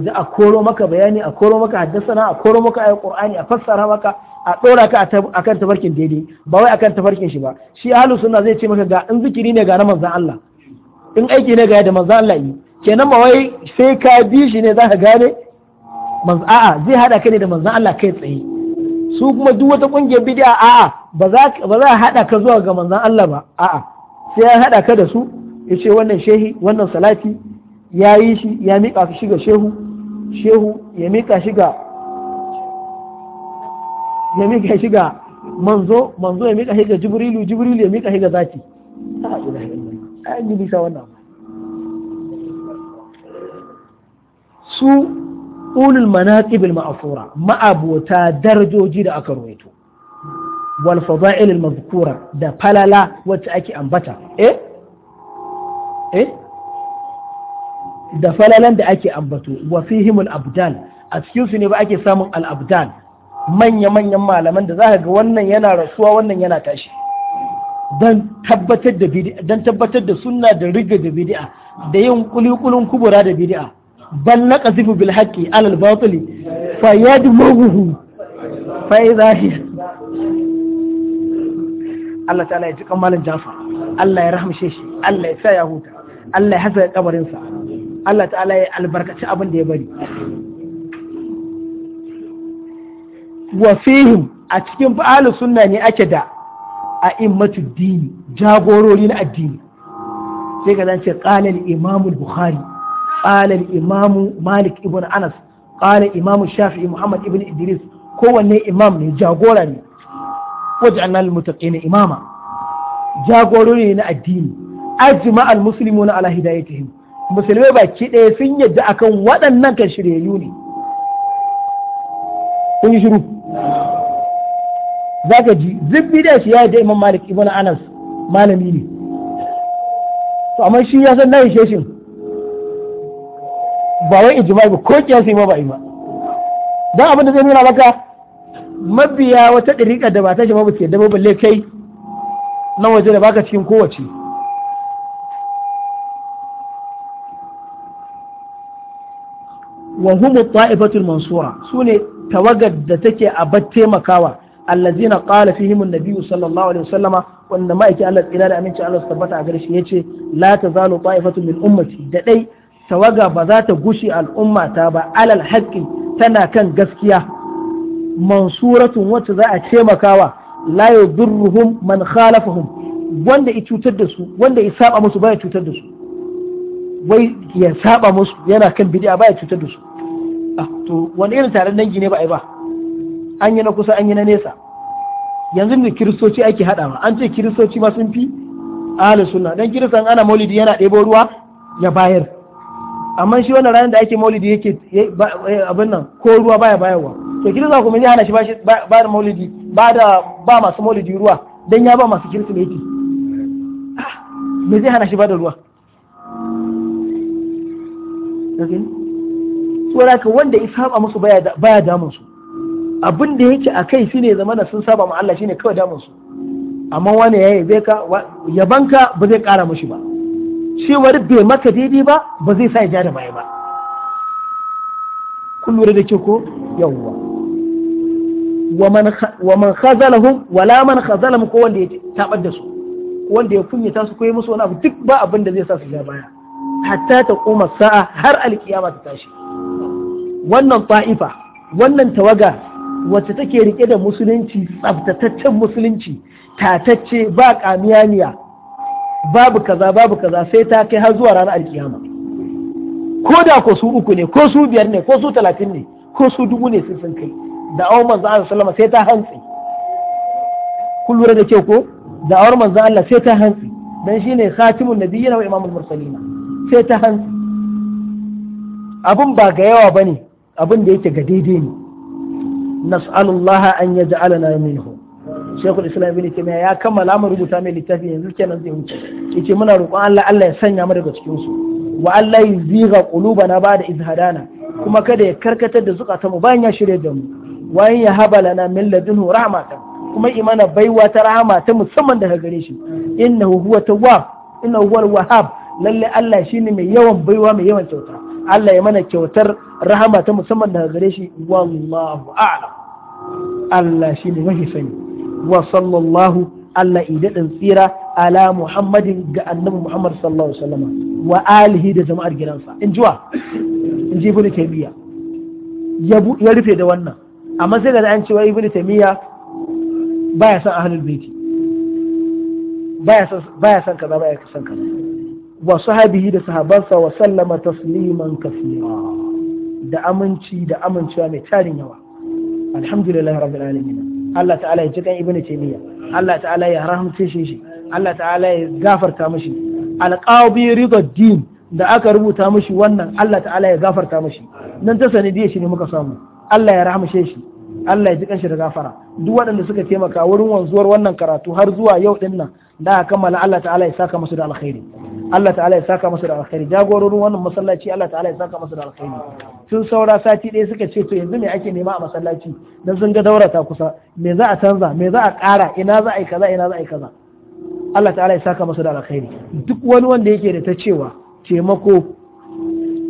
ji a koro maka bayani a koro maka haddasa a koro maka ayyukan qur'ani a fassara maka a dora ka akan tafarkin daidai ba wai akan tafarkin shi ba shi ahlus sunna zai ce maka ga in zikiri ne ga na manzon Allah in aiki ne ga da manzon Allah yi kenan ba wai sai ka bi shi ne zaka gane manzon a'a zai hada ka ne da manzon Allah kai tsaye su kuma duk wata kungiyar bid'a a'a ba za ba za hada ka zuwa ga manzon Allah ba a'a sai ya hada ka da su ya ce wannan shehi wannan salati ya yi shi ya miƙa shi ga shehu shehu ya miƙa shi ga ya miƙa shi ga manzo manzo ya miƙa shi ga jibrilu jibrilu ya miƙa shi ga zaki a yi bisa wannan su ulul manaqib ma'afura ma'abota darajoji da aka ruwaito wal fada'il al da falala wacce ake ambata eh eh da falalan da ake ambato wa fihimul abdal a cikin su ne ba ake samun al abdal manya manyan malaman da zaka ga wannan yana rasuwa wannan yana tashi dan tabbatar da bid'a dan tabbatar da sunna da riga da bid'a da yin kulikulun kubura da bid'a bal naqzifu bil haqqi ala al batil fa yadmuhu fa idahi Allah ta'ala ya ji kan malam Jafar Allah ya rahmshe shi Allah ya sa ya huta Allah ya hasa kabarinsa Allah ta'ala ya albarkaci abin da ya bari wa fihim a cikin fa'alus sunna ne ake da a immatu dini jagorori na addini sai ka zance qala al-imam al-bukhari qala al-imam malik ibn anas qala imam shafi'i muhammad ibn idris kowanne imam ne jagora ne waj'alna lil muttaqina imama jagorori na addini ajma al muslimuna ala hidayatihim musulmai baki ɗaya sun yadda akan waɗannan kan shiryayyu ne kun yi shiru zaka ji zubbi da shi ya yadda imam malik ibn anas malami ne to amma shi ya san nayi sheshin ba wai ijma ba ko kiyasi ma ba ima ba dan abin da zai nuna maka mabiya wata ɗariƙa da ba ta shi ba ba ce da balle kai na waje da baka cikin kowace wa humu ta'ifatul mansura sune tawagar da take a bat taimakawa allazina qala fihim an-nabiy sallallahu alaihi wasallama wanda ma'aiki Allah tsira da aminci Allah tabbata a gare shi yace la tazalu ta'ifatun min ummati da dai tawaga ba za ta gushi al'umma ta ba alal haqqi tana kan gaskiya mansuratun wacce za a taimakawa la yudurruhum man khalafahum wanda ya cutar da su wanda ya saba musu ya cutar da su wai ya saba musu yana kan bid'a ya cutar da su Ah, to wani irin taron dangi ne ba a yi ba an yi na kusa an yi na nesa yanzu ne kiristoci ake haɗawa an ce kiristoci ma sun fi ahalin sunna dan kiristan ana maulidi yana ɗebo ruwa ya bayar amma shi wannan ranar da ake maulidi yake abin nan ko ruwa baya bayarwa to kirista kuma zai hana shi ba da maulidi ba da ba masu maulidi ruwa dan ya ba masu kirsimeti ah, me zai hana shi ba da ruwa saboda haka wanda ya saba musu baya damun su abin da yake a kai shine na sun saba ma Allah shine kawai damun su amma wani ya yi zai ka ba zai kara mashi ba cewar bai maka daidai ba ba zai sa ya ja da baya ba kun lura da ke ko yawwa wa man khazalahum wala man khazalahum ko wanda ya tabar da su wanda ya kunyata su ko ya musu wani abu duk ba abin da zai sa su ja baya hatta ta koma sa'a har alkiyama ta tashi wannan ta'ifa wannan tawaga wacce take rike da musulunci tsaftataccen musulunci tatacce ba kamiyaniya babu kaza babu kaza sai ta kai har zuwa ranar alkiyama ko da ko su uku ne ko su biyar ne ko su talatin ne ko su dubu ne sun sun kai da awon manzo Allah sallama sai ta hantsi kun lura da kyau ko da awon manzo Allah sai ta hantsi dan shine khatimun nabiyina wa imamul mursalina sai ta hannu abin ba ga yawa ba ne abin da yake ga daidai ne nas'alullaha an ya ja'alana minhu shekul islam ibn taymiya ya kammala mu rubuta mai littafi yanzu kenan zai wuce yace muna roƙon Allah Allah ya sanya mu daga cikin su wa Allah kuluba qulubana ba'da izhadana kuma kada ya karkatar da zuƙata mu bayan ya shirye da mu wayan ya habalana min ladunhu rahmatan kuma imana baiwa ta rahama ta musamman daga gare shi innahu huwa tawwab innahu huwa wahhab lalle Allah ne mai yawan baiwa mai yawan kyauta Allah ya mana kyautar rahama ta musamman daga gare shi wallahu ala, Allah ne mafi sani wa sallallahu Allah idadin tsira ala Muhammadin ga annabi Muhammad sallallahu alaihi wasallam wa alihi da jama'ar gidansa in jiwa in ji ibnu taymiya ya rufe da wannan amma sai da an cewa ibnu taymiya baya son ahlul baiti baya san baya son kaza baya son kaza wa sahabihi da sahabansa wa sallama tasliman kasira da aminci da amincewa mai tarin yawa alhamdulillah rabbil alamin Allah ta'ala ya jikan ibnu taymiya Allah ta'ala ya rahamce shi shi Allah ta'ala ya gafarta mishi alqabi ridaddin da aka rubuta mishi wannan Allah ta'ala ya gafarta mishi nan ta sanidiyar shi ne muka samu Allah ya rahamshe shi Allah ya ji kanshi da gafara duk waɗanda suka taimaka wurin wanzuwar wannan karatu har zuwa yau din nan da aka kammala Allah ta'ala ya saka musu da alkhairi Allah ta'ala ya saka musu da alkhairi jagororin wannan masallaci Allah ta'ala ya saka musu da alkhairi sun saura sati ɗaya suka ce to yanzu me ake nema a masallaci dan sun ga daura ta kusa me za a canza me za a ƙara ina za a yi kaza ina za a yi kaza Allah ta'ala ya saka musu da alkhairi duk wani wanda yake da ta cewa taimako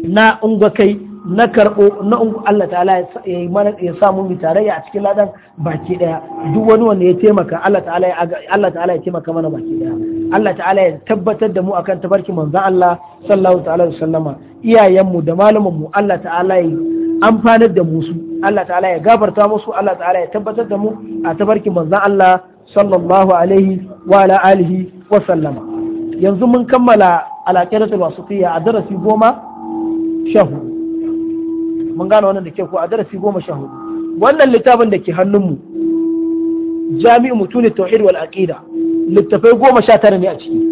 na ungwa kai na karɓo na unku Allah ta'ala ya yi mana ya samu mu tarayya a cikin ladan baki daya duk wani wanda ya taimaka Allah ta'ala ya Allah ta'ala ya taimaka mana baki daya Allah ta'ala ya tabbatar da mu akan tabarki manzon Allah sallallahu ta'ala alaihi wasallama iyayen mu da malaman mu Allah ta'ala ya amfanar da mu su Allah ta'ala ya gafarta musu Allah ta'ala ya tabbatar da mu a tabarki manzon Allah sallallahu alaihi wa ala alihi wa sallama yanzu mun kammala alaƙiratul wasifiyya a darasi goma sha hudu mun gane wannan da ke ko a darasi goma sha hudu wannan littafin da ke hannun hannunmu jami'u mutune tauhid wal aqida littafai goma sha tara ne a ciki